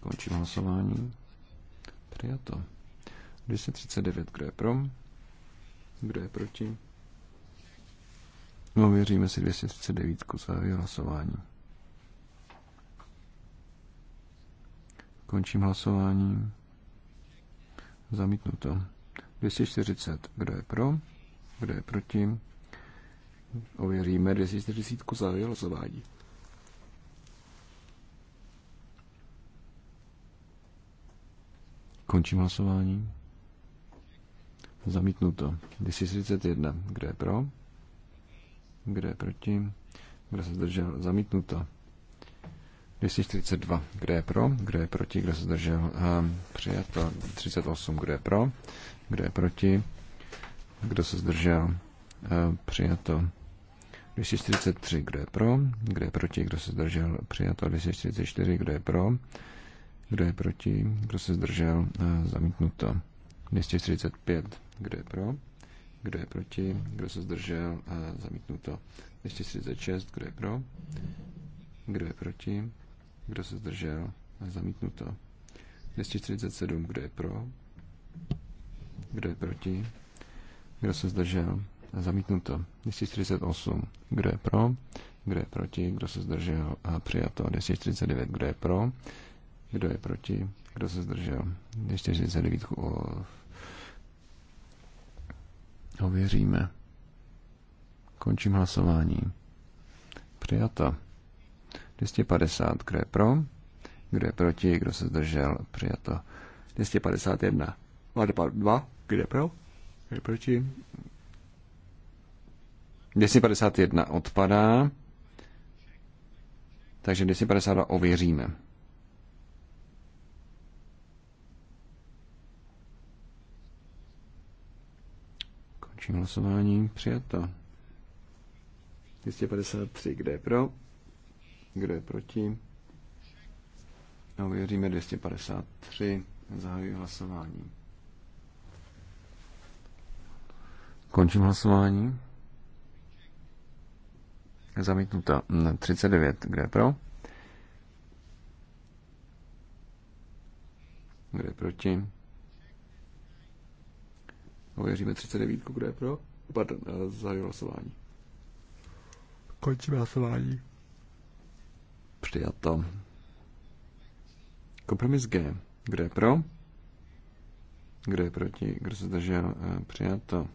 Končím hlasování. Přijato. 239, kdo je pro? Kdo je proti? No, věříme si 239 zahájí hlasování. Končím hlasování. Zamítnuto. 240. Kdo je pro? Kdo je proti? Ověříme 240 zahájí hlasování. Končím hlasování. Zamítnuto. 231. Kdo je pro? Kdo je proti? Kdo se zdržel? Zamítnuto. 242. Eh, eh, Kdo je pro? Kdo je proti? Kdo se zdržel? Přijato. 38. Kdo je pro? Kdo je proti? Kdo se zdržel? Přijato. 243. Kdo je pro? Kdo je proti? Kdo se zdržel? Přijato. 244. Kdo je pro? Kdo je proti? Kdo se zdržel? Zamítnuto. 245. Kdo je pro? Kdo je proti? Kdo se zdržel? Zamítnuto. 246. Kdo je pro? Kdo je proti? Kdo se zdržel? Zamítnuto. 247. Kdo je pro? Kdo je proti? Kdo se zdržel? Zamítnuto. 248. Kdo je pro? Kdo je proti? Kdo se zdržel? Přijato. 249. Kdo je pro? Kdo je proti? Kdo se zdržel? Ještě 249 o... ověříme. Končím hlasování. Přijata. 250, kdo je pro? Kdo je proti? Kdo se zdržel? Přijato. 251. 2, kdo je pro? Kdo je proti? 251 odpadá. Takže 252 ověříme. Končím hlasování. Přijato. 253. Kde je pro? Kde je proti? A věříme 253. Zahajuji hlasování. Končím hlasování. Zamítnuta 39. Kde je pro? Kde je proti? Ověříme 39, kdo je pro. Pardon, eh, zahajuji hlasování. Končíme hlasování. Přijato. Kompromis G. Kdo je pro? Kdo je proti? Kdo se zdržel? Eh, přijato.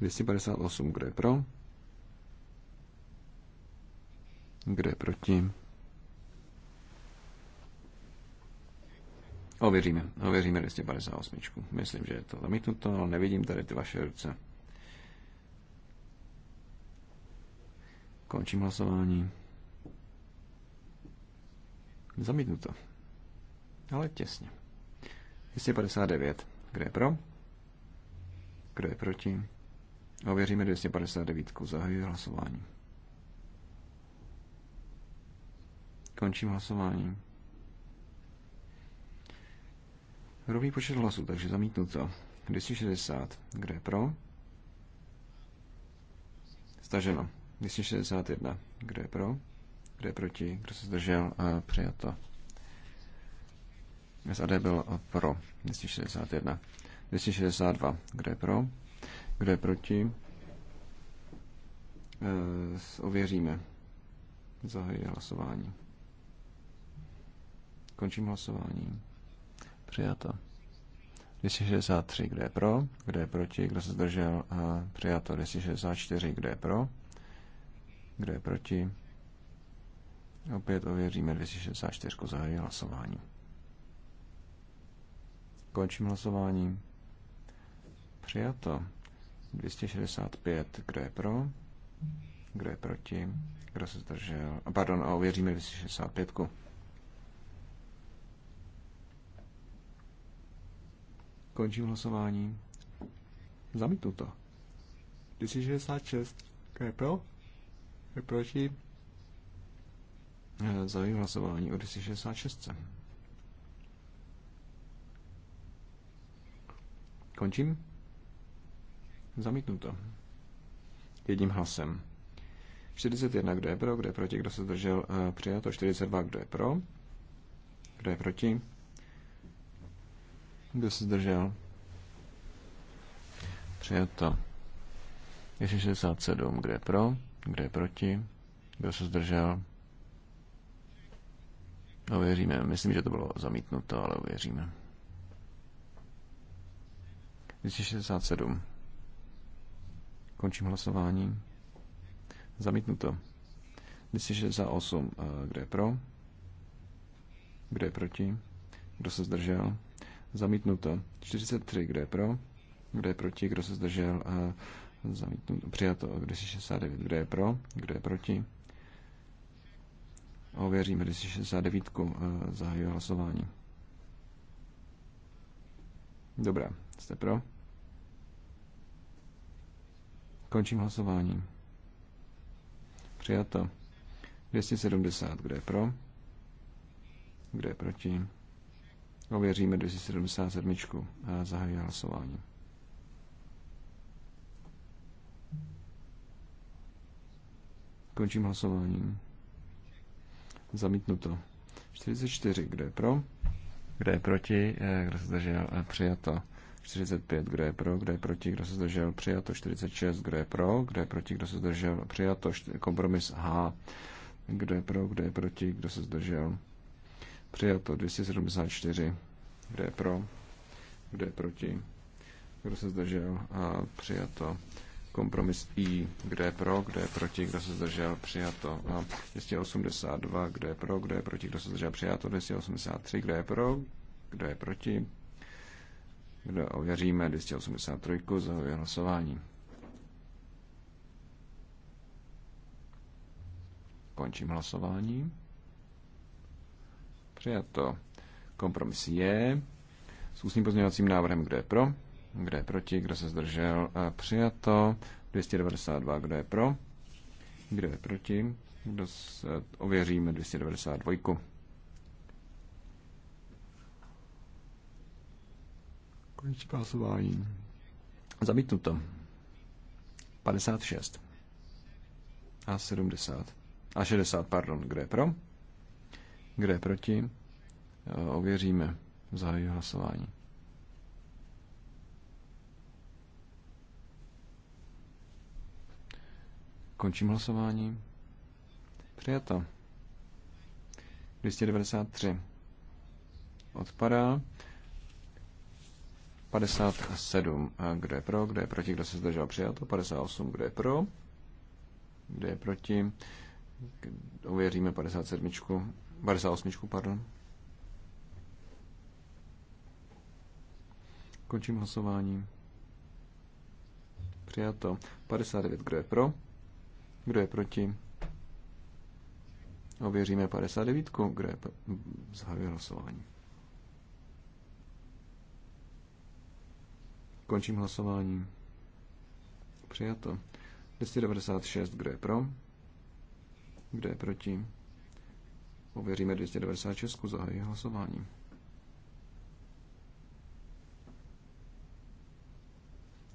258. Kdo je pro? Kdo je proti? Ověříme, ověříme 258. Myslím, že je to zamítnuto, ale nevidím tady ty vaše ruce. Končím hlasování. Zamítnuto. Ale těsně. 259. Kdo je pro? Kdo je proti? Ověříme 259. Zahajuji hlasování. Končím hlasování. Rovný počet hlasů, takže zamítnuto. 260, kde je pro? Staženo. 261, kde je pro? Kde je proti? Kdo se zdržel? Eh, A přijato. SAD byl pro. 261. 262, kde je pro? Kdo je proti? E, ověříme. Zahajuje hlasování. Končím hlasování. Přijato. 263, kdo je pro, kdo je proti, kdo se zdržel, a přijato 264, kdo je pro, kdo je proti. Opět ověříme 264, zahajuji hlasování. Končím hlasování. Přijato 265, kdo je pro, kdo je proti, kdo se zdržel, pardon, a ověříme 265. Končím hlasování. to. 266. Kdo je pro? Kdo je proti? Eh, Zavím hlasování o 266. Končím. Zamítnu to. Jedním hlasem. 41, kdo je pro, kdo je proti, kdo se zdržel, eh, přijato. 42, kdo je pro, kdo je proti, kdo se zdržel? Přijato. 67, kde je pro, kde je proti, kdo se zdržel. Ověříme. No, Myslím, že to bylo zamítnuto, ale ověříme. 267. Končím hlasování. Zamítnuto. 268. Eh, kde je pro? kde je proti? Kdo se zdržel? Zamítnuto. 43, kdo je pro? Kdo je proti? Kdo se zdržel? Zamítnuto. Přijato. 269, kdo je pro? Kdo je proti? Ověříme 269. Eh, zahajuji hlasování. Dobrá, jste pro? Končím hlasování. Přijato. 270, kdo je pro? Kdo je proti? Ověříme 277. Eh, zahajuji hlasování. Končím hlasování. Zamítnuto. 44. Eh, eh, kdo je pro? Kdo je proti? Kdo se zdržel? Přijato. 45, kdo je pro, kdo je proti, kdo se zdržel, přijato 46, kdo je pro, kdo je proti, kdo se zdržel, přijato kompromis H, kdo je pro, kdo je proti, kdo se zdržel, Přijato 274. Kdo je pro? Kdo je proti? Kdo se zdržel? A přijato. Kompromis I. Kdo je pro? Kdo je proti? Kdo se zdržel? Přijato. A 282. Kdo je pro? Kdo je proti? Kdo se zdržel? Přijato. 283. Kdo je pro? Kdo je proti? Kdo ověříme 283. Zahajuje hlasování. Končím hlasování. Přijato. Kompromis je s ústním pozměňovacím návrhem, kdo je pro, kdo je proti, kdo se zdržel. Přijato. 292, kdo je pro, kdo je proti, kdo se, ověříme 292. Končí hlasování. Zamítnuto. 56. A 70. A 60, pardon. Kdo je pro? Kdo je proti? E, ověříme. Zahajuji hlasování. Končím hlasování. Přijato. 293. Odpadá. 57. A kdo je pro? Kdo je proti? Kdo se zdržel? Přijato. 58. Kdo je pro? Kdo je proti? ověříme 57, 58, pardon. Končím hlasování. Přijato. 59, kdo je pro? Kdo je proti? Ověříme 59, kdo je zahajuje hlasování. Končím hlasování. Přijato. 296, kdo je pro? Kdo je proti? Ověříme 296. Zahajuji hlasování.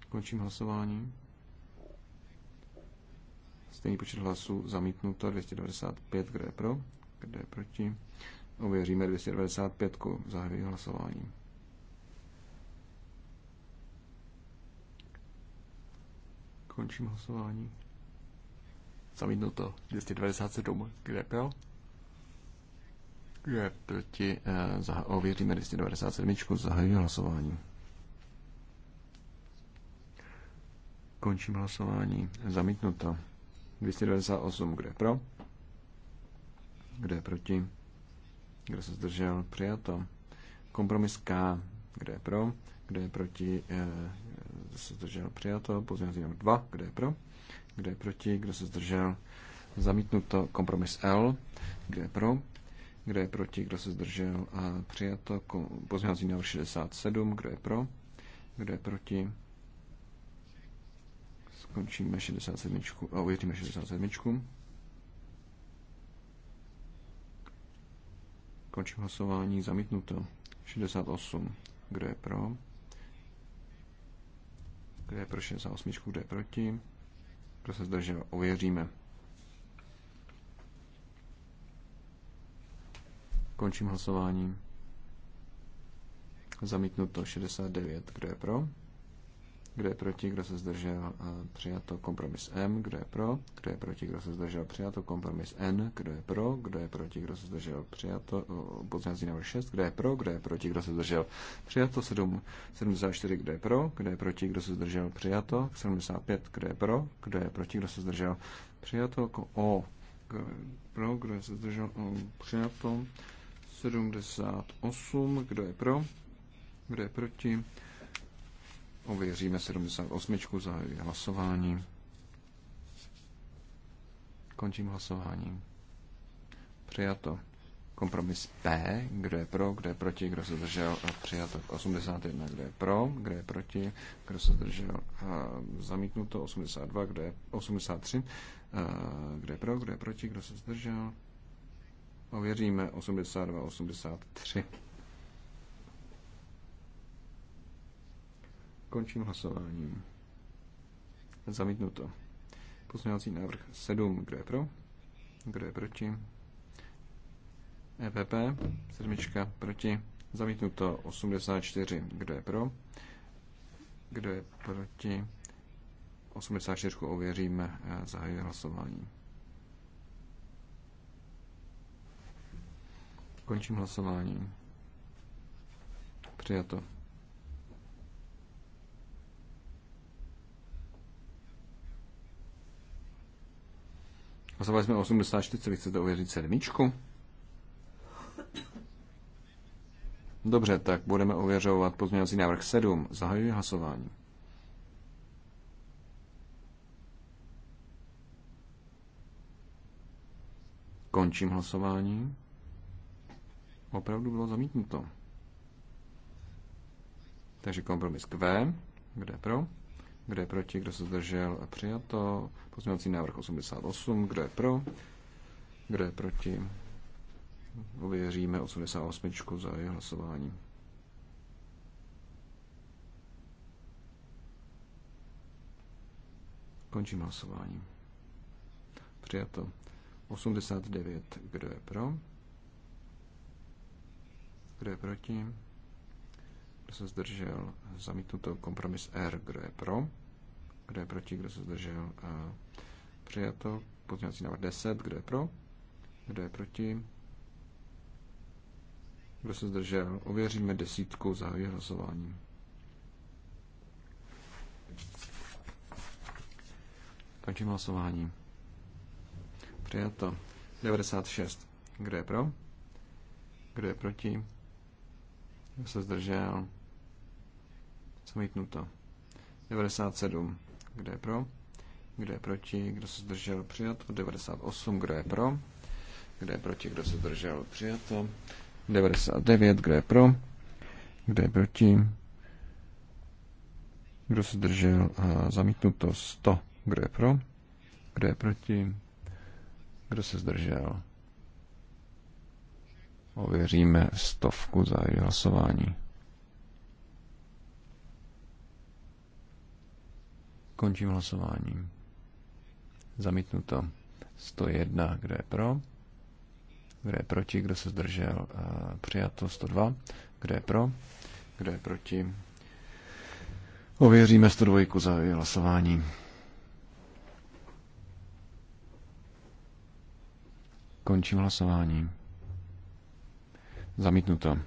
Končím hlasování. Stejný počet hlasů zamítnuto 295. Kdo je pro? Kdo je proti? Ověříme 295. Zahajuji hlasování. Končím hlasování. Zamítnuto 297. Kde pro? Kde proti? Eh, ověříme 297. Zahajuji hlasování. Končím hlasování. Zamítnuto. 298. Kde pro? Kde proti? Kdo se zdržel? Přijato. Kompromis K. Kde je pro? Kde je proti? Eh, se zdržel? Přijato. Pozměňovací 2. Kde je pro? kdo je proti, kdo se zdržel, zamítnuto. Kompromis L, kdo je pro, kdo je proti, kdo se zdržel a přijato. pozměnací návrh 67, kdo je pro, kdo je proti. Skončíme 67 a uvěříme 67. Končím hlasování, zamítnuto. 68. Kdo je pro? Kdo je pro 68? Kdo je proti? Kdo se zdržel? Ověříme. Končím hlasování. Zamítnuto 69. Kdo je pro? kdo je proti, kdo se zdržel, přijato kompromis M, kdo je pro, kdo je proti, kdo se zdržel, přijato kompromis N, kdo je pro, kdo je proti, kdo se zdržel, přijato pozměňovací návrh 6, kdo je pro, kdo je proti, kdo se zdržel, přijato 7, 74, kdo je pro, kdo je proti, kdo se zdržel, přijato 75, kdo je pro, kdo je proti, kdo se zdržel, přijato O, kdo je pro, kdo se zdržel, přijato 78, kdo je pro, kdo je proti, Ověříme 78. Zahajuji hlasování. Končím hlasování. Přijato. Kompromis P. Kdo je pro, kdo je proti, kdo se zdržel. Eh, přijato 81. Kdo je pro, kdo je proti, kdo se zdržel. Eh, zamítnuto 82. Kdo je 83. Eh, kdo je pro, kdo je proti, kdo se zdržel. Ověříme 82, 83. Končím hlasováním. Zamítnuto. Pozměňovací návrh 7. Kdo je pro? Kdo je proti? EPP. Sedmička proti. Zamítnuto 84. Kdo je pro? Kdo je proti? 84 ověříme. E, Zahajuji hlasování. Končím hlasování. Přijato. Hlasovali jsme 84, chcete ověřit sedmičku? Dobře, tak budeme ověřovat pozměňovací návrh 7. Zahajuji hlasování. Končím hlasování. Opravdu bylo zamítnuto. Takže kompromis V. Kde pro? Kdo je proti? Kdo se zdržel? Přijato. Pozměňovací návrh 88. Kdo je pro? Kdo je proti? Ověříme 88 za její hlasování. Končím hlasování. Přijato. 89. Kdo je pro? Kdo je proti? Kdo se zdržel? Zamítnuto. Kompromis R. Kdo je pro? Kdo je proti? Kdo se zdržel? Přijato. Pozměňovací návrh 10. Kdo je pro? Kdo je proti? Kdo se zdržel? Ověříme desítku. Zahajuji hlasování. Končím hlasování. Přijato. 96. Kdo je pro? Kdo je proti? Kdo se zdržel? Zamítnuto. 97. Kdo je pro? Kdo je proti? Kdo se zdržel? Přijato. 98. Kdo je pro? Kdo je proti? Kdo se zdržel? Přijato. 99. Kdo je pro? Kdo je proti? Kdo se zdržel? Zamítnuto. 100. Kdo je pro? Kdo je proti? Kdo se zdržel? Ověříme stovku za hlasování. Končím hlasování. Zamítnuto. 101, kdo je pro? Kdo je proti? Kdo se zdržel? Eh, přijato 102. Kdo je pro? Kdo je proti? Ověříme 102 za hlasování. Končím hlasování. Zamítnuto.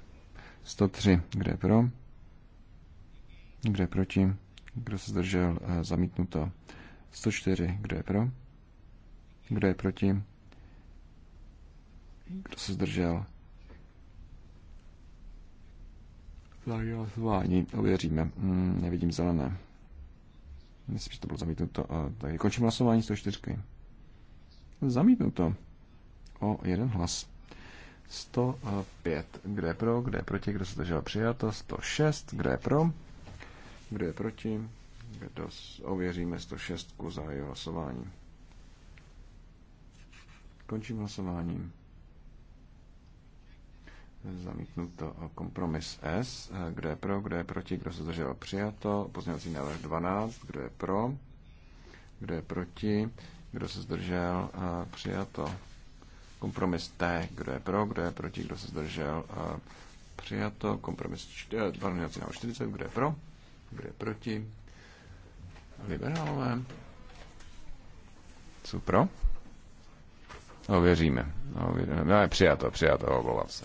103. kde je pro? kde je proti? Kdo se zdržel? Eh, zamítnuto. 104. Kdo je pro? Kdo je proti? Kdo se zdržel? Zahájí hlasování. Uvěříme. Hmm, nevidím zelené. Myslím, že to bylo zamítnuto. A, eh, tak končím hlasování 104. Zamítnuto. O jeden hlas. 105. Kde je pro, kde je proti, kdo se zdržel přijato. 106. Kde je pro, kdo je proti? Kdo ověříme 106 za jeho hlasování. Končím hlasování. Zamítnuto kompromis S. Kdo je pro, kdo je proti, kdo se zdržel přijato. Pozměňovací návrh 12. Kdo je pro, kdo je proti, kdo se zdržel přijato. Kompromis T. Kdo je pro, kdo je proti, kdo se zdržel přijato. Kompromis 4, 40, eh, kdo je pro, kdo je proti? Liberálové. Co pro? Ověříme. No, věříme. No, no, je přijato, přijato, omlouvám se.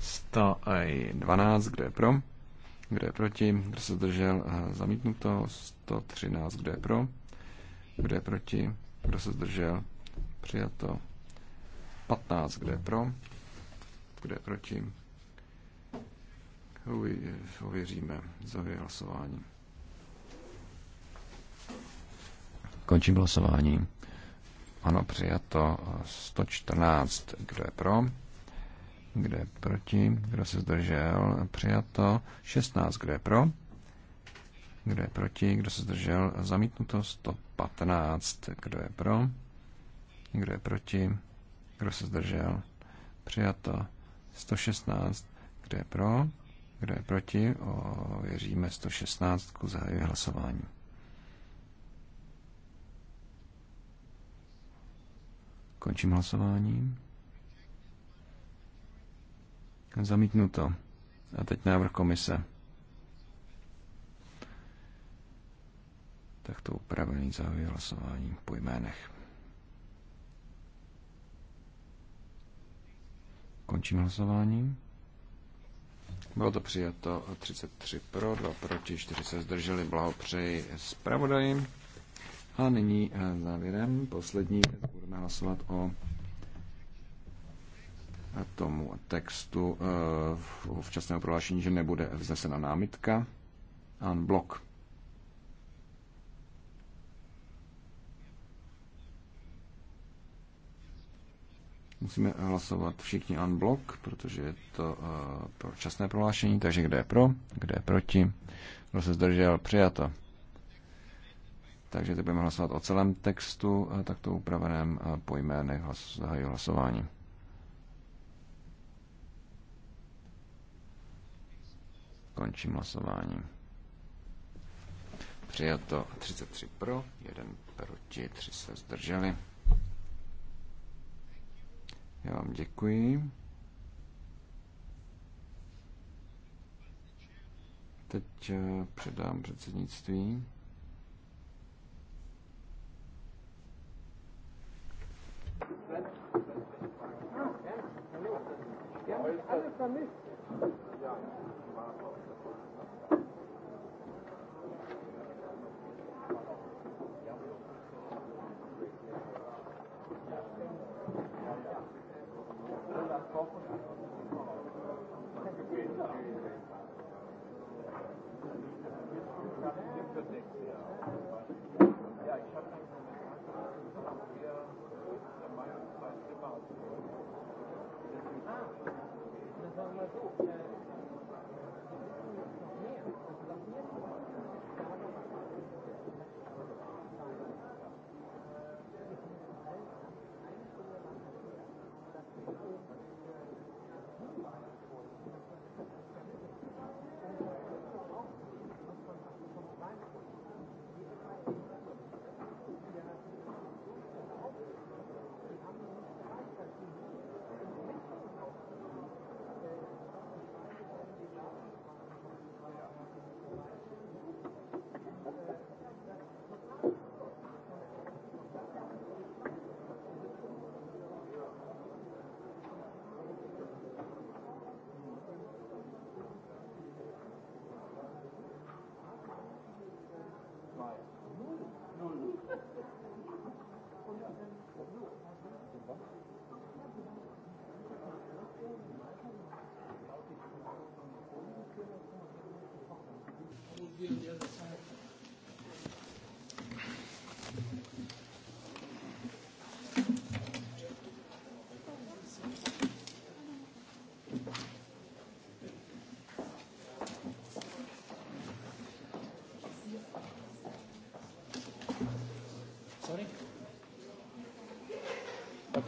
112, kdo je pro? Kdo je proti? Kdo se zdržel? Eh, zamítnuto. 113, kdo je pro? Kdo je proti? Kdo se zdržel? Přijato. 15, kdo je pro? Kdo je proti? Ověříme. za hlasování. Končím hlasování. Ano, přijato 114. Kdo je pro? Kdo je proti? Kdo se zdržel? Přijato 16. Kdo je pro? Kdo je proti? Kdo se zdržel? Zamítnuto 115. Kdo je pro? Kdo je proti? Kdo se zdržel? Přijato 116. Kdo je pro? Kdo je proti? Ověříme 116. Zahajuji hlasování. Končím hlasování. Zamítnuto. A teď návrh komise. Tak to upravený zahajuji hlasování po jménech. Končím hlasování. Bylo to přijato 33 pro, 2 proti, 4 se zdrželi. Blahopřeji zpravodaji. A nyní eh, závěrem poslední budeme hlasovat o tomu textu eh, včasného prohlášení, že nebude vznesena námitka. Unblock. blok. Musíme hlasovat všichni unblock, protože je to eh, pro časné prohlášení, takže kde je pro, kde je proti, kdo se zdržel, přijato. Takže teď budeme hlasovat o celém textu, eh, takto upraveném po jménech hlas, hlasování. Končím hlasování. Přijato 33 pro, 1 proti, 3 se zdrželi. Já vám děkuji. Teď předám předsednictví. Ja, alles vermisst.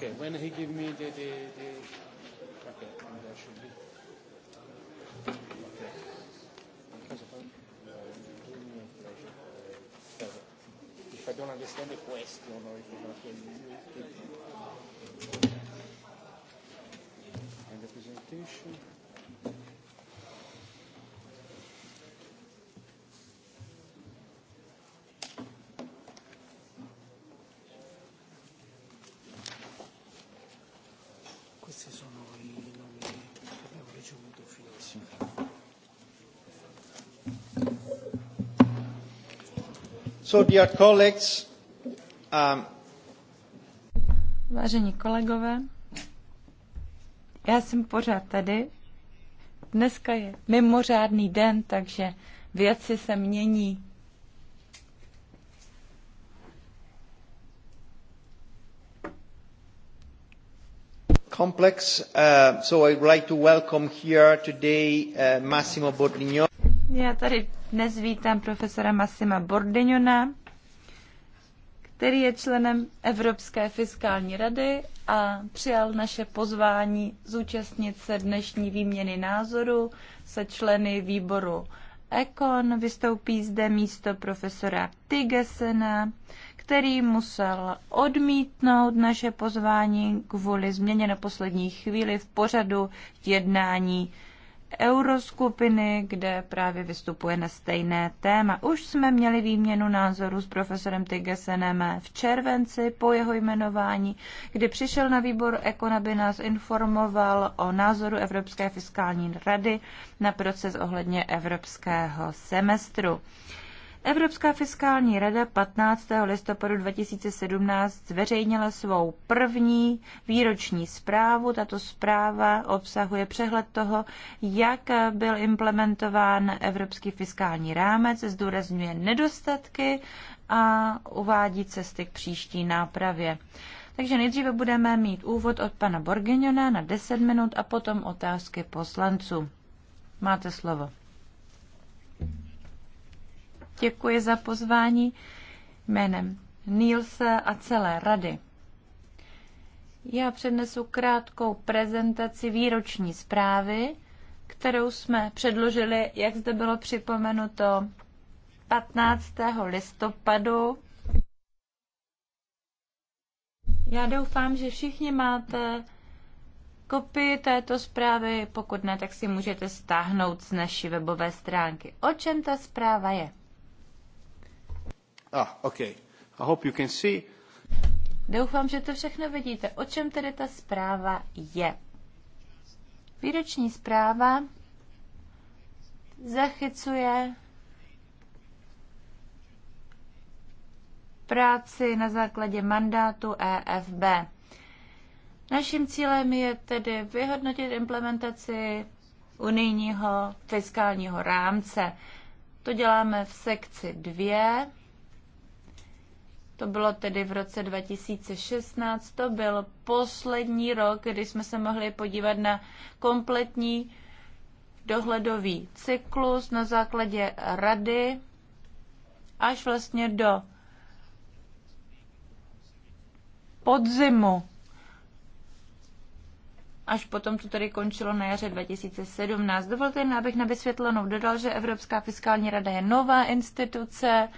Okay, when he give me the, the, the okay, and there should be. Okay. If I don't understand the question or if you don't and the presentation. So, dear colleagues, um... Vážení kolegové, já jsem pořád tady. Dneska je mimořádný den, takže věci se mění. Complex. Uh, so I'd like to welcome here today uh, Massimo Bordignon. Já tady dnes vítám profesora Massima Bordeňona, který je členem Evropské fiskální rady a přijal naše pozvání zúčastnit se dnešní výměny názoru se členy výboru Econ. Vystoupí zde místo profesora Tigesena, který musel odmítnout naše pozvání kvůli změně na poslední chvíli v pořadu jednání euroskupiny, kde právě vystupuje na stejné téma. Už jsme měli výměnu názoru s profesorem Tygesenem v červenci po jeho jmenování, kdy přišel na výbor Ekon, aby nás informoval o názoru Evropské fiskální rady na proces ohledně evropského semestru. Evropská fiskální rada 15. listopadu 2017 zveřejnila svou první výroční zprávu. Tato zpráva obsahuje přehled toho, jak byl implementován Evropský fiskální rámec, zdůrazňuje nedostatky a uvádí cesty k příští nápravě. Takže nejdříve budeme mít úvod od pana Borgeniona na 10 minut a potom otázky poslanců. Máte slovo děkuji za pozvání jménem Nielse a celé rady. Já přednesu krátkou prezentaci výroční zprávy, kterou jsme předložili, jak zde bylo připomenuto, 15. listopadu. Já doufám, že všichni máte kopii této zprávy, pokud ne, tak si můžete stáhnout z naší webové stránky. O čem ta zpráva je? Ah, okay. I hope you can see. Doufám, že to všechno vidíte. O čem tedy ta zpráva je? Výroční zpráva zachycuje práci na základě mandátu EFB. Naším cílem je tedy vyhodnotit implementaci unijního fiskálního rámce. To děláme v sekci 2 to bylo tedy v roce 2016, to byl poslední rok, kdy jsme se mohli podívat na kompletní dohledový cyklus na základě rady až vlastně do podzimu, až potom to tedy končilo na jaře 2017. Dovolte jen, abych na vysvětlenou dodal, že Evropská fiskální rada je nová instituce,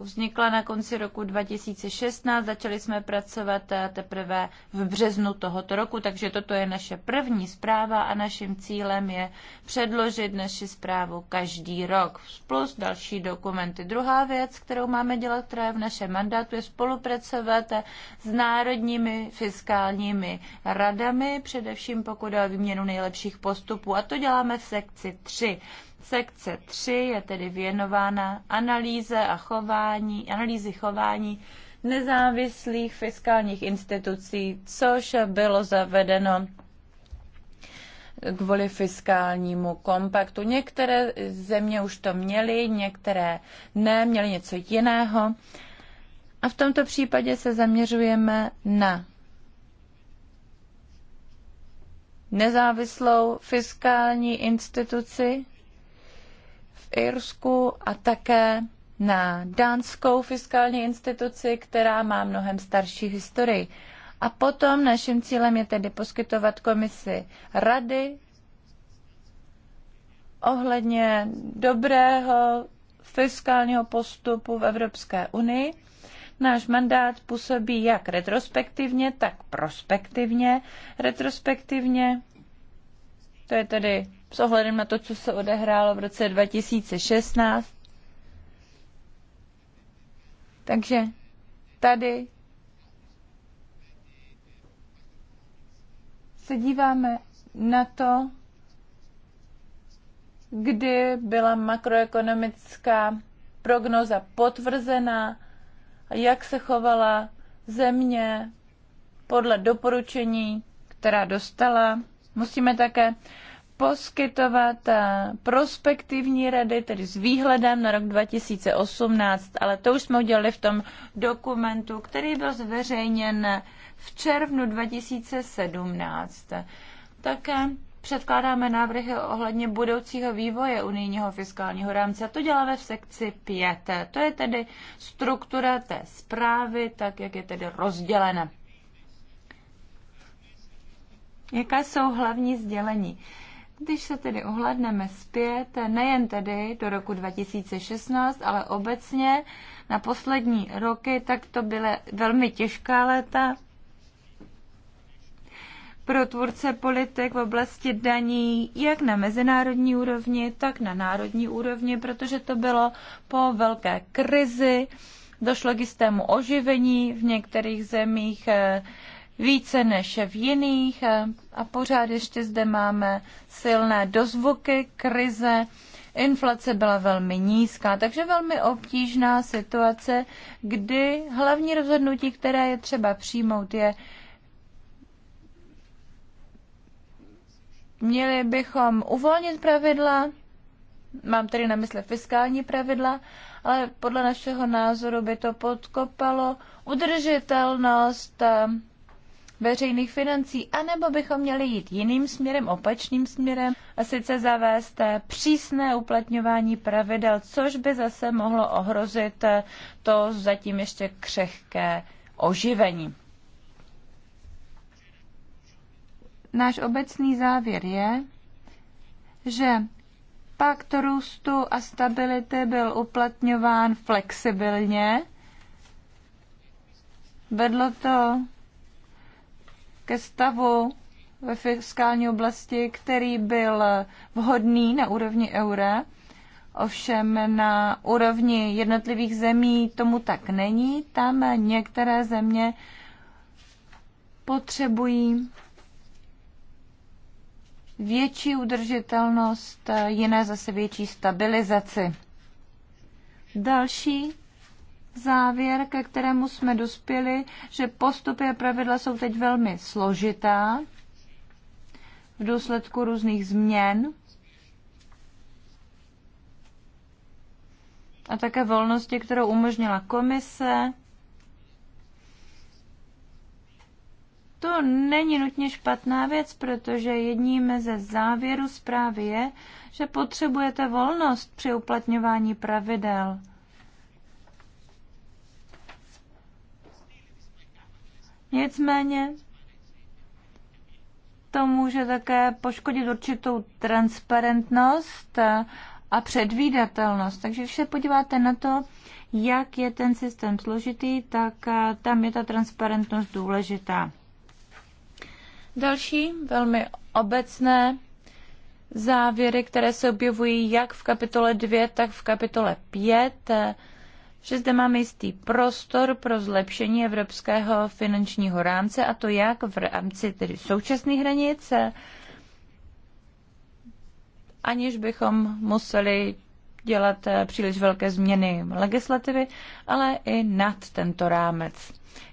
vznikla na konci roku 2016. Začali jsme pracovat teprve v březnu tohoto roku, takže toto je naše první zpráva a naším cílem je předložit naši zprávu každý rok plus další dokumenty. Druhá věc, kterou máme dělat, která je v našem mandátu, je spolupracovat s národními fiskálními radami, především pokud je o výměnu nejlepších postupů. A to děláme v sekci 3. Sekce 3 je tedy věnována analýze a chování, analýzy chování nezávislých fiskálních institucí, což bylo zavedeno kvůli fiskálnímu kompaktu. Některé země už to měly, některé ne, měly něco jiného. A v tomto případě se zaměřujeme na nezávislou fiskální instituci, Irsku a také na dánskou fiskální instituci, která má mnohem starší historii. A potom naším cílem je tedy poskytovat komisi rady ohledně dobrého fiskálního postupu v Evropské unii. Náš mandát působí jak retrospektivně, tak prospektivně. Retrospektivně to je tedy s ohledem na to, co se odehrálo v roce 2016. Takže tady se díváme na to, kdy byla makroekonomická prognoza potvrzená, jak se chovala země podle doporučení, která dostala. Musíme také poskytovat eh, prospektivní rady, tedy s výhledem na rok 2018, ale to už jsme udělali v tom dokumentu, který byl zveřejněn v červnu 2017. Také předkládáme návrhy ohledně budoucího vývoje unijního fiskálního rámce. A to děláme v sekci 5. To je tedy struktura té zprávy, tak jak je tedy rozdělena. Jaká jsou hlavní sdělení? Když se tedy ohledneme zpět, nejen tedy do roku 2016, ale obecně na poslední roky, tak to byly velmi těžká léta pro tvůrce politik v oblasti daní, jak na mezinárodní úrovni, tak na národní úrovni, protože to bylo po velké krizi, došlo k jistému oživení v některých zemích, více než v jiných a pořád ještě zde máme silné dozvuky krize. Inflace byla velmi nízká, takže velmi obtížná situace, kdy hlavní rozhodnutí, které je třeba přijmout, je, měli bychom uvolnit pravidla, mám tedy na mysli fiskální pravidla, ale podle našeho názoru by to podkopalo udržitelnost eh, veřejných financí, anebo bychom měli jít jiným směrem, opačným směrem, a sice zavést přísné uplatňování pravidel, což by zase mohlo ohrozit eh, to zatím ještě křehké oživení. Náš obecný závěr je, že pakt růstu a stability byl uplatňován flexibilně. Vedlo to ke stavu ve fiskální oblasti, který byl vhodný na úrovni eura. Ovšem na úrovni jednotlivých zemí tomu tak není. Tam některé země potřebují větší udržitelnost, jiné zase větší stabilizaci. Další závěr, ke kterému jsme dospěli, že postupy a pravidla jsou teď velmi složitá v důsledku různých změn a také volnosti, kterou umožnila komise. To není nutně špatná věc, protože jedním ze závěrů zprávy je, že potřebujete volnost při uplatňování pravidel. Nicméně to může také poškodit určitou transparentnost a předvídatelnost. Takže když se podíváte na to, jak je ten systém složitý, tak eh, tam je ta transparentnost důležitá. Další velmi obecné závěry, které se objevují jak v kapitole 2, tak v kapitole 5, že zde máme jistý prostor pro zlepšení evropského finančního rámce a to jak v rámci tedy současných hranic, aniž bychom museli dělat eh, příliš velké změny legislativy, ale i nad tento rámec.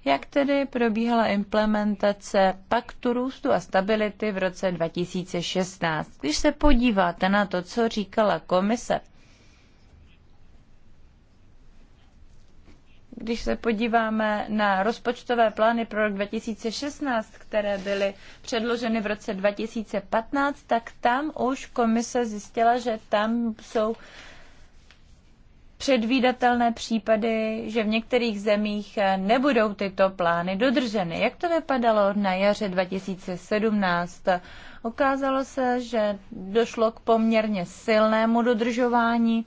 Jak tedy probíhala implementace Paktu růstu a stability v roce 2016? Když se podíváte na to, co říkala komise když se podíváme na rozpočtové plány pro rok 2016, které byly předloženy v roce 2015, tak tam už komise zjistila, že tam jsou předvídatelné případy, že v některých zemích eh, nebudou tyto plány dodrženy. Jak to vypadalo na jaře 2017? Ukázalo se, že došlo k poměrně silnému dodržování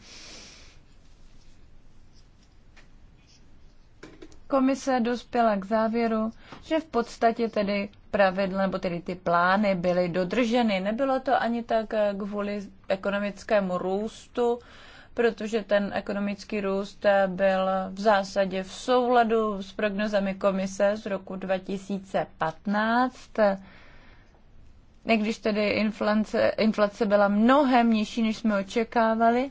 komise dospěla k závěru, že v podstatě tedy pravidla, nebo tedy ty plány byly dodrženy. Nebylo to ani tak eh, kvůli ekonomickému růstu, protože ten ekonomický růst eh, byl v zásadě v souladu s prognozami komise z roku 2015. I když tedy inflace, inflace byla mnohem nižší, než jsme očekávali,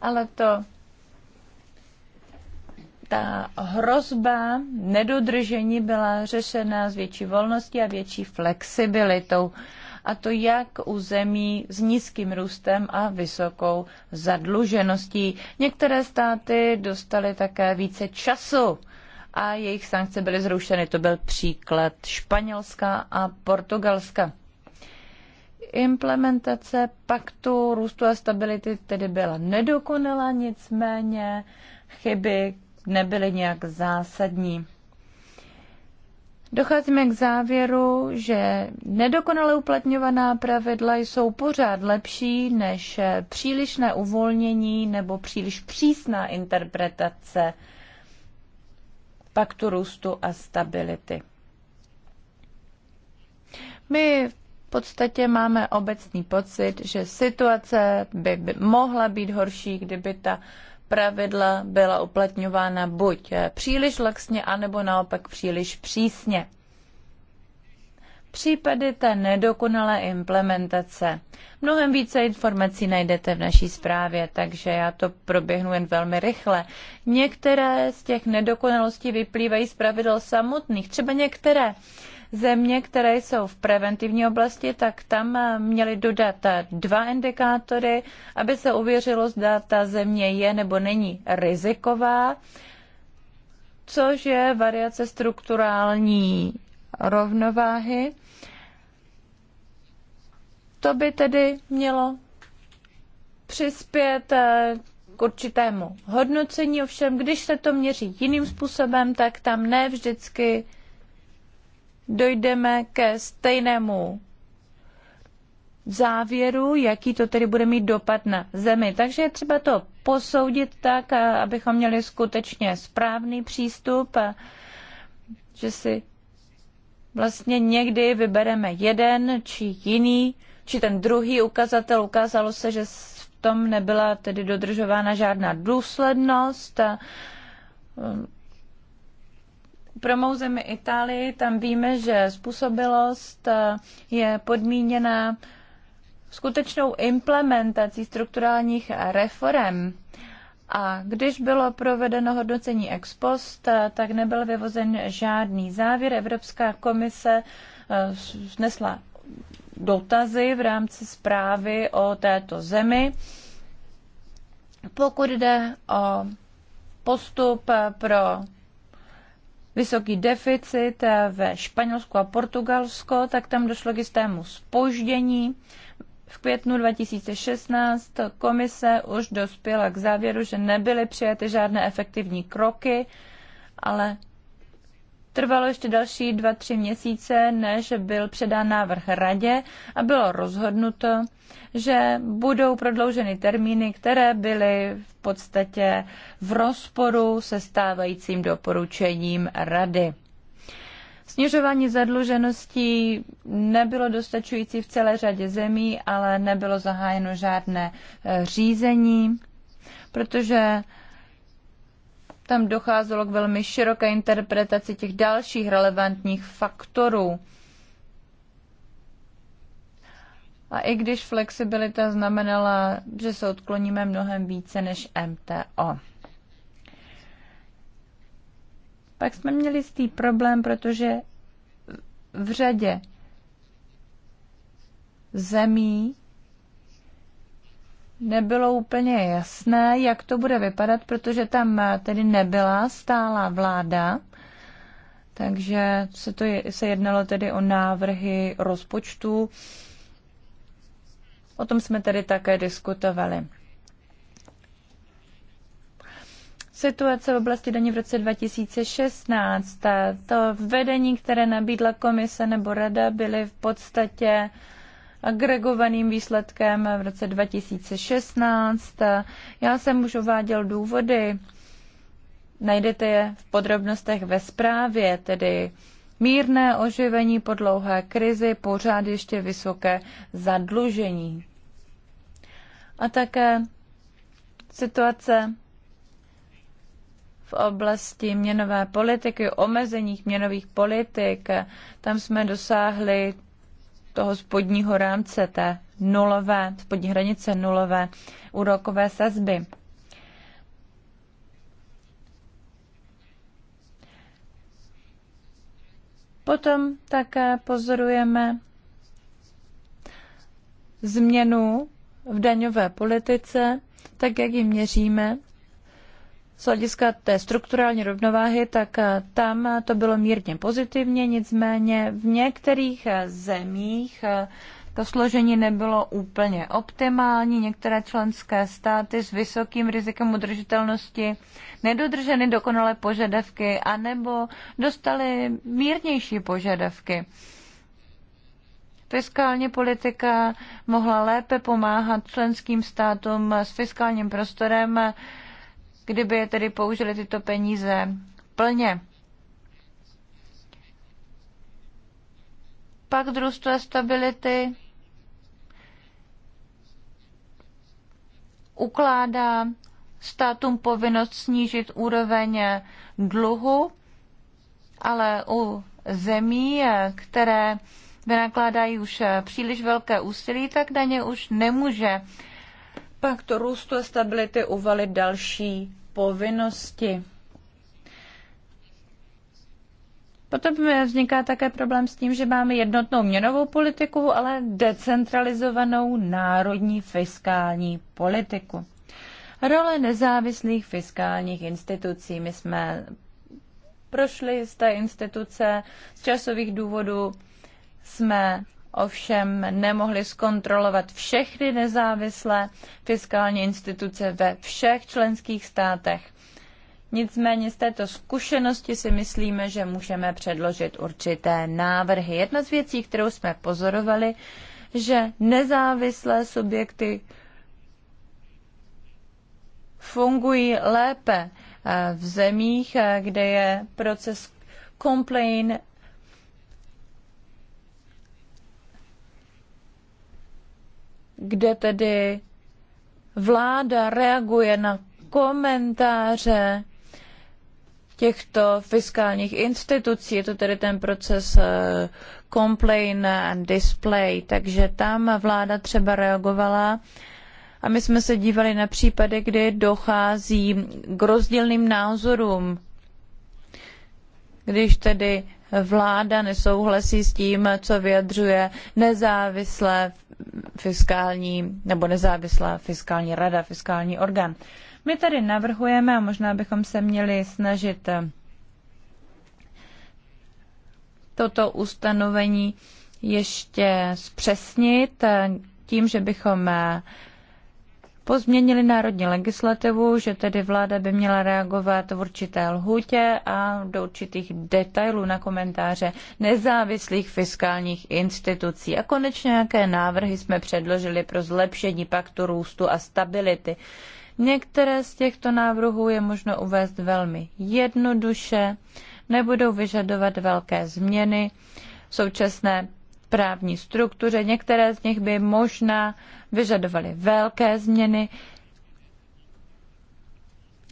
ale to ta hrozba nedodržení byla řešena s větší volností a větší flexibilitou. A to jak u zemí s nízkým růstem a vysokou zadlužeností. Některé státy dostaly také více času a jejich sankce byly zrušeny. To byl příklad Španělska a Portugalska. Implementace paktu růstu a stability tedy byla nedokonalá, nicméně chyby, nebyly nějak zásadní. Docházíme k závěru, že nedokonale uplatňovaná pravidla jsou pořád lepší než přílišné uvolnění nebo příliš přísná interpretace paktu růstu a stability. My v podstatě máme obecný pocit, že situace by, by mohla být horší, kdyby ta pravidla byla uplatňována buď eh, příliš laxně, anebo naopak příliš přísně. Případy té nedokonalé implementace. Mnohem více informací najdete v naší zprávě, takže já to proběhnu jen velmi rychle. Některé z těch nedokonalostí vyplývají z pravidel samotných, třeba některé Země, které jsou v preventivní oblasti, tak tam eh, měly dodat eh, dva indikátory, aby se uvěřilo, zda ta země je nebo není riziková, což je variace strukturální rovnováhy. To by tedy mělo přispět eh, k určitému hodnocení, ovšem když se to měří jiným způsobem, tak tam ne vždycky dojdeme ke stejnému závěru, jaký to tedy bude mít dopad na zemi. Takže je třeba to posoudit tak, abychom měli skutečně správný přístup, a že si vlastně někdy vybereme jeden či jiný, či ten druhý ukazatel. Ukázalo se, že v tom nebyla tedy dodržována žádná důslednost. A pro mou zemi Itálii tam víme, že způsobilost eh, je podmíněna skutečnou implementací strukturálních reform. A když bylo provedeno hodnocení ex post, eh, tak nebyl vyvozen žádný závěr. Evropská komise eh, snesla dotazy v rámci zprávy o této zemi. Pokud jde o postup pro vysoký deficit eh, ve Španělsku a Portugalsko, tak tam došlo k jistému spoždění. V květnu 2016 komise už dospěla k závěru, že nebyly přijaty žádné efektivní kroky, ale Trvalo ještě další dva, tři měsíce, než byl předán návrh radě a bylo rozhodnuto, že budou prodlouženy termíny, které byly v podstatě v rozporu se stávajícím doporučením rady. Snižování zadlužeností nebylo dostačující v celé řadě zemí, ale nebylo zahájeno žádné eh, řízení, protože tam docházelo k velmi široké interpretaci těch dalších relevantních faktorů. A i když flexibilita znamenala, že se odkloníme mnohem více než MTO. Pak jsme měli tý problém, protože v řadě zemí nebylo úplně jasné, jak to bude vypadat, protože tam tedy nebyla stálá vláda, takže se, to je, se jednalo tedy o návrhy rozpočtu. O tom jsme tedy také diskutovali. Situace v oblasti daní v roce 2016, to vedení, které nabídla komise nebo rada, byly v podstatě uh, agregovaným výsledkem v roce 2016. Já jsem už uváděl důvody, najdete je v podrobnostech ve zprávě, tedy mírné oživení po dlouhé krizi, pořád ještě vysoké zadlužení. A také situace v oblasti měnové politiky, omezeních měnových politik. Tam jsme dosáhli toho spodního rámce, té nulové, spodní hranice nulové úrokové sazby. Potom také pozorujeme změnu v daňové politice, tak jak ji měříme z hlediska té strukturální rovnováhy, tak eh, tam eh, to bylo mírně pozitivně, nicméně v některých eh, zemích to složení nebylo úplně optimální. Některé členské státy s vysokým rizikem udržitelnosti nedodrženy dokonalé požadavky anebo dostaly mírnější požadavky. Fiskální politika mohla lépe pomáhat členským státům s fiskálním prostorem, kdyby je tedy použili tyto peníze plně. Pak družstvo stability ukládá státům povinnost snížit úroveň dluhu, ale u zemí, které vynakládají už příliš velké úsilí, tak daně už nemůže paktu růstu a stability uvalit další povinnosti. Potom vzniká také problém s tím, že máme jednotnou měnovou politiku, ale decentralizovanou národní fiskální politiku. Role nezávislých fiskálních institucí. My jsme prošli z té instituce z časových důvodů, jsme ovšem nemohli zkontrolovat všechny nezávislé fiskální instituce ve všech členských státech. Nicméně z této zkušenosti si myslíme, že můžeme předložit určité návrhy. Jedna z věcí, kterou jsme pozorovali, že nezávislé subjekty fungují lépe eh, v zemích, eh, kde je proces complain kde tedy vláda reaguje na komentáře těchto fiskálních institucí. Je to tedy ten proces eh, complain and display, takže tam vláda třeba reagovala a my jsme se dívali na případy, kdy dochází k rozdílným názorům. Když tedy vláda nesouhlasí s tím, co vyjadřuje nezávislé fiskální nebo nezávislá fiskální rada, fiskální orgán. My tady navrhujeme a možná bychom se měli snažit eh, toto ustanovení ještě zpřesnit eh, tím, že bychom eh, pozměnili národní legislativu, že tedy vláda by měla reagovat v určité lhutě a do určitých detailů na komentáře nezávislých fiskálních institucí. A konečně nějaké návrhy jsme předložili pro zlepšení paktu růstu a stability. Některé z těchto návrhů je možno uvést velmi jednoduše, nebudou vyžadovat velké změny současné právní struktuře. Některé z nich by možná vyžadovaly velké změny.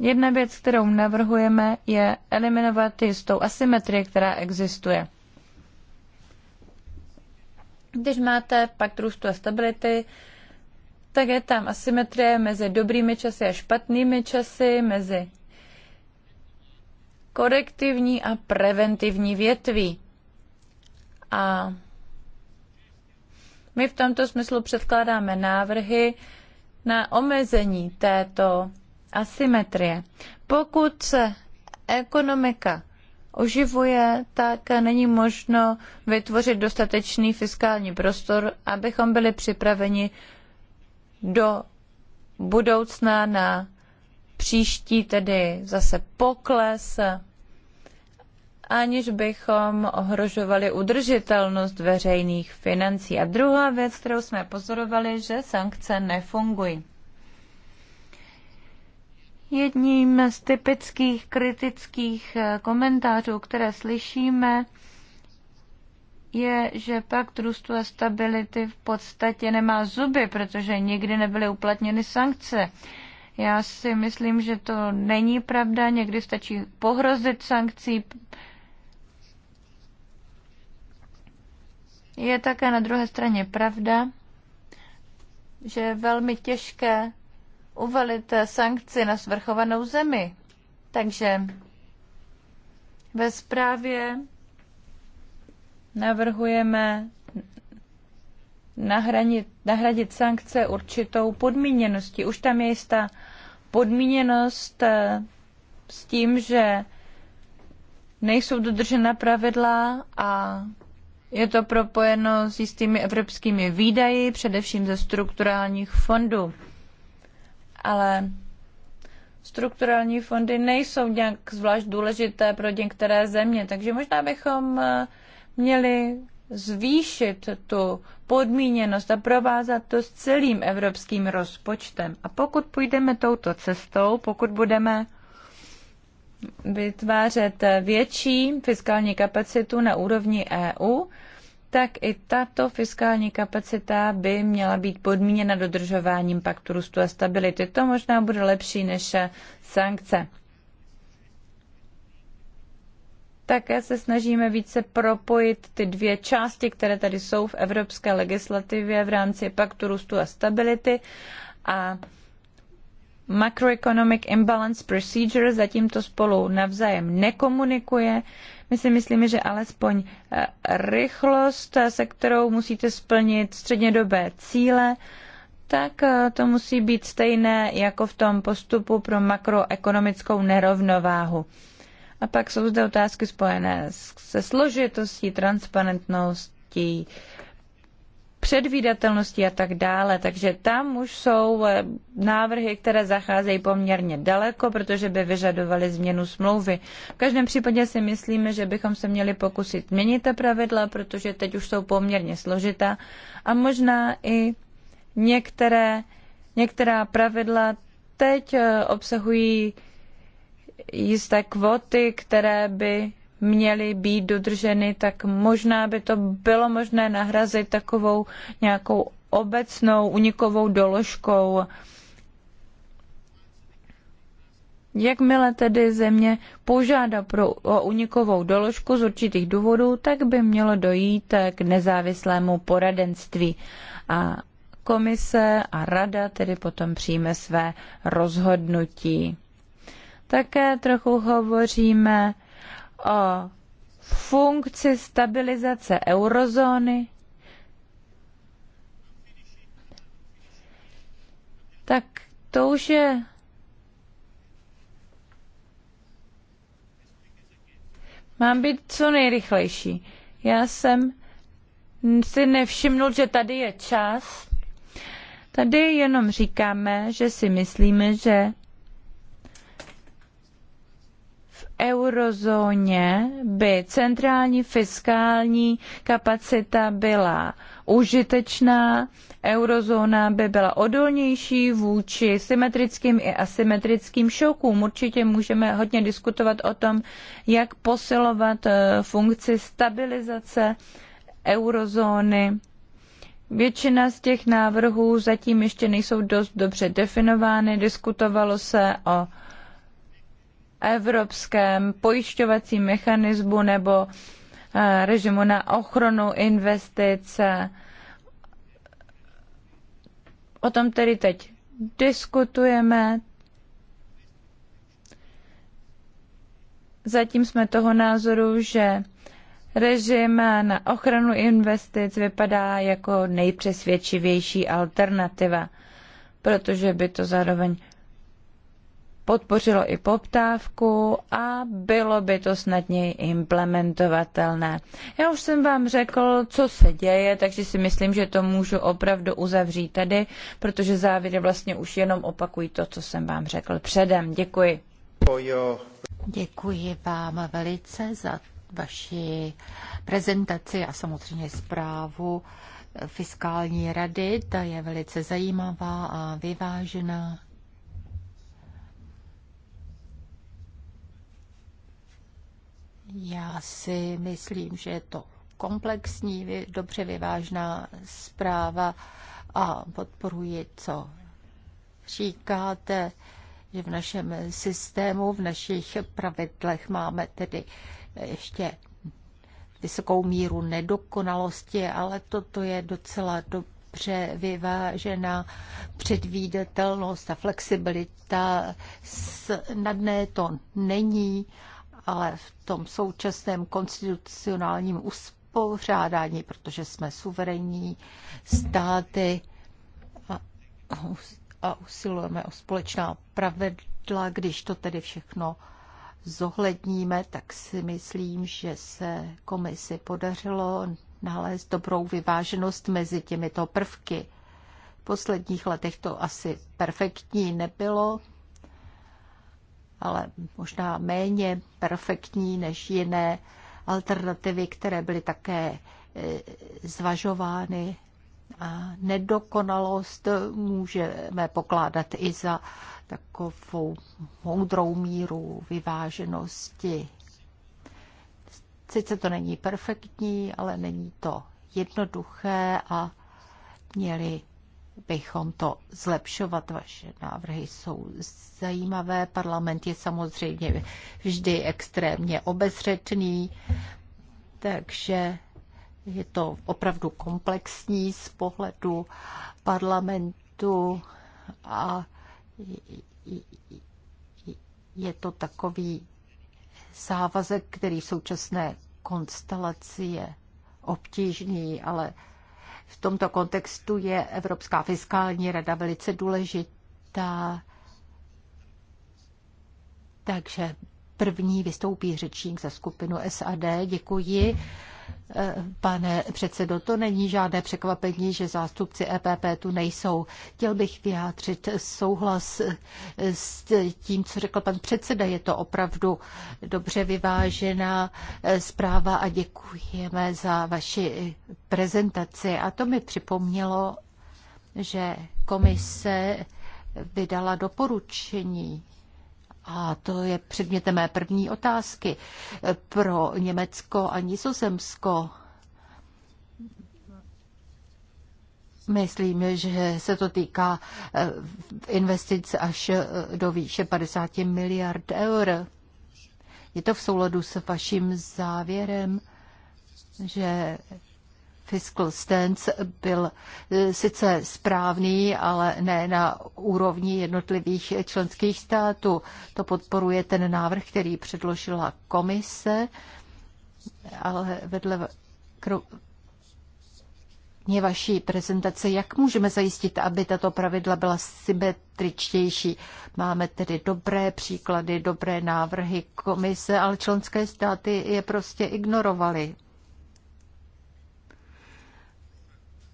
Jedna věc, kterou navrhujeme, je eliminovat jistou asymetrii, která existuje. Když máte pakt růstu a stability, tak je tam asymetrie mezi dobrými časy a špatnými časy, mezi korektivní a preventivní větví. A my v tomto smyslu předkládáme návrhy na omezení této asymetrie. Pokud se ekonomika oživuje, tak není možno vytvořit dostatečný fiskální prostor, abychom byli připraveni do budoucna na příští tedy zase pokles aniž bychom ohrožovali udržitelnost veřejných financí. A druhá věc, kterou jsme pozorovali, že sankce nefungují. Jedním z typických kritických eh, komentářů, které slyšíme, je, že pakt růstu a stability v podstatě nemá zuby, protože nikdy nebyly uplatněny sankce. Já si myslím, že to není pravda. Někdy stačí pohrozit sankcí, Je také na druhé straně pravda, že je velmi těžké uvalit sankci na svrchovanou zemi. Takže ve zprávě navrhujeme nahradit, nahradit sankce určitou podmíněností. Už tam je jistá podmíněnost eh, s tím, že nejsou dodržena pravidla a je to propojeno s jistými evropskými výdaji, především ze strukturálních fondů. Ale strukturální fondy nejsou nějak zvlášť důležité pro některé země, takže možná bychom eh, měli zvýšit tu podmíněnost a provázat to s celým evropským rozpočtem. A pokud půjdeme touto cestou, pokud budeme vytvářet větší fiskální kapacitu na úrovni EU, tak i tato fiskální kapacita by měla být podmíněna dodržováním paktu růstu a stability. To možná bude lepší než sankce. Také se snažíme více propojit ty dvě části, které tady jsou v evropské legislativě v rámci paktu růstu a stability a Macroeconomic Imbalance Procedure, zatím to spolu navzájem nekomunikuje. My si myslíme, že alespoň eh, rychlost, eh, se kterou musíte splnit střednědobé cíle, tak eh, to musí být stejné jako v tom postupu pro makroekonomickou nerovnováhu. A pak jsou zde otázky spojené se složitostí, transparentností, předvídatelnosti a tak dále. Takže tam už jsou eh, návrhy, které zacházejí poměrně daleko, protože by vyžadovaly změnu smlouvy. V každém případě si myslíme, že bychom se měli pokusit měnit ta pravidla, protože teď už jsou poměrně složitá a možná i některé, některá pravidla teď eh, obsahují jisté kvoty, které by měly být dodrženy, tak možná by to bylo možné nahrazit takovou nějakou obecnou unikovou doložkou. Jakmile tedy země požádá pro, o unikovou doložku z určitých důvodů, tak by mělo dojít k nezávislému poradenství. A komise a rada tedy potom přijme své rozhodnutí. Také trochu hovoříme o funkci stabilizace eurozóny, tak to už je Mám být co nejrychlejší. Já jsem si nevšimnul, že tady je čas. Tady jenom říkáme, že si myslíme, že eurozóně by centrální fiskální kapacita byla užitečná, eurozóna by byla odolnější vůči symetrickým i asymetrickým šokům. Určitě můžeme hodně diskutovat o tom, jak posilovat eh, funkci stabilizace eurozóny. Většina z těch návrhů zatím ještě nejsou dost dobře definovány. Diskutovalo se o evropském pojišťovacím mechanismu nebo eh, režimu na ochranu investic. O tom tedy teď diskutujeme. Zatím jsme toho názoru, že režim na ochranu investic vypadá jako nejpřesvědčivější alternativa, protože by to zároveň podpořilo i poptávku a bylo by to snadněji implementovatelné. Já už jsem vám řekl, co se děje, takže si myslím, že to můžu opravdu uzavřít tady, protože závěry vlastně už jenom opakují to, co jsem vám řekl předem. Děkuji. Děkuji vám velice za vaši prezentaci a samozřejmě zprávu fiskální rady. Ta je velice zajímavá a vyvážená. Já si myslím, že je to komplexní, dobře vyvážná zpráva a podporuji, co říkáte, že v našem systému, v našich pravidlech máme tedy ještě vysokou míru nedokonalosti, ale toto je docela dobře vyvážená předvídatelnost a flexibilita. Snadné to není ale v tom současném konstitucionálním uspořádání, protože jsme suverénní státy a, a usilujeme o společná pravidla, když to tedy všechno zohledníme, tak si myslím, že se komisi podařilo nalézt dobrou vyváženost mezi těmito prvky. V posledních letech to asi perfektní nebylo, ale možná méně perfektní než jiné alternativy, které byly také e, zvažovány. A nedokonalost můžeme pokládat i za takovou moudrou míru vyváženosti. Sice to není perfektní, ale není to jednoduché a měli bychom to zlepšovat. Vaše návrhy jsou zajímavé. Parlament je samozřejmě vždy extrémně obezřetný, takže je to opravdu komplexní z pohledu parlamentu a je to takový závazek, který v současné konstelaci je obtížný, ale v tomto kontextu je Evropská fiskální rada velice důležitá. Takže první vystoupí řečník za skupinu SAD. Děkuji. Pane předsedo, to není žádné překvapení, že zástupci EPP tu nejsou. Chtěl bych vyjádřit souhlas s tím, co řekl pan předseda. Je to opravdu dobře vyvážená zpráva a děkujeme za vaši prezentaci. A to mi připomnělo, že komise vydala doporučení a to je předmětem mé první otázky. Pro Německo a Nizozemsko Myslím, že se to týká eh, investic až eh, do výše 50 miliard eur. Je to v souladu s vaším závěrem, že fiscal stance byl e, sice správný, ale ne na úrovni jednotlivých členských států. To podporuje ten návrh, který předložila komise, ale vedle mě vaší prezentace, jak můžeme zajistit, aby tato pravidla byla symetričtější. Máme tedy dobré příklady, dobré návrhy komise, ale členské státy je prostě ignorovaly.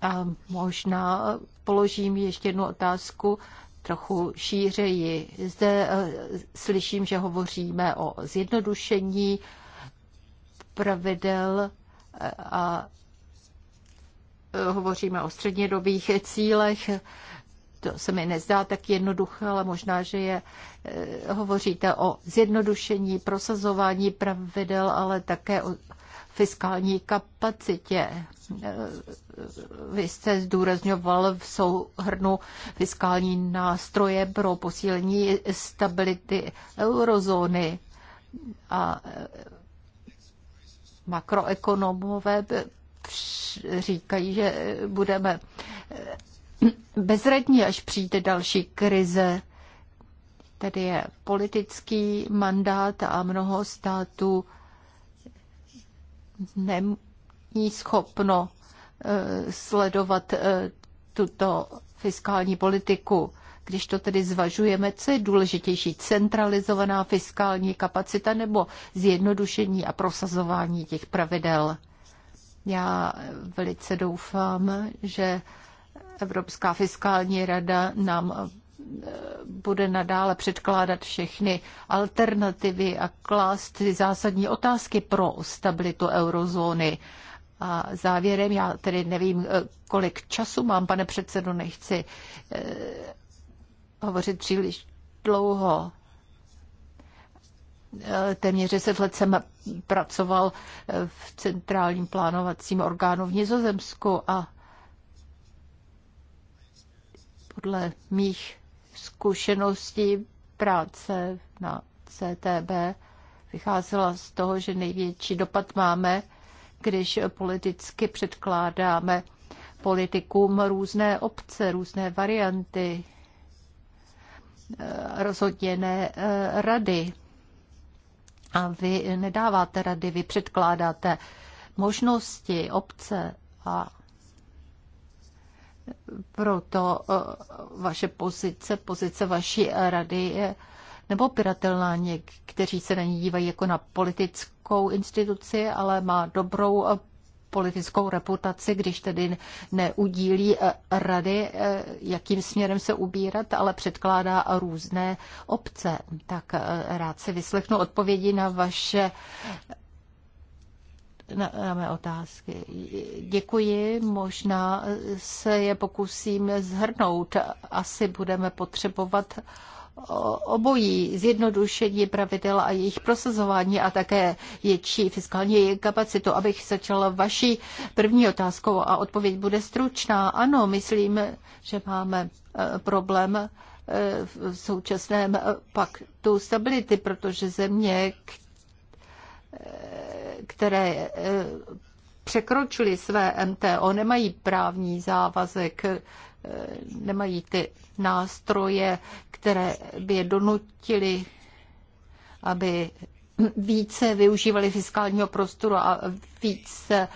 A možná položím ještě jednu otázku trochu šířeji. Zde eh, slyším, že hovoříme o zjednodušení pravidel eh, a eh, hovoříme o střednědobých cílech. To se mi nezdá tak jednoduché, ale možná, že je, hovoříte o zjednodušení, prosazování pravidel, ale také o fiskální kapacitě. Vy jste zdůrazňoval v souhrnu fiskální nástroje pro posílení stability eurozóny a eh, makroekonomové říkají, že budeme eh, bezradní, až přijde další krize. Tady je politický mandát a mnoho států není schopno eh, sledovat eh, tuto fiskální politiku. Když to tedy zvažujeme, co je důležitější, centralizovaná fiskální kapacita nebo zjednodušení a prosazování těch pravidel? Já velice doufám, že Evropská fiskální rada nám bude nadále předkládat všechny alternativy a klást ty zásadní otázky pro stabilitu eurozóny. A závěrem, já tedy nevím, eh, kolik času mám, pane předsedo, nechci eh, hovořit příliš dlouho. Eh, téměř 10 let jsem pracoval v centrálním plánovacím orgánu v Nizozemsku a podle mých zkušenosti práce na CTB vycházela z toho, že největší dopad máme, když politicky předkládáme politikům různé obce, různé varianty, eh, rozhodněné eh, rady. A vy nedáváte rady, vy předkládáte možnosti obce a proto eh, vaše pozice, pozice vaší rady je nepopiratelná. Někteří se na ní dívají jako na politickou instituci, ale má dobrou eh, politickou reputaci, když tedy neudílí eh, rady, jakým směrem se ubírat, ale předkládá různé obce. Tak rád se vyslechnu odpovědi na vaše na, na mé otázky. Děkuji, možná se je pokusím zhrnout. Asi budeme potřebovat obojí zjednodušení pravidel a jejich prosazování a také větší fiskální kapacitu. Abych začala vaší první otázkou a odpověď bude stručná. Ano, myslím, že máme e, problém e, v současném e, paktu stability, protože země, které eh, překročily své MTO, nemají právní závazek, eh, nemají ty nástroje, které by je donutily, aby více využívali fiskálního prostoru a více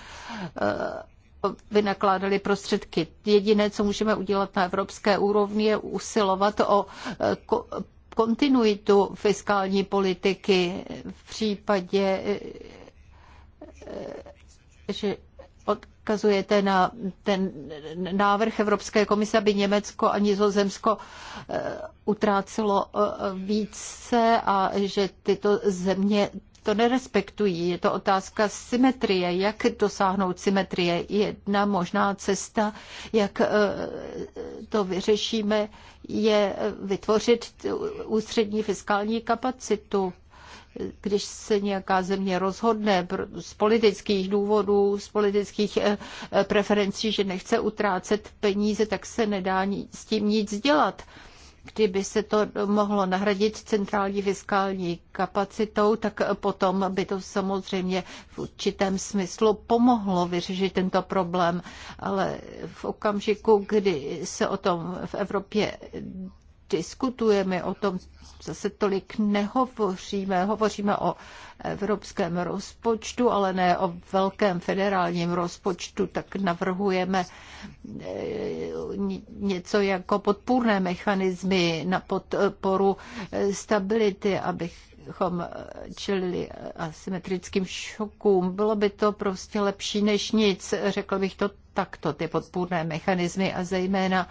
eh, vynakládali prostředky. Jediné, co můžeme udělat na evropské úrovni, je usilovat o kontinuitu fiskální politiky v případě, eh, že odkazujete na ten návrh Evropské komise, aby Německo a Nizozemsko eh, utrácelo eh, více a že tyto země to nerespektují. Je to otázka symetrie, jak dosáhnout symetrie. Jedna možná cesta, jak eh, to vyřešíme, je vytvořit ústřední fiskální kapacitu když se nějaká země rozhodne z politických důvodů, z politických eh, preferencí, že nechce utrácet peníze, tak se nedá s tím nic dělat kdyby se to mohlo nahradit centrální fiskální kapacitou, tak potom by to samozřejmě v určitém smyslu pomohlo vyřešit tento problém. Ale v okamžiku, kdy se o tom v Evropě diskutujeme o tom, zase tolik nehovoříme. Hovoříme o evropském rozpočtu, ale ne o velkém federálním rozpočtu, tak navrhujeme eh, něco jako podpůrné mechanismy na podporu stability, abychom čelili asymetrickým šokům. Bylo by to prostě lepší než nic, řekl bych to takto, ty podpůrné mechanismy a zejména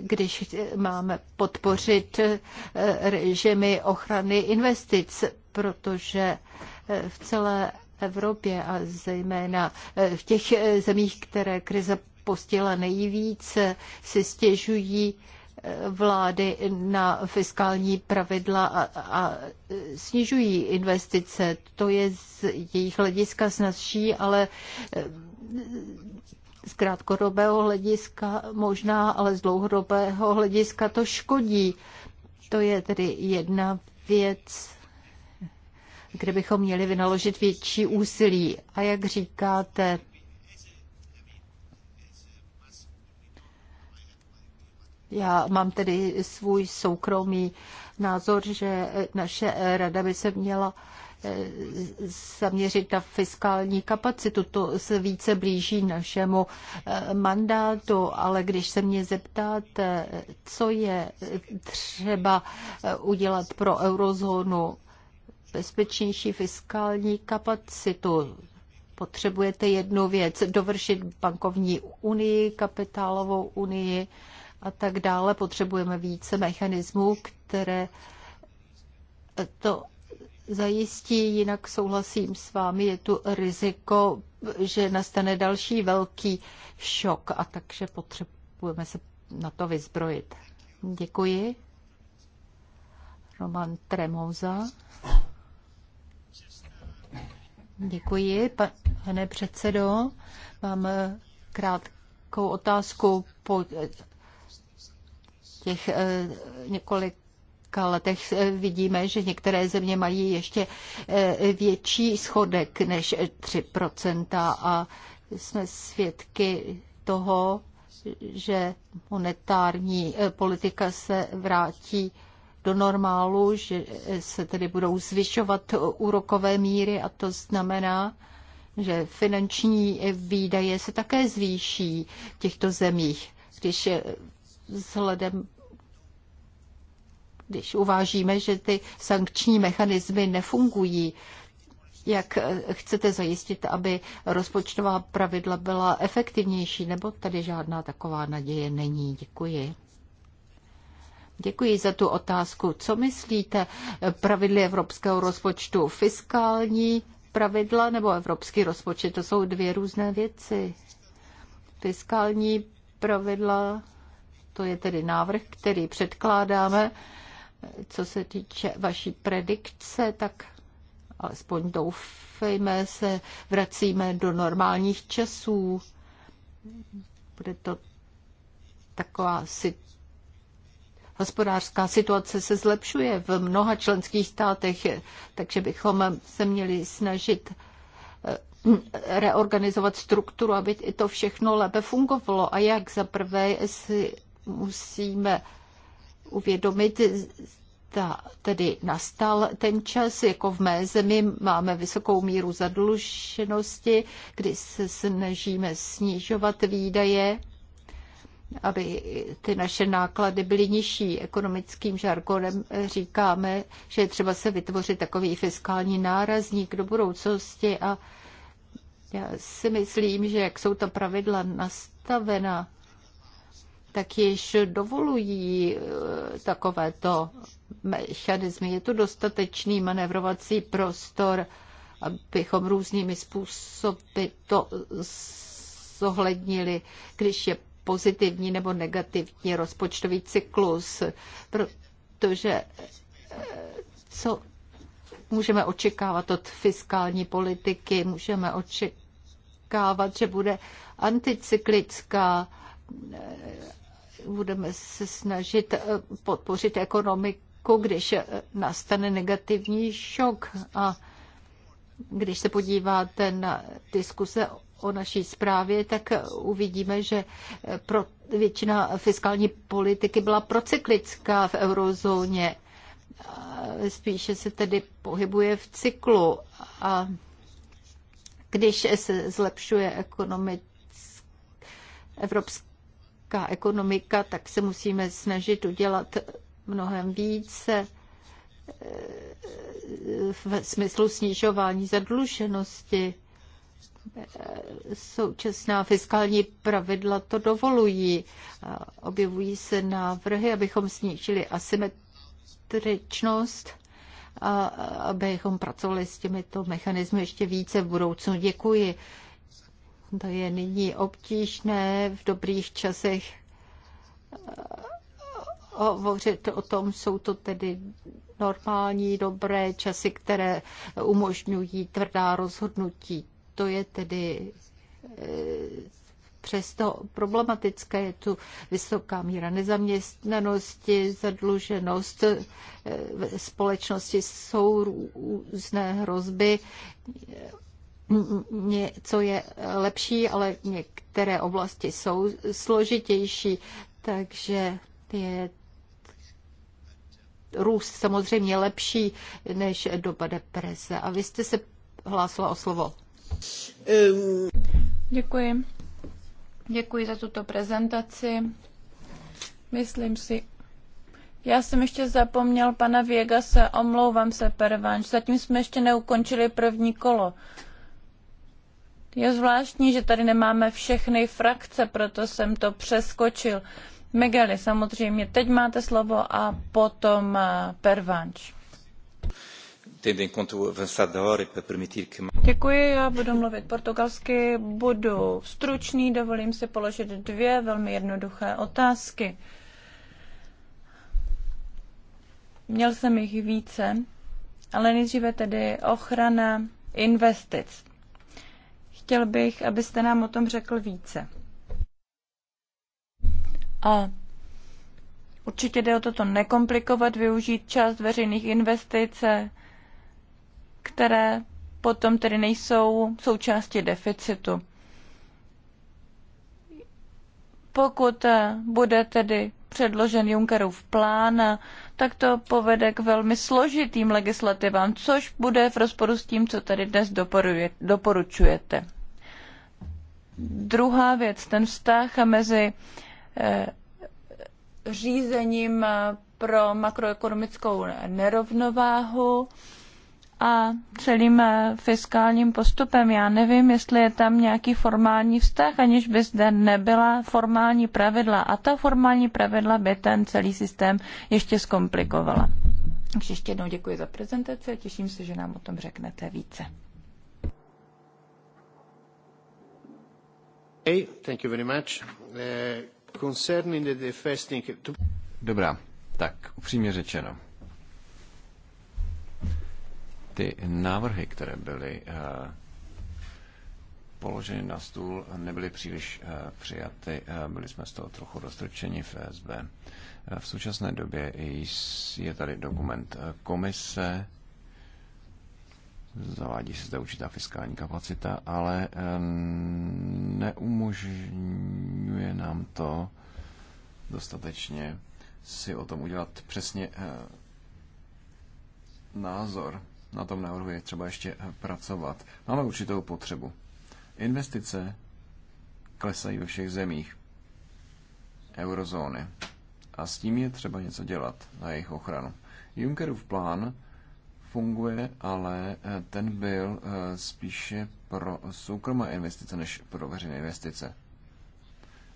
když máme podpořit eh, režimy ochrany investic, protože eh, v celé Evropě a zejména eh, v těch zemích, které krize postihla nejvíce, si stěžují vlády na fiskální pravidla a, a snižují investice. To je z jejich hlediska snazší, ale z krátkodobého hlediska možná, ale z dlouhodobého hlediska to škodí. To je tedy jedna věc, kde bychom měli vynaložit větší úsilí. A jak říkáte, Já mám tedy svůj soukromý názor, že naše rada by se měla zaměřit na fiskální kapacitu. To se více blíží našemu eh, mandátu, ale když se mě zeptáte, co je třeba eh, udělat pro eurozónu, bezpečnější fiskální kapacitu, potřebujete jednu věc, dovršit bankovní unii, kapitálovou unii a tak dále. Potřebujeme více mechanismů, které to zajistí, jinak souhlasím s vámi, je tu riziko, že nastane další velký šok a takže potřebujeme se na to vyzbrojit. Děkuji. Roman Tremouza. Děkuji, pane předsedo. Mám krátkou otázku po těch eh, několik několika letech eh, vidíme, že některé země mají ještě eh, větší schodek než 3% a jsme svědky toho, že monetární eh, politika se vrátí do normálu, že se tedy budou zvyšovat úrokové míry a to znamená, že finanční výdaje se také zvýší v těchto zemích. Když vzhledem když uvážíme, že ty sankční mechanismy nefungují. Jak eh, chcete zajistit, aby rozpočtová pravidla byla efektivnější, nebo tady žádná taková naděje není? Děkuji. Děkuji za tu otázku. Co myslíte eh, pravidly evropského rozpočtu? Fiskální pravidla nebo evropský rozpočet? To jsou dvě různé věci. Fiskální pravidla, to je tedy návrh, který předkládáme co se týče vaší predikce, tak alespoň doufejme, se vracíme do normálních časů. Bude to taková si... hospodářská situace se zlepšuje v mnoha členských státech, takže bychom se měli snažit eh, reorganizovat strukturu, aby i to všechno lépe fungovalo. A jak zaprvé si musíme uvědomit, ta, tedy nastal ten čas, jako v mé zemi máme vysokou míru zadluženosti, kdy se snažíme snižovat výdaje, aby ty naše náklady byly nižší. Ekonomickým žargonem říkáme, že je třeba se vytvořit takový fiskální nárazník do budoucnosti a já si myslím, že jak jsou ta pravidla nastavena, tak již dovolují eh, takovéto mechanizmy. Je tu dostatečný manevrovací prostor, abychom různými způsoby to zohlednili, když je pozitivní nebo negativní rozpočtový cyklus, protože eh, co můžeme očekávat od fiskální politiky, můžeme očekávat, že bude anticyklická eh, budeme se snažit eh, podpořit ekonomiku, když eh, nastane negativní šok. A když se podíváte na diskuse o naší zprávě, tak eh, uvidíme, že pro většina fiskální politiky byla procyklická v eurozóně. Spíše se tedy pohybuje v cyklu a když se zlepšuje ekonomické evropské křehká ekonomika, tak se musíme snažit udělat mnohem více eh, v smyslu snižování zadluženosti. Eh, současná fiskální pravidla to dovolují. Eh, objevují se návrhy, abychom snížili asymetričnost a abychom pracovali s těmito mechanizmy ještě více v budoucnu. Děkuji. To je nyní obtížné v dobrých časech eh, hovořit o tom, jsou to tedy normální, dobré časy, které umožňují tvrdá rozhodnutí. To je tedy eh, přesto problematické. Je tu vysoká míra nezaměstnanosti, zadluženost eh, V společnosti, jsou různé hrozby něco je lepší, ale některé oblasti jsou složitější, takže je růst samozřejmě lepší než doba deprese. A vy jste se hlásila o slovo. Děkuji. Děkuji za tuto prezentaci. Myslím si, já jsem ještě zapomněl pana Věga se, omlouvám se, Pervanč. Zatím jsme ještě neukončili první kolo. Uh, je zvláštní, že tady nemáme všechny frakce, proto jsem to přeskočil. Migueli, samozřejmě, teď máte slovo a potom eh, Pervanč. Děkuji, já budu mluvit portugalsky, budu stručný, dovolím si položit dvě velmi jednoduché otázky. Měl jsem jich více, ale nejdříve tedy ochrana investic chtěl bych, abyste nám o tom řekl více. A určitě jde o toto nekomplikovat, využít část veřejných investic, které potom tedy nejsou součástí deficitu. Pokud bude tedy předložen Junckerův plán, tak to povede k velmi složitým legislativám, což bude v rozporu s tím, co tady dnes doporučujete druhá věc, ten vztah mezi eh, řízením eh, pro makroekonomickou nerovnováhu a celým eh, fiskálním postupem. Já nevím, jestli je tam nějaký formální vztah, aniž by zde nebyla formální pravidla. A ta formální pravidla by ten celý systém ještě zkomplikovala. Takže ještě jednou děkuji za prezentaci a těším se, že nám o tom řeknete více. Eh, Dobrá, tak upřímně řečeno. Ty návrhy, které byly uh, položeny na stůl, nebyly příliš uh, přijaty. Uh, byli jsme z toho trochu roztrčeni v SB. Uh, v současné době je tady dokument komise, zavádí se zde určitá fiskální kapacita, ale neumožňuje nám to dostatečně si o tom udělat přesně eh, názor. Na tom návrhu je třeba ještě eh, pracovat. Máme určitou potřebu. Investice klesají ve všech zemích eurozóny a s tím je třeba něco dělat na jejich ochranu. Junckerův plán funguje, ale eh, ten byl eh, spíše pro soukromé investice než pro veřejné investice.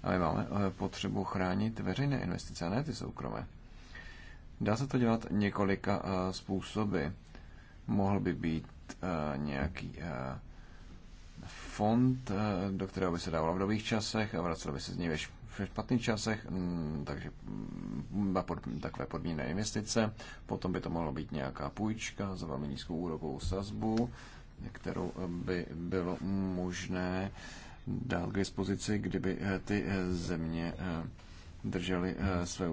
A my máme eh, potřebu chránit veřejné investice a ne ty soukromé. Dá se to dělat několika způsoby. Mohl by být nějaký fond, do kterého by se dávalo v dobých časech a vracelo by se z něj v špatných časech, mm, takže mm, takové podmíněné investice. Potom by to mohlo být nějaká půjčka za velmi nízkou úrokovou sazbu, kterou by bylo možné dát k dispozici, kdyby eh, ty eh, země eh, drželi své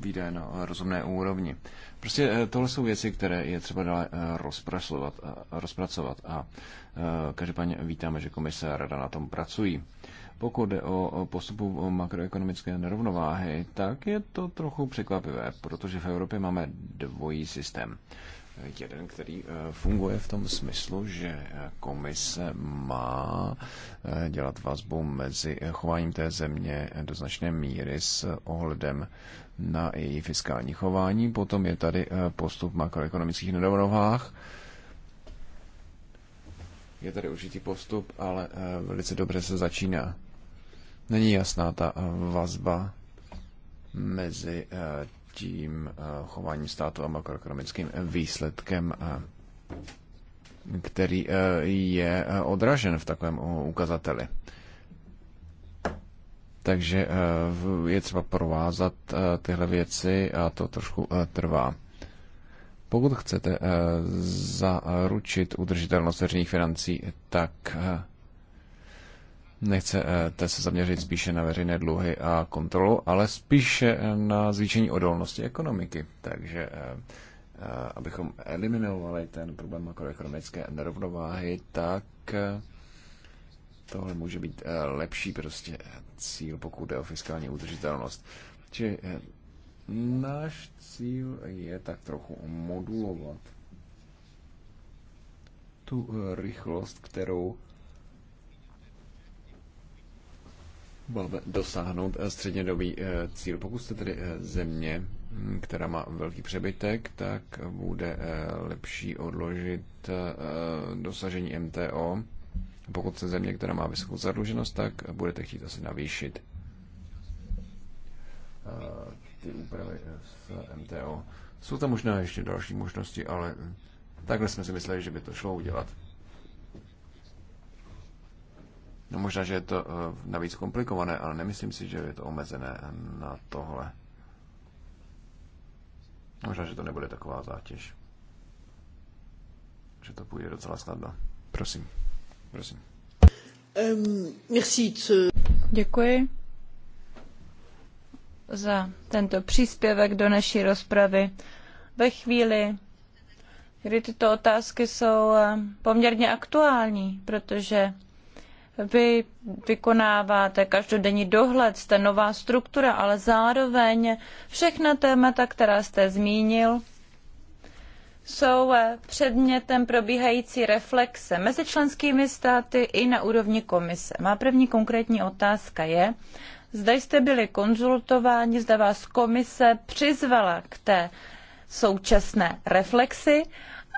výdaje na rozumné úrovni. Prostě tohle jsou věci, které je třeba dále rozpracovat a, rozpracovat a každopádně vítáme, že komise a rada na tom pracují. Pokud jde o postupu o makroekonomické nerovnováhy, tak je to trochu překvapivé, protože v Evropě máme dvojí systém. Jeden, který eh, funguje v tom smyslu, že komise má eh, dělat vazbu mezi chováním té země do značné míry s ohledem na její fiskální chování. Potom je tady eh, postup makroekonomických nerovnovách. Je tady určitý postup, ale velice dobře se začíná není jasná ta eh, vazba mezi eh, tím eh, chováním státu a makroekonomickým výsledkem, který je odražen v takovém ukazateli. Takže je třeba provázat tyhle věci a to trošku trvá. Pokud chcete zaručit udržitelnost veřejných financí, tak nechcete eh, se zaměřit spíše na veřejné dluhy a kontrolu, ale spíše eh, na zvýšení odolnosti ekonomiky. Takže eh, abychom eliminovali ten problém makroekonomické nerovnováhy, tak tohle může být lepší prostě cíl, pokud jde o fiskální udržitelnost. Čili náš cíl je tak trochu modulovat tu rychlost, kterou máme dosáhnout eh, střednědobý eh, cíl. Pokud jste tedy eh, země, hm, která má velký přebytek, tak bude lepší odložit dosažení MTO. Pokud jste země, která má vysokou zadluženost, tak budete chtít asi navýšit ty úpravy z MTO. Jsou tam možná ještě další možnosti, ale takhle jsme si mysleli, že by to šlo udělat. No možná, že je to eh, navíc komplikované, ale nemyslím si, že je to omezené na tohle. Možná, že to nebude taková zátěž. Že to půjde docela snadno. Prosím. Prosím. Děkuji za tento příspěvek do naší rozpravy. Ve chvíli, kdy tyto otázky jsou eh, poměrně aktuální, protože vy vykonáváte každodenní dohled, jste nová struktura, ale zároveň všechna témata, která jste zmínil, jsou eh, předmětem probíhající reflexe mezi členskými státy i na úrovni komise. Má první konkrétní otázka je, zda jste byli konzultováni, zda vás komise přizvala k té současné reflexi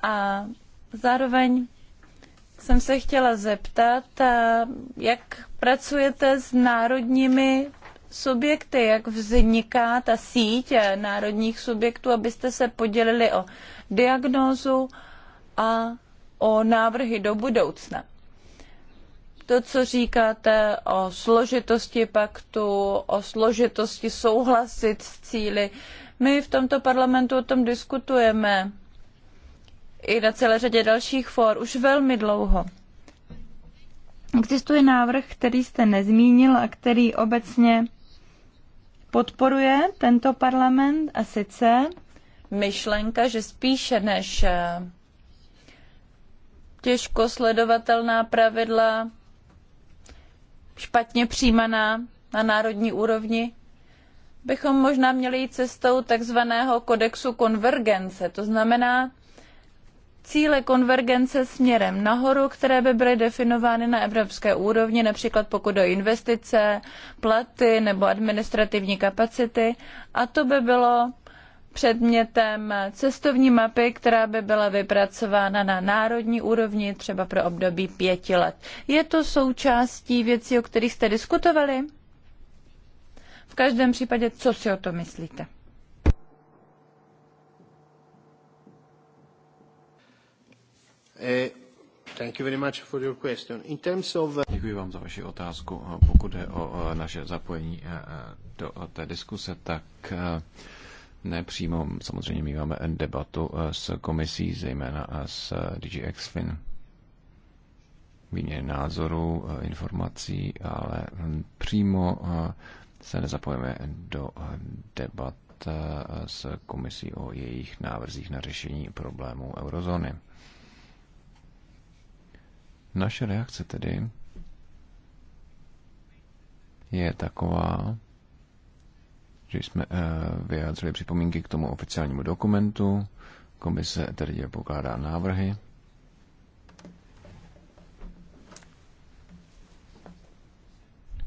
a zároveň jsem se chtěla zeptat, jak pracujete s národními subjekty, jak vzniká ta síť národních subjektů, abyste se podělili o diagnózu a o návrhy do budoucna. To, co říkáte o složitosti paktu, o složitosti souhlasit s cíly, my v tomto parlamentu o tom diskutujeme i na celé řadě dalších for už velmi dlouho. Existuje návrh, který jste nezmínil a který obecně podporuje tento parlament a sice myšlenka, že spíše než eh, těžko sledovatelná pravidla, špatně přijímaná na národní úrovni, bychom možná měli jít cestou takzvaného kodexu konvergence. To znamená cíle konvergence směrem nahoru, které by byly definovány na evropské úrovni, například pokud o investice, platy nebo administrativní kapacity. A to by bylo předmětem cestovní mapy, která by byla vypracována na národní úrovni, třeba pro období pěti let. Je to součástí věcí, o kterých jste diskutovali? V každém případě, co si o to myslíte? Děkuji vám za vaši otázku. Eh, pokud je o eh, naše zapojení eh, do té diskuse, tak nepřímo, Samozřejmě my máme debatu s komisí, zejména s DG Exfin. Výměny názorů, informací, ale hm, přímo se nezapojíme do debat s komisí o jejich návrzích na řešení problémů eurozóny. Naše reakce tedy je taková, že jsme eh, vyjádřili připomínky k tomu oficiálnímu dokumentu. Komise tedy je pokládá návrhy.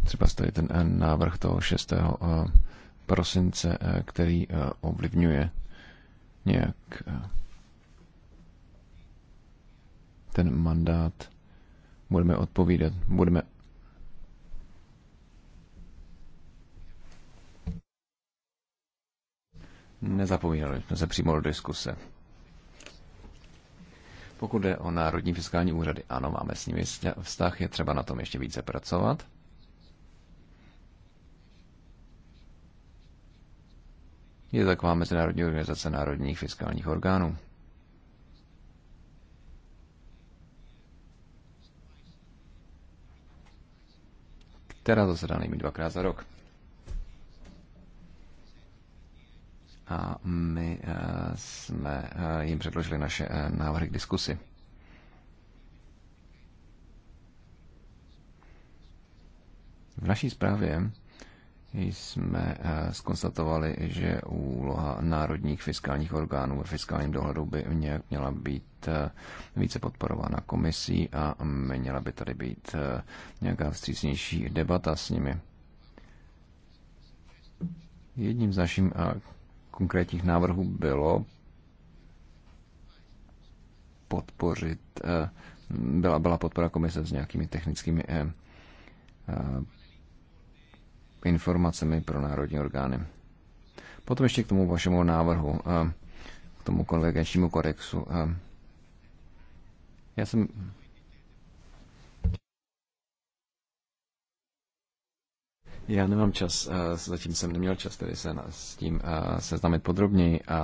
Třeba tady ten eh, návrh toho 6. Eh, prosince, který ovlivňuje nějak ten mandát budeme odpovídat. Budeme Nezapomínali jsme se přímo do diskuse. Pokud jde o národní fiskální úřady, ano, máme s nimi vztah, je třeba na tom ještě více pracovat. Je taková mezinárodní organizace národních fiskálních orgánů. která zasedá mi dvakrát za rok. A my eh, jsme eh, jim předložili naše eh, návrhy k diskusi. V naší zprávě jsme eh, skonstatovali, že úloha národních fiskálních orgánů ve fiskálním dohledu by nějak měla být eh, více podporována komisí a měla by tady být eh, nějaká vstřícnější debata s nimi. Jedním z našich konkrétních návrhů bylo podpořit, byla, byla podpora komise s nějakými technickými informacemi pro národní orgány. Potom ještě k tomu vašemu návrhu, eh, k tomu konvergenčnímu kodexu. Eh. Já jsem Já nemám čas, eh, zatím jsem neměl čas tedy se s tím seznámit podrobněji, a,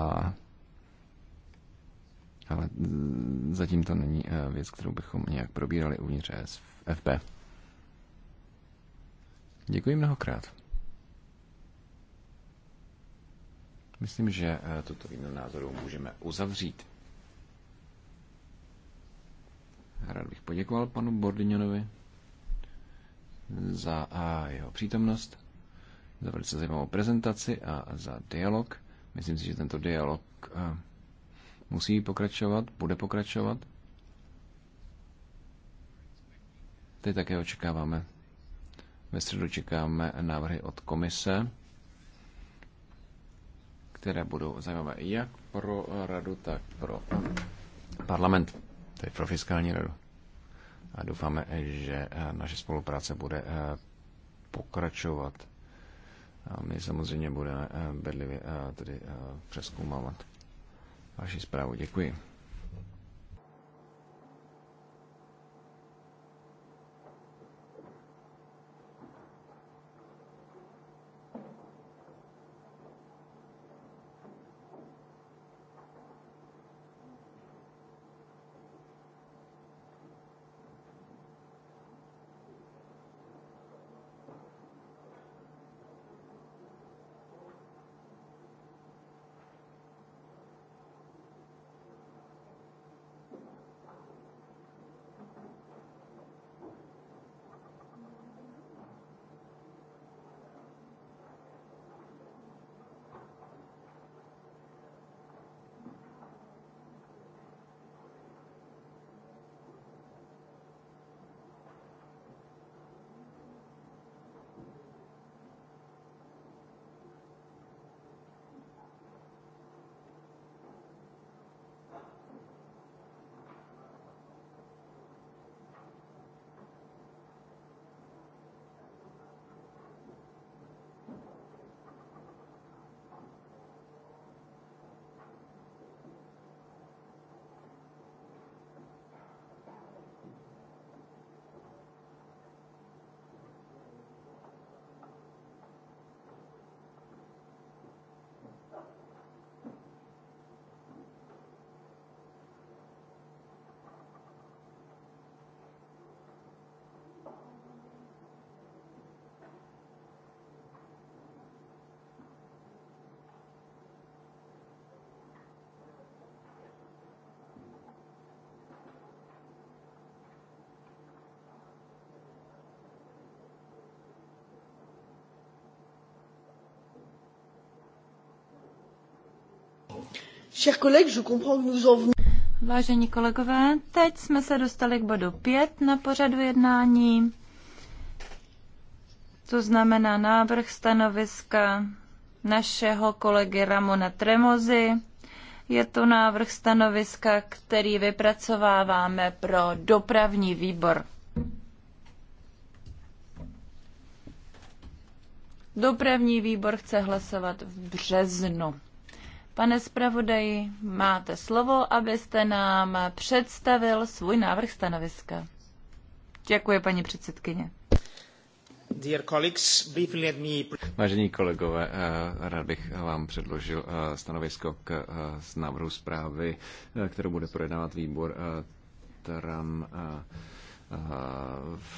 ale mm, zatím to není věc, kterou bychom nějak probírali uvnitř FP. Děkuji mnohokrát. Myslím, že eh, tuto výměnu názoru můžeme uzavřít. Rád bych poděkoval panu Bordiňonovi za eh, jeho přítomnost, za velice zajímavou prezentaci a za dialog. Myslím si, že tento dialog eh, musí pokračovat, bude pokračovat. Teď také očekáváme ve středu čekáme návrhy od komise, které budou zajímavé jak pro radu, tak pro parlament, tedy pro fiskální radu. A doufáme, že eh, naše spolupráce bude eh, pokračovat. A my samozřejmě budeme eh, bedlivě tedy přeskoumávat vaši zprávu. Děkuji. Vážení kolegové, teď jsme se dostali k bodu 5 na pořadu jednání. To znamená návrh stanoviska našeho kolegy Ramona Tremozy. Je to návrh stanoviska, který vypracováváme pro dopravní výbor. Dopravní výbor chce hlasovat v březnu. Pane zpravodaji, máte slovo, abyste nám představil svůj návrh stanoviska. Děkuji, paní předsedkyně. Vážení kolegové, eh, rád bych vám předložil eh, stanovisko k eh, návrhu zprávy, kterou bude projednávat výbor TRAM. Eh,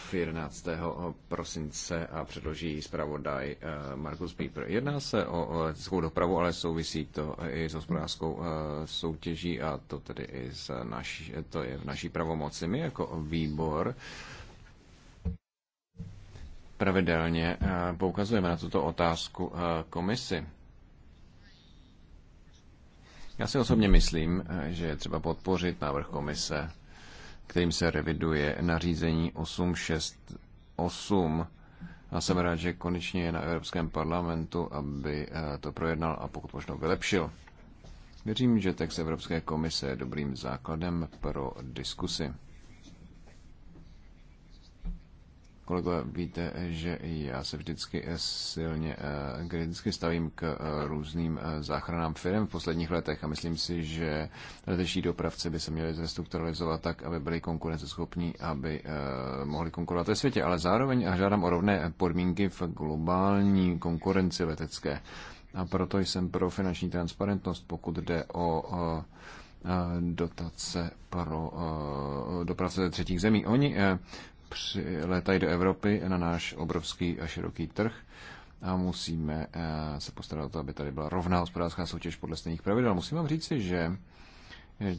v 11. prosince a předloží zpravodaj eh, Markus Pieper. Jedná se o leteckou dopravu, ale souvisí to i s hospodářskou eh, soutěží a to tedy i s naší, to je v naší pravomoci. My jako výbor pravidelně poukazujeme na tuto otázku komisi. Já si osobně myslím, že je třeba podpořit návrh komise kterým se reviduje nařízení 868. A jsem rád, že konečně je na Evropském parlamentu, aby eh, to projednal a pokud možno vylepšil. Věřím, že text Evropské komise je dobrým základem pro diskusy. kolegové, víte, že já se vždycky eh, silně eh, kriticky stavím k eh, různým záchranám firm v posledních letech a myslím si, že leteční dopravci by se měli zrestrukturalizovat tak, aby byli konkurenceschopní, aby mohli konkurovat ve světě, ale zároveň a žádám o rovné podmínky v globální konkurenci letecké. A proto jsem pro finanční transparentnost, pokud jde o dotace pro dopravce ze třetích zemí. Oni přilétají do Evropy na náš obrovský a široký trh a musíme eh, se postarat o to, aby tady byla rovná hospodářská soutěž podle stejných pravidel. Musím vám říci, že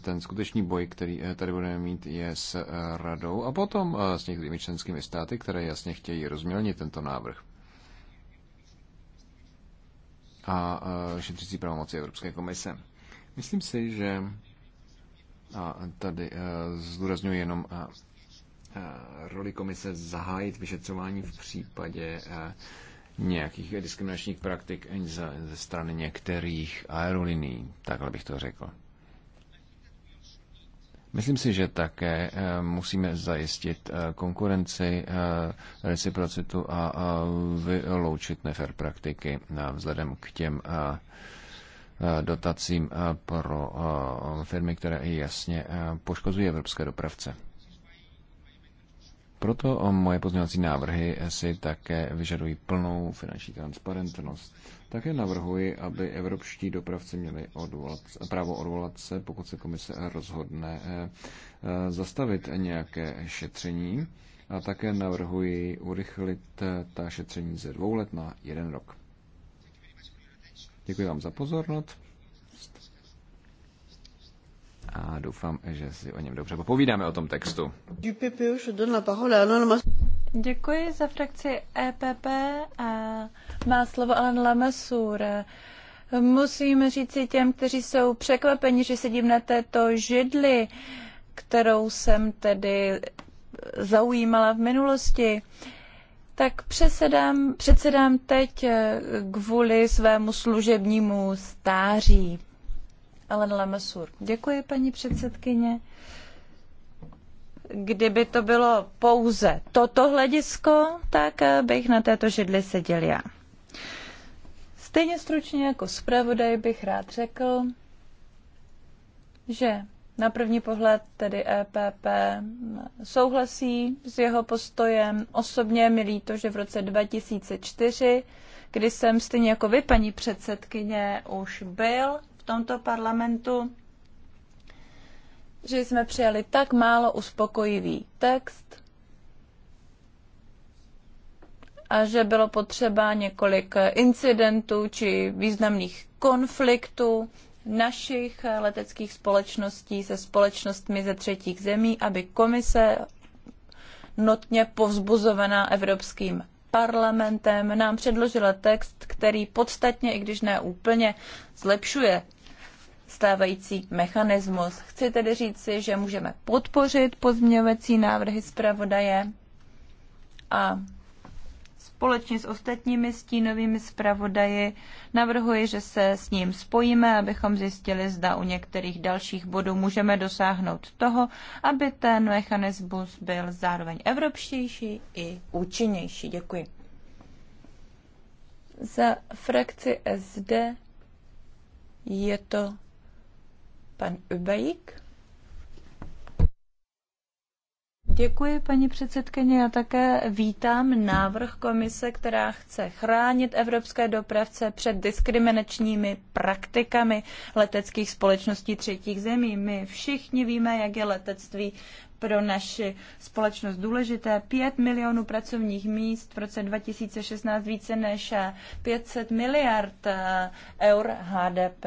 ten skutečný boj, který eh, tady budeme mít, je s eh, radou a potom s některými členskými státy, které jasně chtějí rozmělnit tento návrh. A šetřící pravomoci Evropské komise. Myslím si, že a tady zdůraznuju jenom Eh, roli komise zahájit vyšetřování v případě eh, nějakých diskriminačních praktik ze strany některých aerolinií, takhle bych to řekl. Myslím si, že také eh, musíme zajistit konkurenci, reciprocitu a vyloučit nefer praktiky vzhledem k těm dotacím pro firmy, které jasně poškozují evropské dopravce. Proto moje pozměňovací návrhy si také vyžadují plnou finanční transparentnost. Také navrhuji, aby evropští dopravci měli odvolat, právo odvolat se, pokud se komise rozhodne eh, eh, zastavit nějaké šetření. A také navrhuji urychlit eh, ta šetření ze dvou let na jeden rok. Děkuji vám za pozornost a doufám, že si o něm dobře popovídáme o tom textu. Děkuji za frakci EPP a má slovo Alan Lamassur. Musím říci těm, kteří jsou překvapeni, že sedím na této židli, kterou jsem tedy zaujímala v minulosti, tak přesedám, předsedám teď kvůli svému služebnímu stáří. Ellen Lamassur. Děkuji, paní předsedkyně. Kdyby to bylo pouze toto hledisko, tak eh, bych na této židli seděl já. Stejně stručně jako zpravodaj bych rád řekl, že na první pohled tedy EPP souhlasí s jeho postojem. Osobně mi líto, že v roce 2004, kdy jsem stejně jako vy, paní předsedkyně, už byl tomto parlamentu, že jsme přijali tak málo uspokojivý text a že bylo potřeba několik incidentů či významných konfliktů našich leteckých společností se společnostmi ze třetích zemí, aby komise notně povzbuzovaná Evropským parlamentem nám předložila text, který podstatně, i když ne úplně, zlepšuje stávající mechanismus. Chci tedy si, že můžeme podpořit pozměňovací návrhy zpravodaje a společně s ostatními stínovými zpravodaji navrhuji, že se s ním spojíme, abychom zjistili, zda u některých dalších bodů můžeme dosáhnout toho, aby ten mechanismus byl zároveň evropštější i účinnější. Děkuji. Za frakci SD je to Pan Ubajík. Děkuji, paní předsedkyně. Já také vítám návrh komise, která chce chránit evropské dopravce před diskriminačními praktikami leteckých společností třetích zemí. My všichni víme, jak je letectví pro naši společnost důležité. 5 milionů pracovních míst v roce 2016 více než 500 miliard eh, eur HDP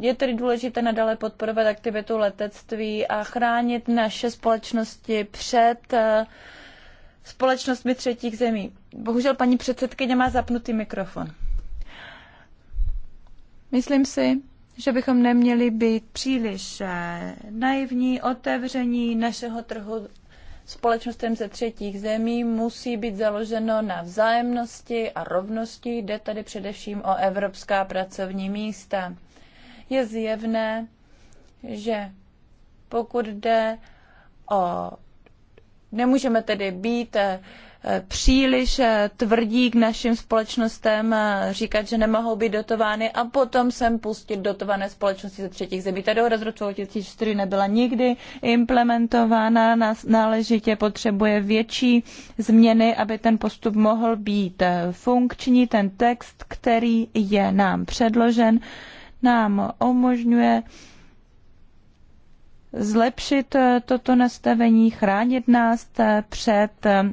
je tedy důležité nadále podporovat aktivitu letectví a chránit naše společnosti před eh, společnostmi třetích zemí. Bohužel paní předsedkyně má zapnutý mikrofon. Myslím si, že bychom neměli být příliš eh, naivní. Otevření našeho trhu společnostem ze třetích zemí musí být založeno na vzájemnosti a rovnosti. Jde tady především o evropská pracovní místa je zjevné, že pokud jde o. Nemůžeme tedy být eh, příliš eh, tvrdí k našim společnostem, eh, říkat, že nemohou být dotovány a potom sem pustit dotované společnosti ze třetích zemí. Ta dohoda z roku 2004 nebyla nikdy implementována, náležitě potřebuje větší změny, aby ten postup mohl být funkční. Ten text, který je nám předložen, nám umožňuje zlepšit eh, toto nastavení, chránit nás eh, před eh,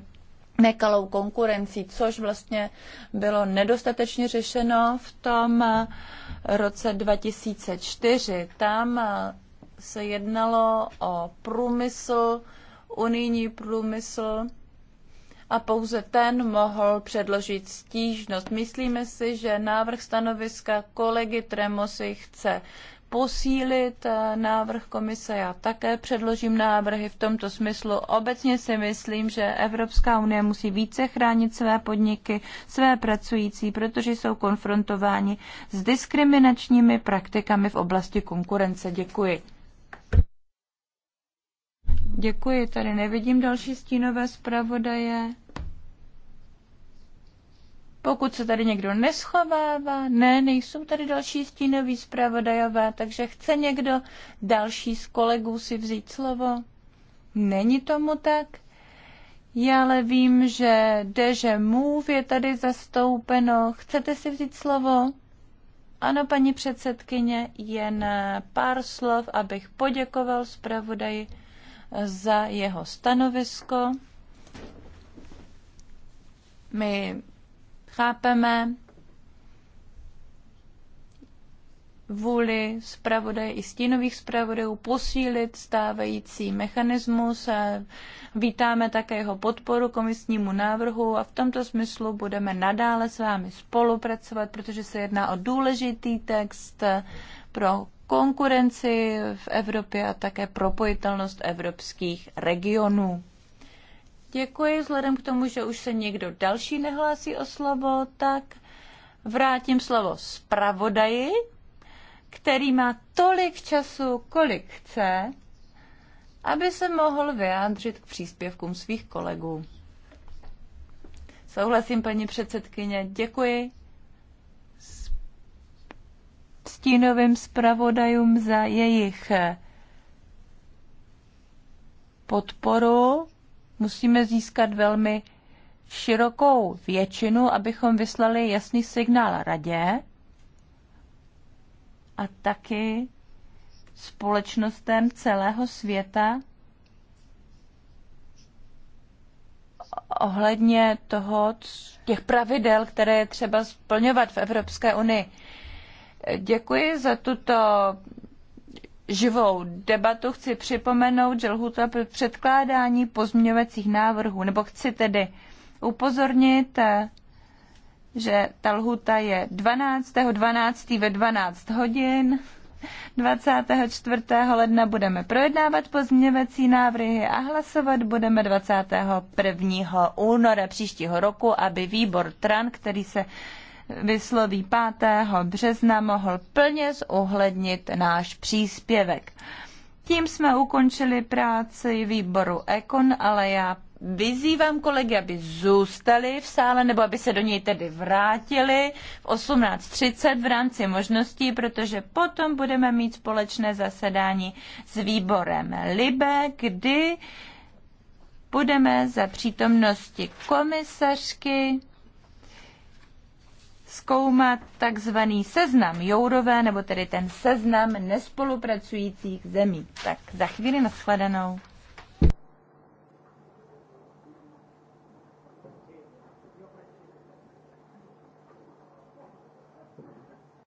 nekalou konkurencí, což vlastně bylo nedostatečně řešeno v tom roce 2004. Tam se jednalo o průmysl, unijní průmysl, a pouze ten mohl předložit stížnost. Myslíme si, že návrh stanoviska kolegy Tremosy chce posílit eh, návrh komise. Já také předložím návrhy v tomto smyslu. Obecně si myslím, že Evropská unie musí více chránit své podniky, své pracující, protože jsou konfrontováni s diskriminačními praktikami v oblasti konkurence. Děkuji. Děkuji, tady nevidím další stínové zpravodaje. Pokud se tady někdo neschovává, ne, nejsou tady další stínoví zpravodajové, takže chce někdo další z kolegů si vzít slovo? Není tomu tak? Já ale vím, že Deže Move je tady zastoupeno. Chcete si vzít slovo? Ano, paní předsedkyně, jen pár slov, abych poděkoval zpravodaji za jeho stanovisko. My chápeme vůli zpravodaje i stínových zpravodajů posílit stávající mechanismus a vítáme také jeho podporu komisnímu návrhu a v tomto smyslu budeme nadále s vámi spolupracovat, protože se jedná o důležitý text pro konkurenci v Evropě a také propojitelnost evropských regionů. Děkuji, vzhledem k tomu, že už se někdo další nehlásí o slovo, tak vrátím slovo zpravodaji, který má tolik času, kolik chce, aby se mohl vyjádřit k příspěvkům svých kolegů. Souhlasím, paní předsedkyně, děkuji stínovým zpravodajům za jejich eh, podporu. Musíme získat velmi širokou většinu, abychom vyslali jasný signál radě a taky společnostem celého světa ohledně toho, těch pravidel, které je třeba splňovat v Evropské unii. Děkuji za tuto živou debatu. Chci připomenout, že lhůta pro předkládání pozměňovacích návrhů, nebo chci tedy upozornit, že ta lhuta je 12. 12. ve 12 hodin. 24. ledna budeme projednávat pozměňovací návrhy a hlasovat budeme 21. února příštího roku, aby výbor TRAN, který se vysloví 5. března, mohl plně zohlednit náš příspěvek. Tím jsme ukončili práci výboru Ekon, ale já vyzývám kolegy, aby zůstali v sále nebo aby se do něj tedy vrátili v 18.30 v rámci možností, protože potom budeme mít společné zasedání s výborem Libe, kdy budeme za přítomnosti komisařky zkoumat takzvaný seznam Jourové, nebo tedy ten seznam nespolupracujících zemí. Tak za chvíli nashledanou.